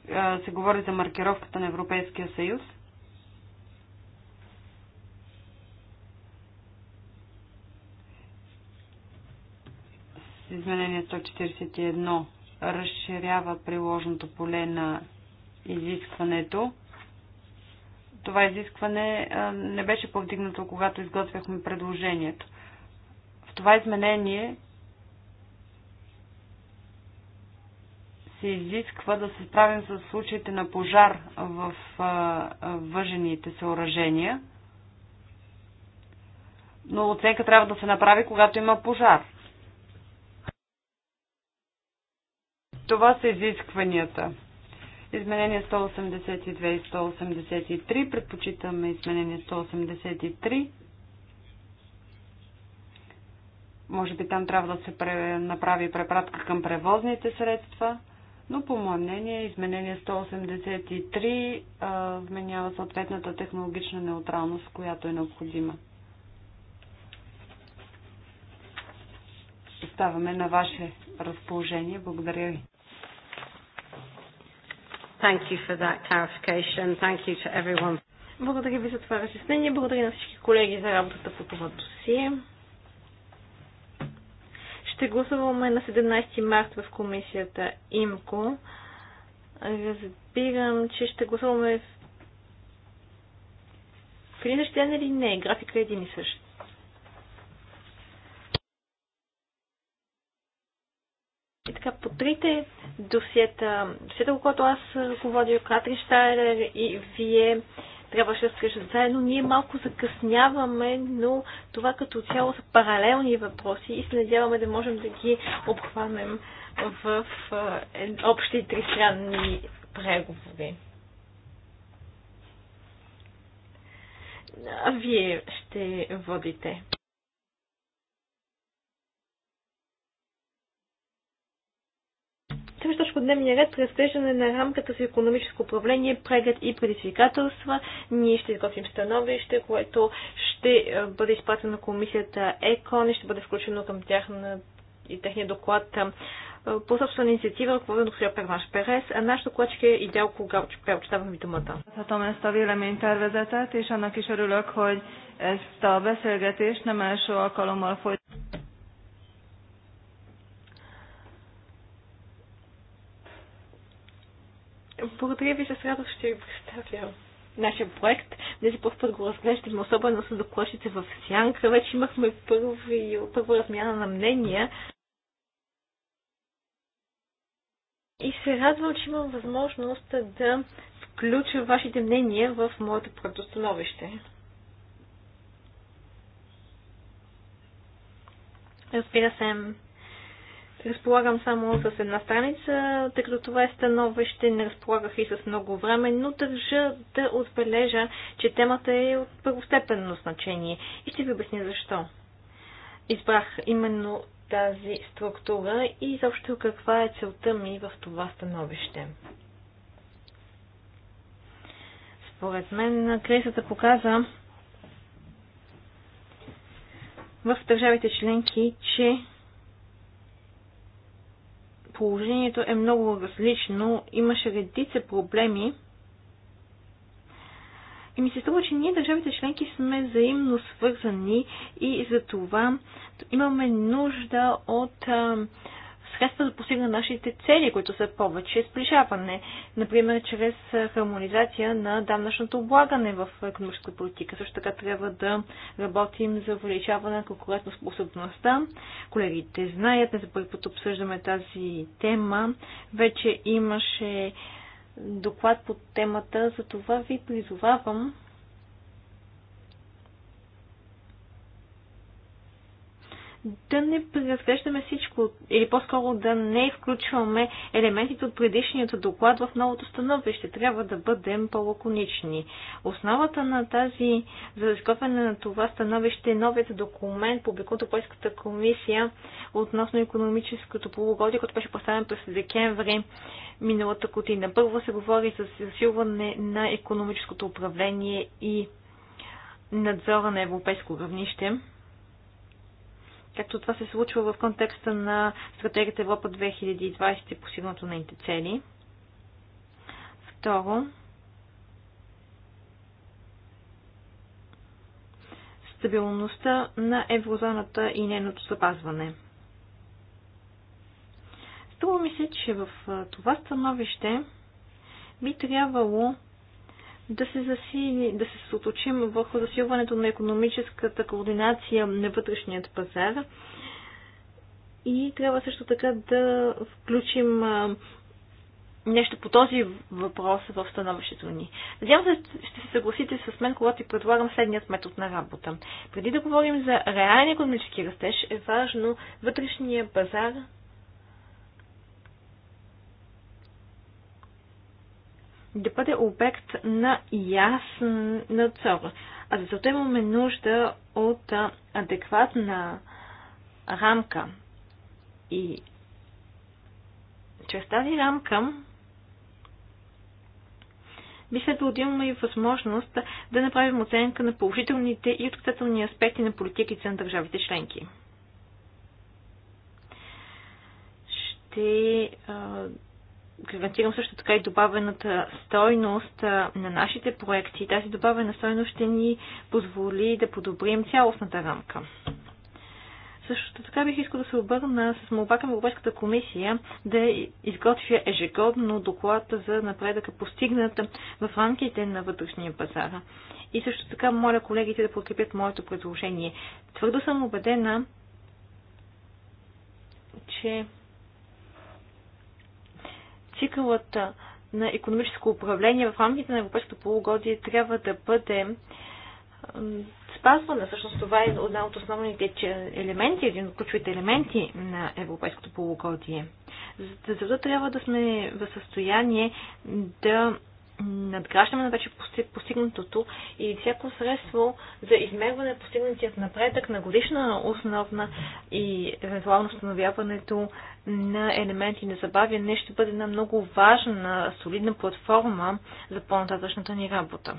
се говори за маркировката на Европейския съюз. С изменение 141 разширява приложното поле на изискването. Това изискване не беше повдигнато, когато изготвяхме предложението. В това изменение се изисква да се справим с случаите на пожар в въжените съоръжения. Но оценка трябва да се направи, когато има пожар. Това са изискванията. Изменение 182 и 183. Предпочитаме изменение 183. Може би там трябва да се направи препратка към превозните средства но по мое мнение изменение 183 а, вменява съответната технологична неутралност, която е необходима. Оставаме на ваше разположение. Благодаря ви. Thank you for that clarification. Thank you to everyone. Благодаря ви за това разяснение. Благодаря на всички колеги за работата по това досие. Ще гласуваме на 17 март в комисията ИМКО. Разбирам, че ще гласуваме в един ден или не. Графика е един и същ. И така, по трите досиета, досиета, което аз ръководя, Катрин Штайлер и вие, трябваше да срещат заедно. Ние малко закъсняваме, но това като цяло са паралелни въпроси и се надяваме да можем да ги обхванем в общи тристранни преговори. А вие ще водите Също точка дневния ред разглеждане на рамката за економическо управление, преглед и предизвикателства. Ние ще изготвим становище, което ще е, бъде изпратено на комисията ЕКОН и ще бъде включено към тях на и техния доклад е, по собствена инициатива, ръководен от Хрио Перванш Перес, а нашата докладчик е идеал кога Пелч. ви думата. Hatatom ezt a véleménytervezetet, és annak is örülök, hogy ezt a beszélgetést nem első alkalommal folyt. Благодаря ви, с радост ще ви представя нашия проект. Днес за първ път го разглеждаме, особено с докладчите в Сянка. Вече имахме първи, първа размяна на мнения. И се радвам, че имам възможност да включа вашите мнения в моето предостановище. Разбира се, разполагам само с една страница, тъй като това е становище, не разполагах и с много време, но държа да отбележа, че темата е от първостепенно значение и ще ви обясня защо. Избрах именно тази структура и изобщо каква е целта ми в това становище. Според мен кризата показа в държавите членки, че положението е много различно. Имаше редица проблеми. И ми се струва, че ние, държавите членки, сме взаимно свързани и за това имаме нужда от а, средства да постигнат нашите цели, които са повече сближаване. Например, чрез хармонизация на данъчното облагане в економическата политика. Също така трябва да работим за увеличаване на способността. Колегите знаят, не за първи път обсъждаме тази тема. Вече имаше доклад по темата, за това ви призовавам да не преразглеждаме всичко, или по-скоро да не включваме елементите от предишният доклад в новото становище. Трябва да бъдем по-лаконични. Основата на тази, за изготвяне на това становище е новият документ, публикуван от Польската комисия относно економическото полугодие, което беше поставен през декември миналата година. Първо се говори за засилване на економическото управление и надзора на европейско равнище както това се случва в контекста на стратегията Европа 2020 и на нейните цели. Второ, стабилността на еврозоната и нейното запазване. Струва ми се, че в това становище би трябвало да се засили, да се съсоточим върху засилването на економическата координация на вътрешният пазар. И трябва също така да включим нещо по този въпрос в становището ни. Надявам се, ще се съгласите с мен, когато ти предлагам следният метод на работа. Преди да говорим за реален економически растеж, е важно вътрешния пазар да бъде обект на ясен надзор. А за това имаме нужда от адекватна рамка. И чрез тази рамка би следвало да имаме и възможност да направим оценка на положителните и отрицателни аспекти на политиките на държавите членки. Ще гарантирам също така и добавената стойност на нашите проекти. Тази добавена стойност ще ни позволи да подобрим цялостната рамка. Също така бих искал да се обърна с молба към Европейската комисия да изготвя ежегодно доклад за напредъка постигната в рамките на вътрешния пазар. И също така моля колегите да подкрепят моето предложение. Твърдо съм убедена, че цикълът на економическо управление в рамките на европейското полугодие трябва да бъде спазвана. Всъщност това е една от основните елементи, един от ключовите елементи на европейското полугодие. За това трябва да сме в състояние да надграждаме на вече постигнатото и всяко средство за измерване на постигнатият напредък на годишна основна и евентуално установяването на елементи на забавяне ще бъде една много важна, солидна платформа за по-нататъчната ни работа.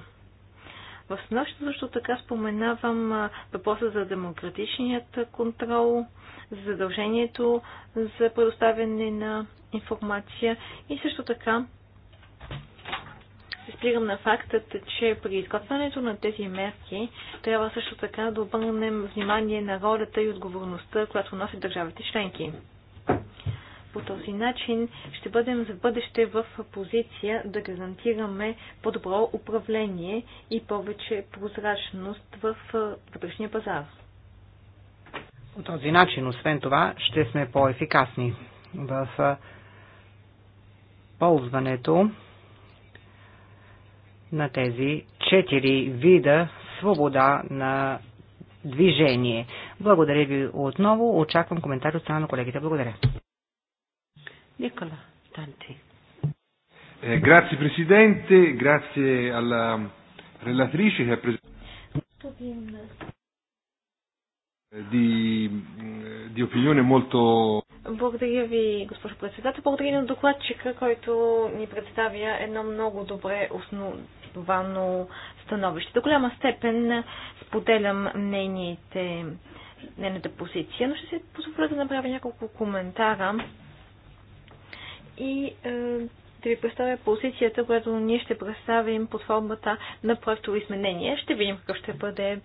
В становището също така споменавам въпроса за демократичният контрол, за задължението за предоставяне на информация и също така се спирам на фактът, че при изготвянето на тези мерки трябва също така да обърнем внимание на ролята и отговорността, която носят държавите членки. По този начин ще бъдем за бъдеще в позиция да гарантираме по-добро управление и повече прозрачност в вътрешния пазар. По този начин, освен това, ще сме по-ефикасни в ползването на тези четири вида свобода на движение. Благодаря ви отново. Очаквам коментар от страна на колегите. Благодаря. Никола Танти. Грация, grazie Грация grazie alla di, di opinione molto... Благодаря ви, госпожо председател. Благодаря на докладчика, който ни представя едно много добре основно обосновано становище. До голяма степен споделям нейните, нейната позиция, но ще се позволя да направя няколко коментара и е, да ви представя позицията, която ние ще представим под формата на проектово изменение. Ще видим какъв ще бъде е,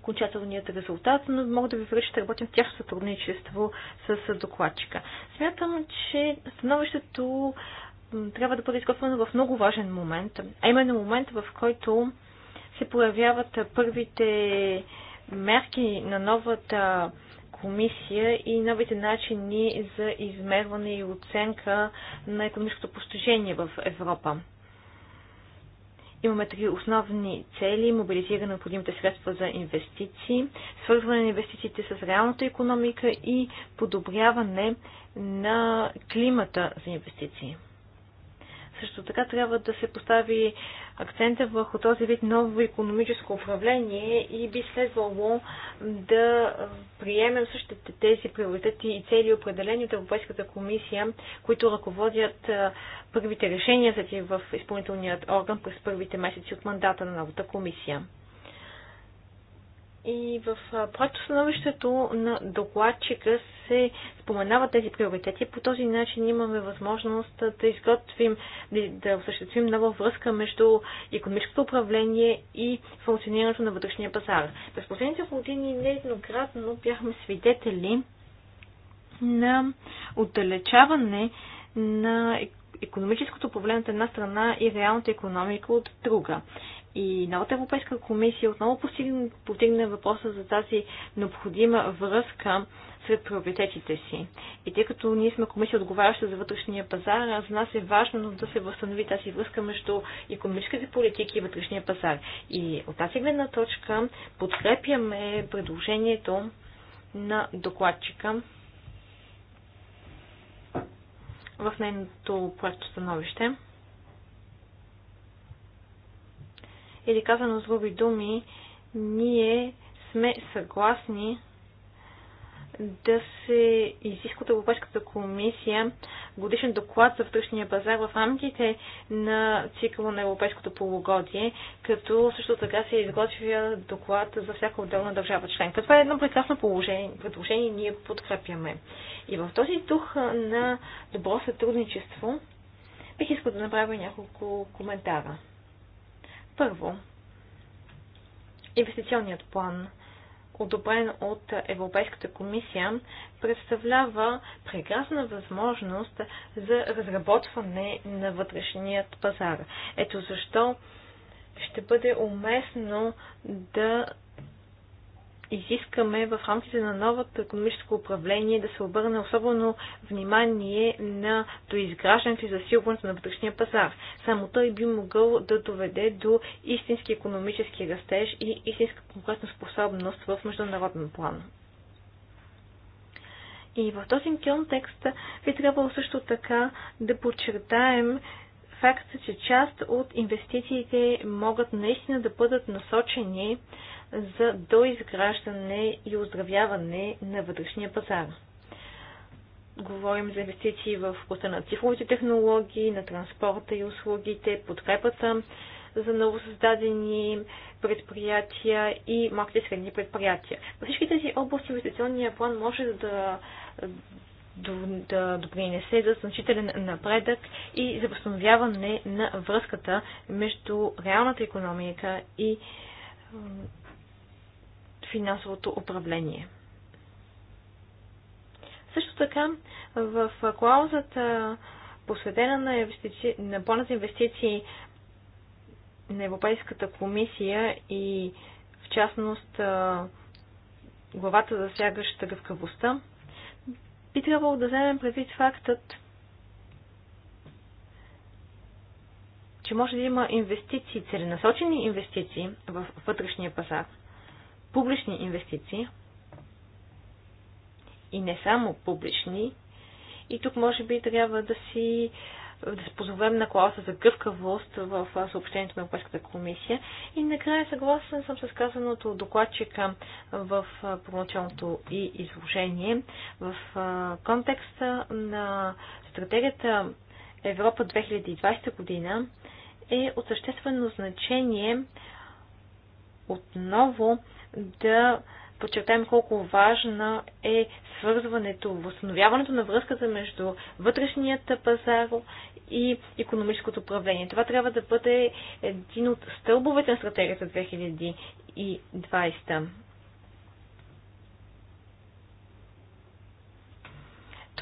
окончателният резултат, но мога да ви връща че работим в тяхно сътрудничество с докладчика. Смятам, че становището трябва да бъде изготвено в много важен момент, а именно момент, в който се появяват първите мерки на новата комисия и новите начини за измерване и оценка на економическото постижение в Европа. Имаме три основни цели. Мобилизиране на необходимите средства за инвестиции, свързване на инвестициите с реалната економика и подобряване на климата за инвестиции. Също така трябва да се постави акцента върху този вид ново економическо управление и би следвало да приемем същите тези приоритети и цели, определени от Европейската комисия, които ръководят първите решения за в изпълнителният орган през първите месеци от мандата на новата комисия. И в проектостановището на докладчика се споменават тези приоритети. По този начин имаме възможност да изготвим, да, да осъществим нова връзка между економическото управление и функционирането на вътрешния пазар. През последните години нееднократно бяхме свидетели на отдалечаване на економическото управление от една страна и реалната економика от друга. И новата Европейска комисия отново повдигна въпроса за тази необходима връзка сред приоритетите си. И тъй като ние сме комисия отговаряща за вътрешния пазар, за нас е важно да се възстанови тази връзка между економическите политики и вътрешния пазар. И от тази гледна точка подкрепяме предложението на докладчика в нейното проекто становище. Или казано с груби думи, ние сме съгласни да се изиска от Европейската комисия годишен доклад за вътрешния пазар в рамките на цикъла на европейското полугодие, като също така се изготвя доклад за всяка отделна държава членка. Това е едно прекрасно положение, предложение ние подкрепяме. И в този дух на добро сътрудничество бих искал да направя няколко коментара. Първо, инвестиционният план, одобрен от Европейската комисия, представлява прекрасна възможност за разработване на вътрешният пазар. Ето защо ще бъде уместно да изискаме в рамките на новото економическо управление да се обърне особено внимание на доизграждането и засилването на вътрешния пазар. Само той би могъл да доведе до истински економически растеж и истинска конкретна способност в международен план. И в този контекст би трябвало също така да подчертаем, факт, че част от инвестициите могат наистина да бъдат насочени за доизграждане и оздравяване на вътрешния пазар. Говорим за инвестиции в областта на цифровите технологии, на транспорта и услугите, подкрепата за новосъздадени предприятия и малките средни предприятия. Във всички тези области инвестиционния план може да да допринесе за значителен напредък и за възстановяване на връзката между реалната економика и финансовото управление. Също така, в клаузата посветена на, инвестици... на плана за инвестиции на Европейската комисия и в частност главата засягаща гъвкавостта, би трябвало да вземем предвид фактът, че може да има инвестиции, целенасочени инвестиции в вътрешния пазар, публични инвестиции и не само публични. И тук може би трябва да си да се позовем на класа за гъвкавост в съобщението на Европейската комисия. И накрая съгласен съм с казаното от докладчика в първоначалното и изложение. В контекста на стратегията Европа 2020 година е от съществено значение отново да подчертаем колко важна е свързването, възстановяването на връзката между вътрешният пазар и економическото управление. Това трябва да бъде един от стълбовете на стратегията 2020.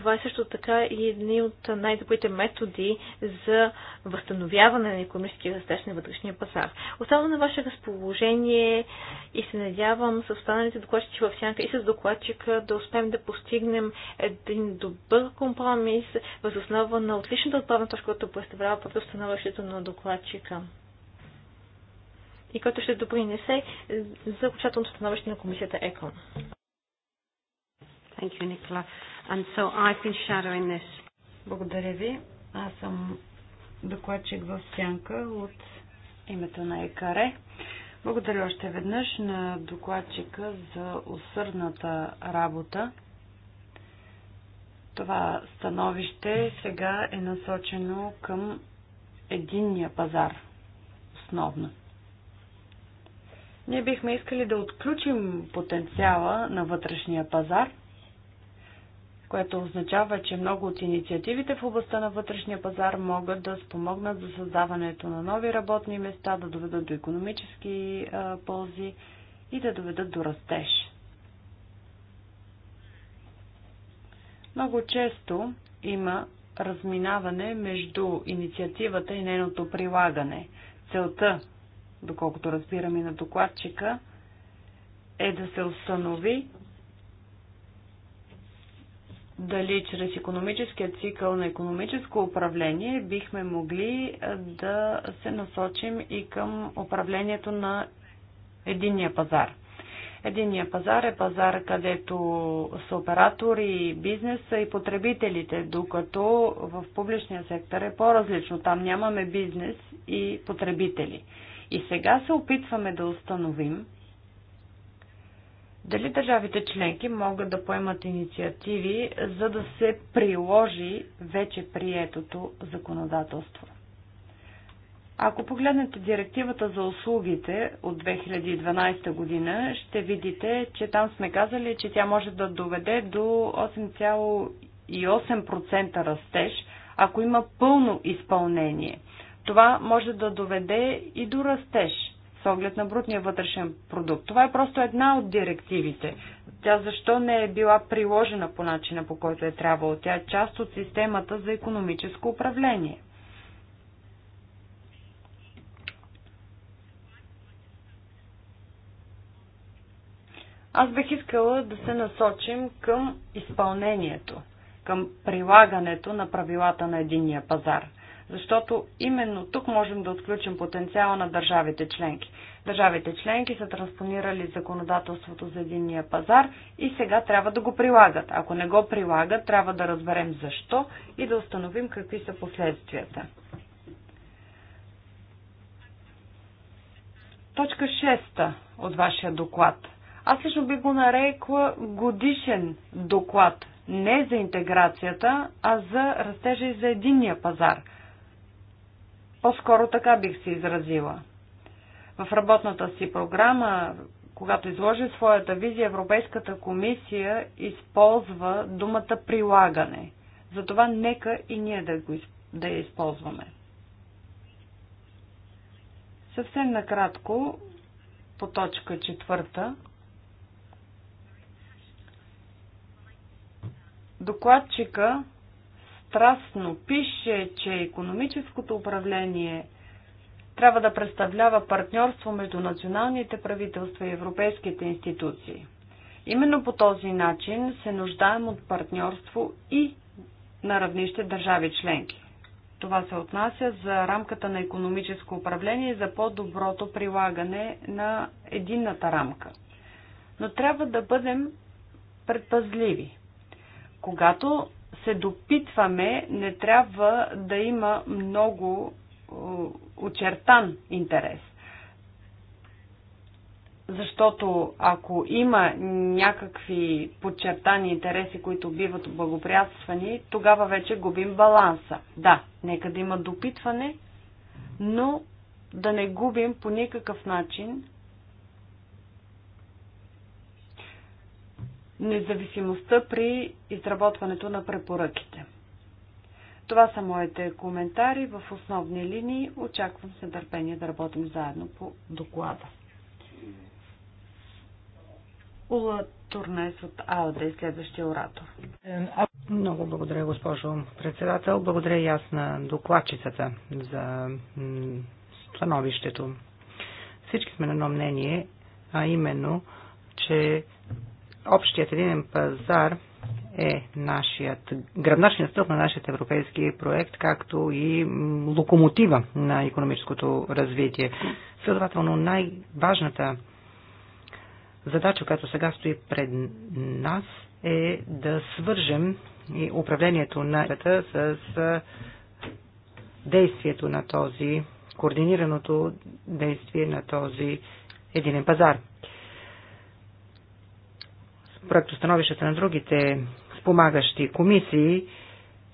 Това е също така и едни от най-добрите методи за възстановяване на економически растеж на вътрешния пазар. Остава на ваше разположение и се надявам с останалите докладчици в сянка и с докладчика да успеем да постигнем един добър компромис въз основа на отличната отправна точка, която представлява протостановището на докладчика и който ще допринесе за окончателното становище на комисията ЕКОН. Thank you, Nicola. And so I've been shadowing this. Благодаря ви. Аз съм докладчик в сянка от името на ЕКАРЕ. Благодаря още веднъж на докладчика за усърдната работа. Това становище сега е насочено към единния пазар основно. Ние бихме искали да отключим потенциала на вътрешния пазар, което означава, че много от инициативите в областта на вътрешния пазар могат да спомогнат за създаването на нови работни места, да доведат до економически а, ползи и да доведат до растеж. Много често има разминаване между инициативата и нейното прилагане. Целта, доколкото разбираме на докладчика, е да се установи дали чрез економическия цикъл на економическо управление бихме могли е, да се насочим и към управлението на единния пазар. Единния пазар е пазар, където са оператори, бизнеса и потребителите, докато в публичния сектор е по-различно. Там нямаме бизнес и потребители. И сега се опитваме да установим дали държавите членки могат да поемат инициативи, за да се приложи вече приетото законодателство? Ако погледнете директивата за услугите от 2012 година, ще видите, че там сме казали, че тя може да доведе до 8,8% растеж, ако има пълно изпълнение. Това може да доведе и до растеж – с оглед на брутния вътрешен продукт. Това е просто една от директивите. Тя защо не е била приложена по начина по който е трябвало? Тя е част от системата за економическо управление. Аз бих искала да се насочим към изпълнението, към прилагането на правилата на единия пазар – защото именно тук можем да отключим потенциала на държавите членки. Държавите членки са транспонирали законодателството за единния пазар и сега трябва да го прилагат. Ако не го прилагат, трябва да разберем защо и да установим какви са последствията. Точка 6 от вашия доклад. Аз лично би го нарекла годишен доклад не за интеграцията, а за растежа и за единния пазар. По-скоро така бих се изразила. В работната си програма, когато изложи своята визия, Европейската комисия използва думата прилагане. Затова нека и ние да, го, да я използваме. Съвсем накратко, по точка четвърта, докладчика страстно пише, че економическото управление трябва да представлява партньорство между националните правителства и европейските институции. Именно по този начин се нуждаем от партньорство и на равнище държави членки. Това се отнася за рамката на економическо управление и за по-доброто прилагане на единната рамка. Но трябва да бъдем предпазливи. Когато се допитваме, не трябва да има много е, очертан интерес. Защото ако има някакви подчертани интереси, които биват благоприятствани, тогава вече губим баланса. Да, нека да има допитване, но да не губим по никакъв начин независимостта при изработването на препоръките. Това са моите коментари в основни линии. Очаквам с нетърпение да работим заедно по доклада. Ула Турнес от АОД е следващия оратор. Много благодаря, госпожо председател. Благодаря и аз на докладчицата за становището. Всички сме на едно мнение, а именно, че общият единен пазар е нашият гръбначният стълб на нашият европейски проект, както и локомотива на економическото развитие. Следователно, най-важната задача, която сега стои пред нас, е да свържем и управлението на света с действието на този, координираното действие на този единен пазар проектостановищата на другите спомагащи комисии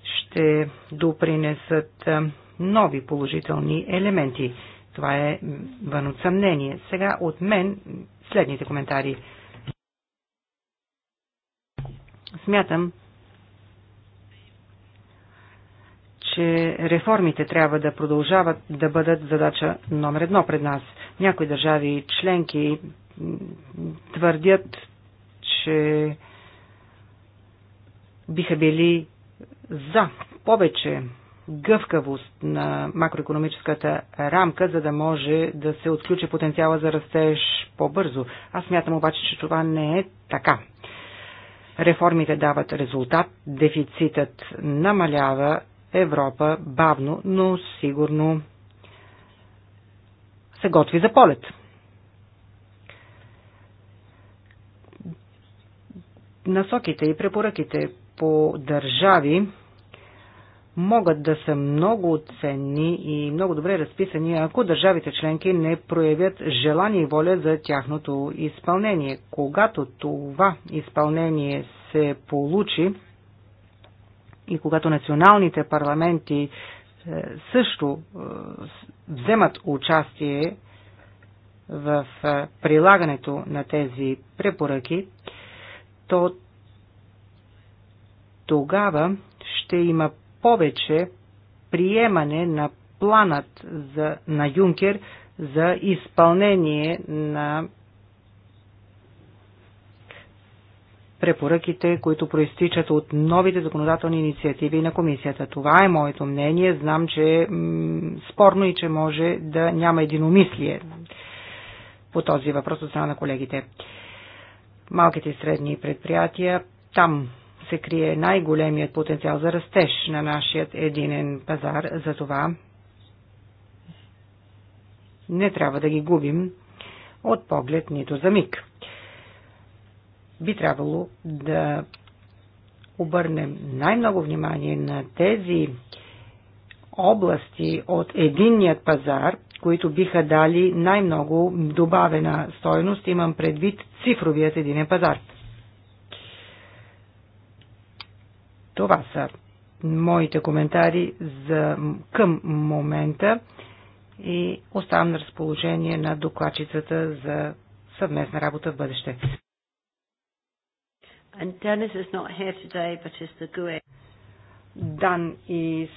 ще допринесат нови положителни елементи. Това е вън от съмнение. Сега от мен следните коментари. Смятам, че реформите трябва да продължават да бъдат задача номер едно пред нас. Някои държави членки твърдят, че биха били за повече гъвкавост на макроекономическата рамка, за да може да се отключи потенциала за растеж по-бързо. Аз мятам обаче, че това не е така. Реформите дават резултат, дефицитът намалява, Европа бавно, но сигурно се готви за полет. насоките и препоръките по държави могат да са много ценни и много добре разписани, ако държавите членки не проявят желание и воля за тяхното изпълнение. Когато това изпълнение се получи и когато националните парламенти е, също е, вземат участие в е, прилагането на тези препоръки, то тогава ще има повече приемане на планът за, на Юнкер за изпълнение на препоръките, които проистичат от новите законодателни инициативи на комисията. Това е моето мнение. Знам, че е спорно и че може да няма единомислие по този въпрос от страна на колегите малките и средни предприятия. Там се крие най-големият потенциал за растеж на нашия единен пазар. Затова не трябва да ги губим от поглед нито за миг. Би трябвало да обърнем най-много внимание на тези области от единният пазар, които биха дали най-много добавена стойност, имам предвид цифровият единен пазар. Това са моите коментари за, към момента и оставам на разположение на докладчицата за съвместна работа в бъдеще. E. Дан и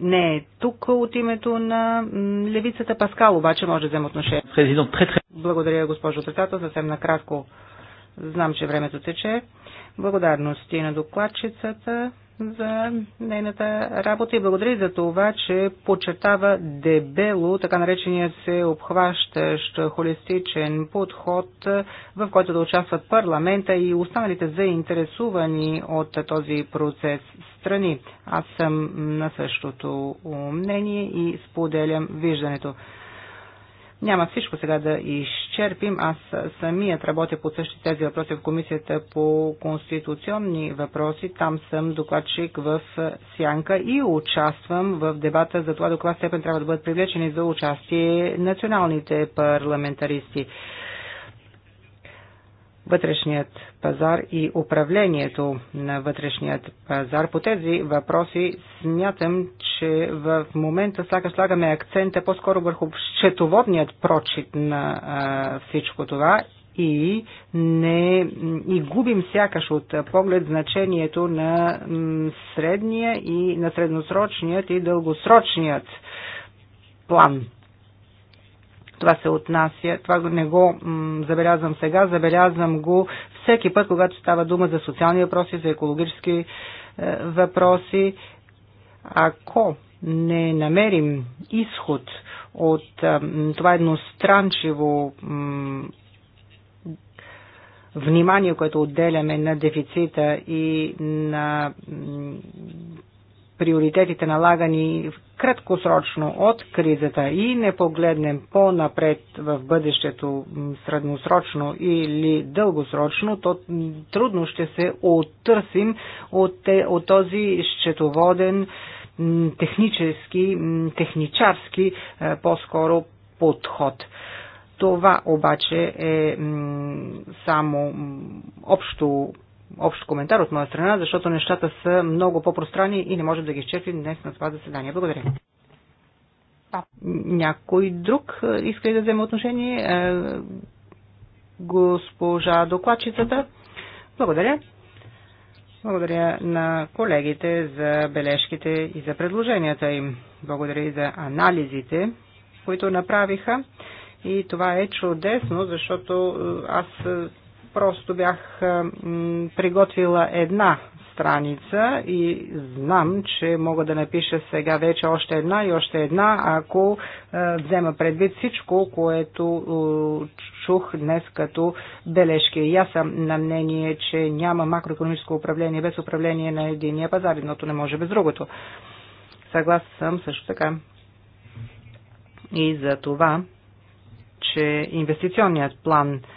не е тук от името на левицата Паскал, обаче може да взема отношение. Благодаря, госпожо председател. Съвсем накратко знам, че времето тече. Благодарности на докладчицата за нейната работа и благодаря за това, че почертава дебело така наречения се обхващащ холистичен подход, в който да участват парламента и останалите заинтересувани от този процес страни. Аз съм на същото мнение и споделям виждането. Няма всичко сега да изчерпим. Аз самият работя по същите тези въпроси в Комисията по конституционни въпроси. Там съм докладчик в Сянка и участвам в дебата за това до каква степен трябва да бъдат привлечени за участие националните парламентаристи вътрешният пазар и управлението на вътрешният пазар. По тези въпроси смятам, че в момента сега слагаме акцента по-скоро върху счетоводният прочит на а, всичко това и, не, и губим сякаш от поглед значението на средния и на средносрочният и дългосрочният план това се отнася, това не го забелязвам сега, забелязвам го всеки път, когато става дума за социални въпроси, за екологически е, въпроси. Ако не намерим изход от е, това едностранчиво е, внимание, което отделяме на дефицита и на приоритетите налагани краткосрочно от кризата и не погледнем по-напред в бъдещето, средносрочно или дългосрочно, то трудно ще се оттърсим от, те, от този счетоводен, технически, техничарски е, по-скоро подход. Това обаче е само общо общ коментар от моя страна, защото нещата са много по-пространни и не можем да ги изчерпим днес на това заседание. Благодаря. Някой друг иска ли да вземе отношение? Госпожа докладчицата. Благодаря. Благодаря на колегите за бележките и за предложенията им. Благодаря и за анализите, които направиха. И това е чудесно, защото аз Просто бях приготвила една страница и знам, че мога да напиша сега вече още една и още една, ако взема предвид всичко, което чух днес като бележки. И аз съм на мнение, че няма макроекономическо управление без управление на единия пазар, едното не може без другото. Съгласен съм също така. И за това, че инвестиционният план –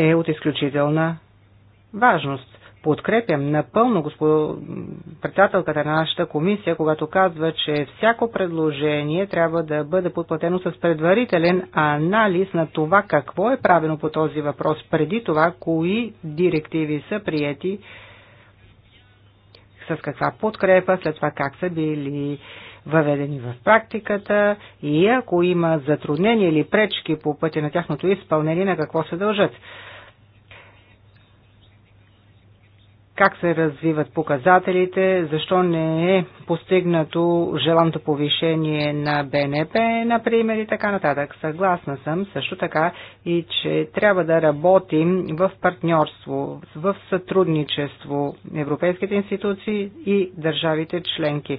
е от изключителна важност. Подкрепям напълно господ... председателката на нашата комисия, когато казва, че всяко предложение трябва да бъде подплатено с предварителен анализ на това какво е правено по този въпрос преди това, кои директиви са приети, с каква подкрепа, след това как са били въведени в практиката и ако има затруднения или пречки по пътя на тяхното изпълнение, на какво се дължат. как се развиват показателите, защо не е постигнато желаното повишение на БНП, например, и така нататък. Съгласна съм също така и че трябва да работим в партньорство, в сътрудничество европейските институции и държавите членки.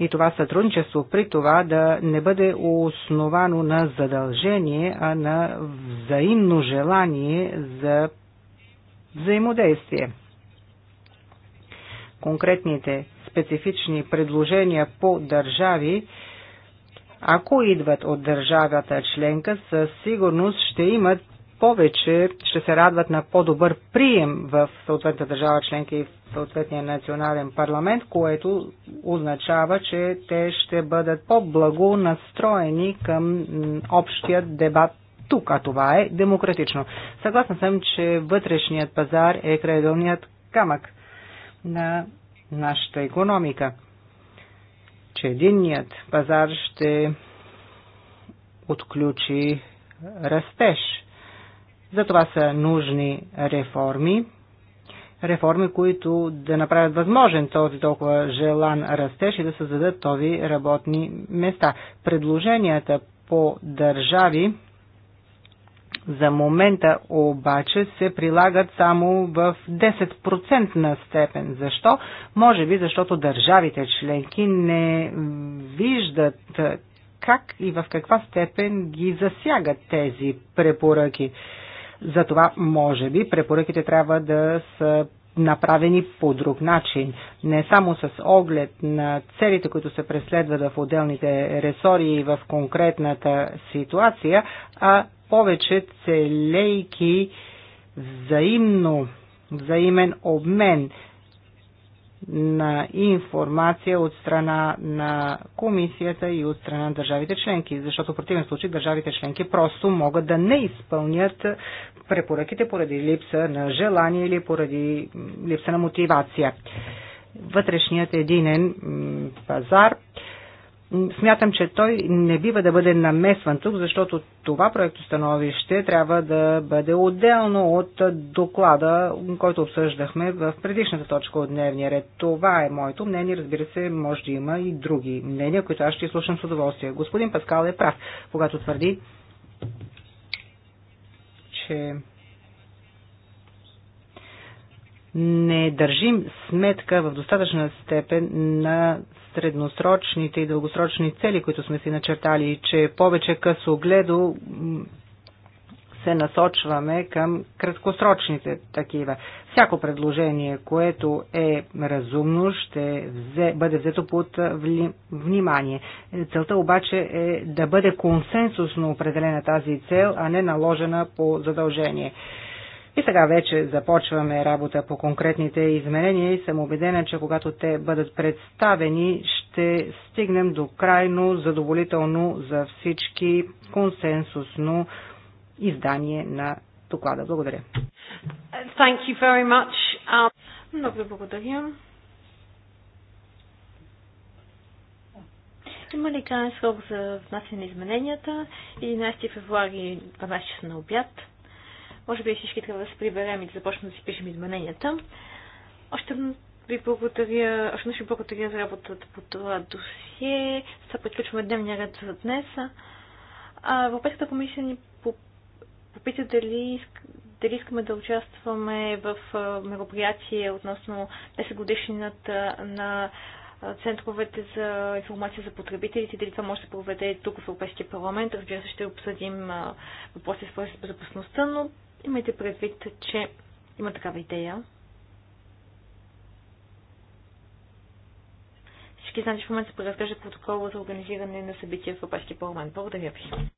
И това сътрудничество при това да не бъде основано на задължение, а на взаимно желание за взаимодействие конкретните специфични предложения по държави, ако идват от държавата членка, със сигурност ще имат повече, ще се радват на по-добър прием в съответната държава членка и в съответния национален парламент, което означава, че те ще бъдат по-благо настроени към общия дебат тук, а това е демократично. Съгласна съм, че вътрешният пазар е крайъгълният камък на нашата економика. Че единният пазар ще отключи растеж. Затова са нужни реформи, реформи, които да направят възможен този толкова желан растеж и да създадат този работни места. Предложенията по държави за момента обаче се прилагат само в 10% на степен. Защо? Може би защото държавите членки не виждат как и в каква степен ги засягат тези препоръки. Затова, може би, препоръките трябва да са направени по друг начин, не само с оглед на целите, които се преследват в отделните ресори и в конкретната ситуация, а повече, целейки взаимно, взаимен обмен на информация от страна на комисията и от страна на държавите членки, защото в противен случай държавите членки просто могат да не изпълнят препоръките поради липса на желание или поради липса на мотивация. Вътрешният единен пазар смятам, че той не бива да бъде намесван тук, защото това проекто становище трябва да бъде отделно от доклада, който обсъждахме в предишната точка от дневния ред. Това е моето мнение. Разбира се, може да има и други мнения, които аз ще слушам с удоволствие. Господин Паскал е прав, когато твърди, че не държим сметка в достатъчна степен на средносрочните и дългосрочни цели, които сме си начертали, че повече късо гледо се насочваме към краткосрочните такива. Всяко предложение, което е разумно, ще взе, бъде взето под вли, внимание. Целта обаче е да бъде консенсусно определена тази цел, а не наложена по задължение. И сега вече започваме работа по конкретните изменения и съм убедена, че когато те бъдат представени, ще стигнем до крайно задоволително за всички консенсусно издание на доклада. Благодаря. Thank you very much. Um... Много ви благодаря. Има ли крайен срок за внасяне на измененията? 11 февруари 12 часа на обяд. Може би всички трябва да се приберем и да започнем да си пишем измененията. Още ви благодаря, още ви благодаря за работата по това досие. Сега приключваме дневния ред за днес. А, Европейската комисия ни попита дали, дали искаме да участваме в мероприятие относно 10 годишнината на центровете за информация за потребителите, дали това може да се проведе тук в Европейския парламент. Разбира се, ще обсъдим въпроси с безопасността, но Имайте предвид, че има такава идея. Всички знаете, че в момента се преразглежда протокола за организиране на събития в Европейския парламент. Благодаря ви.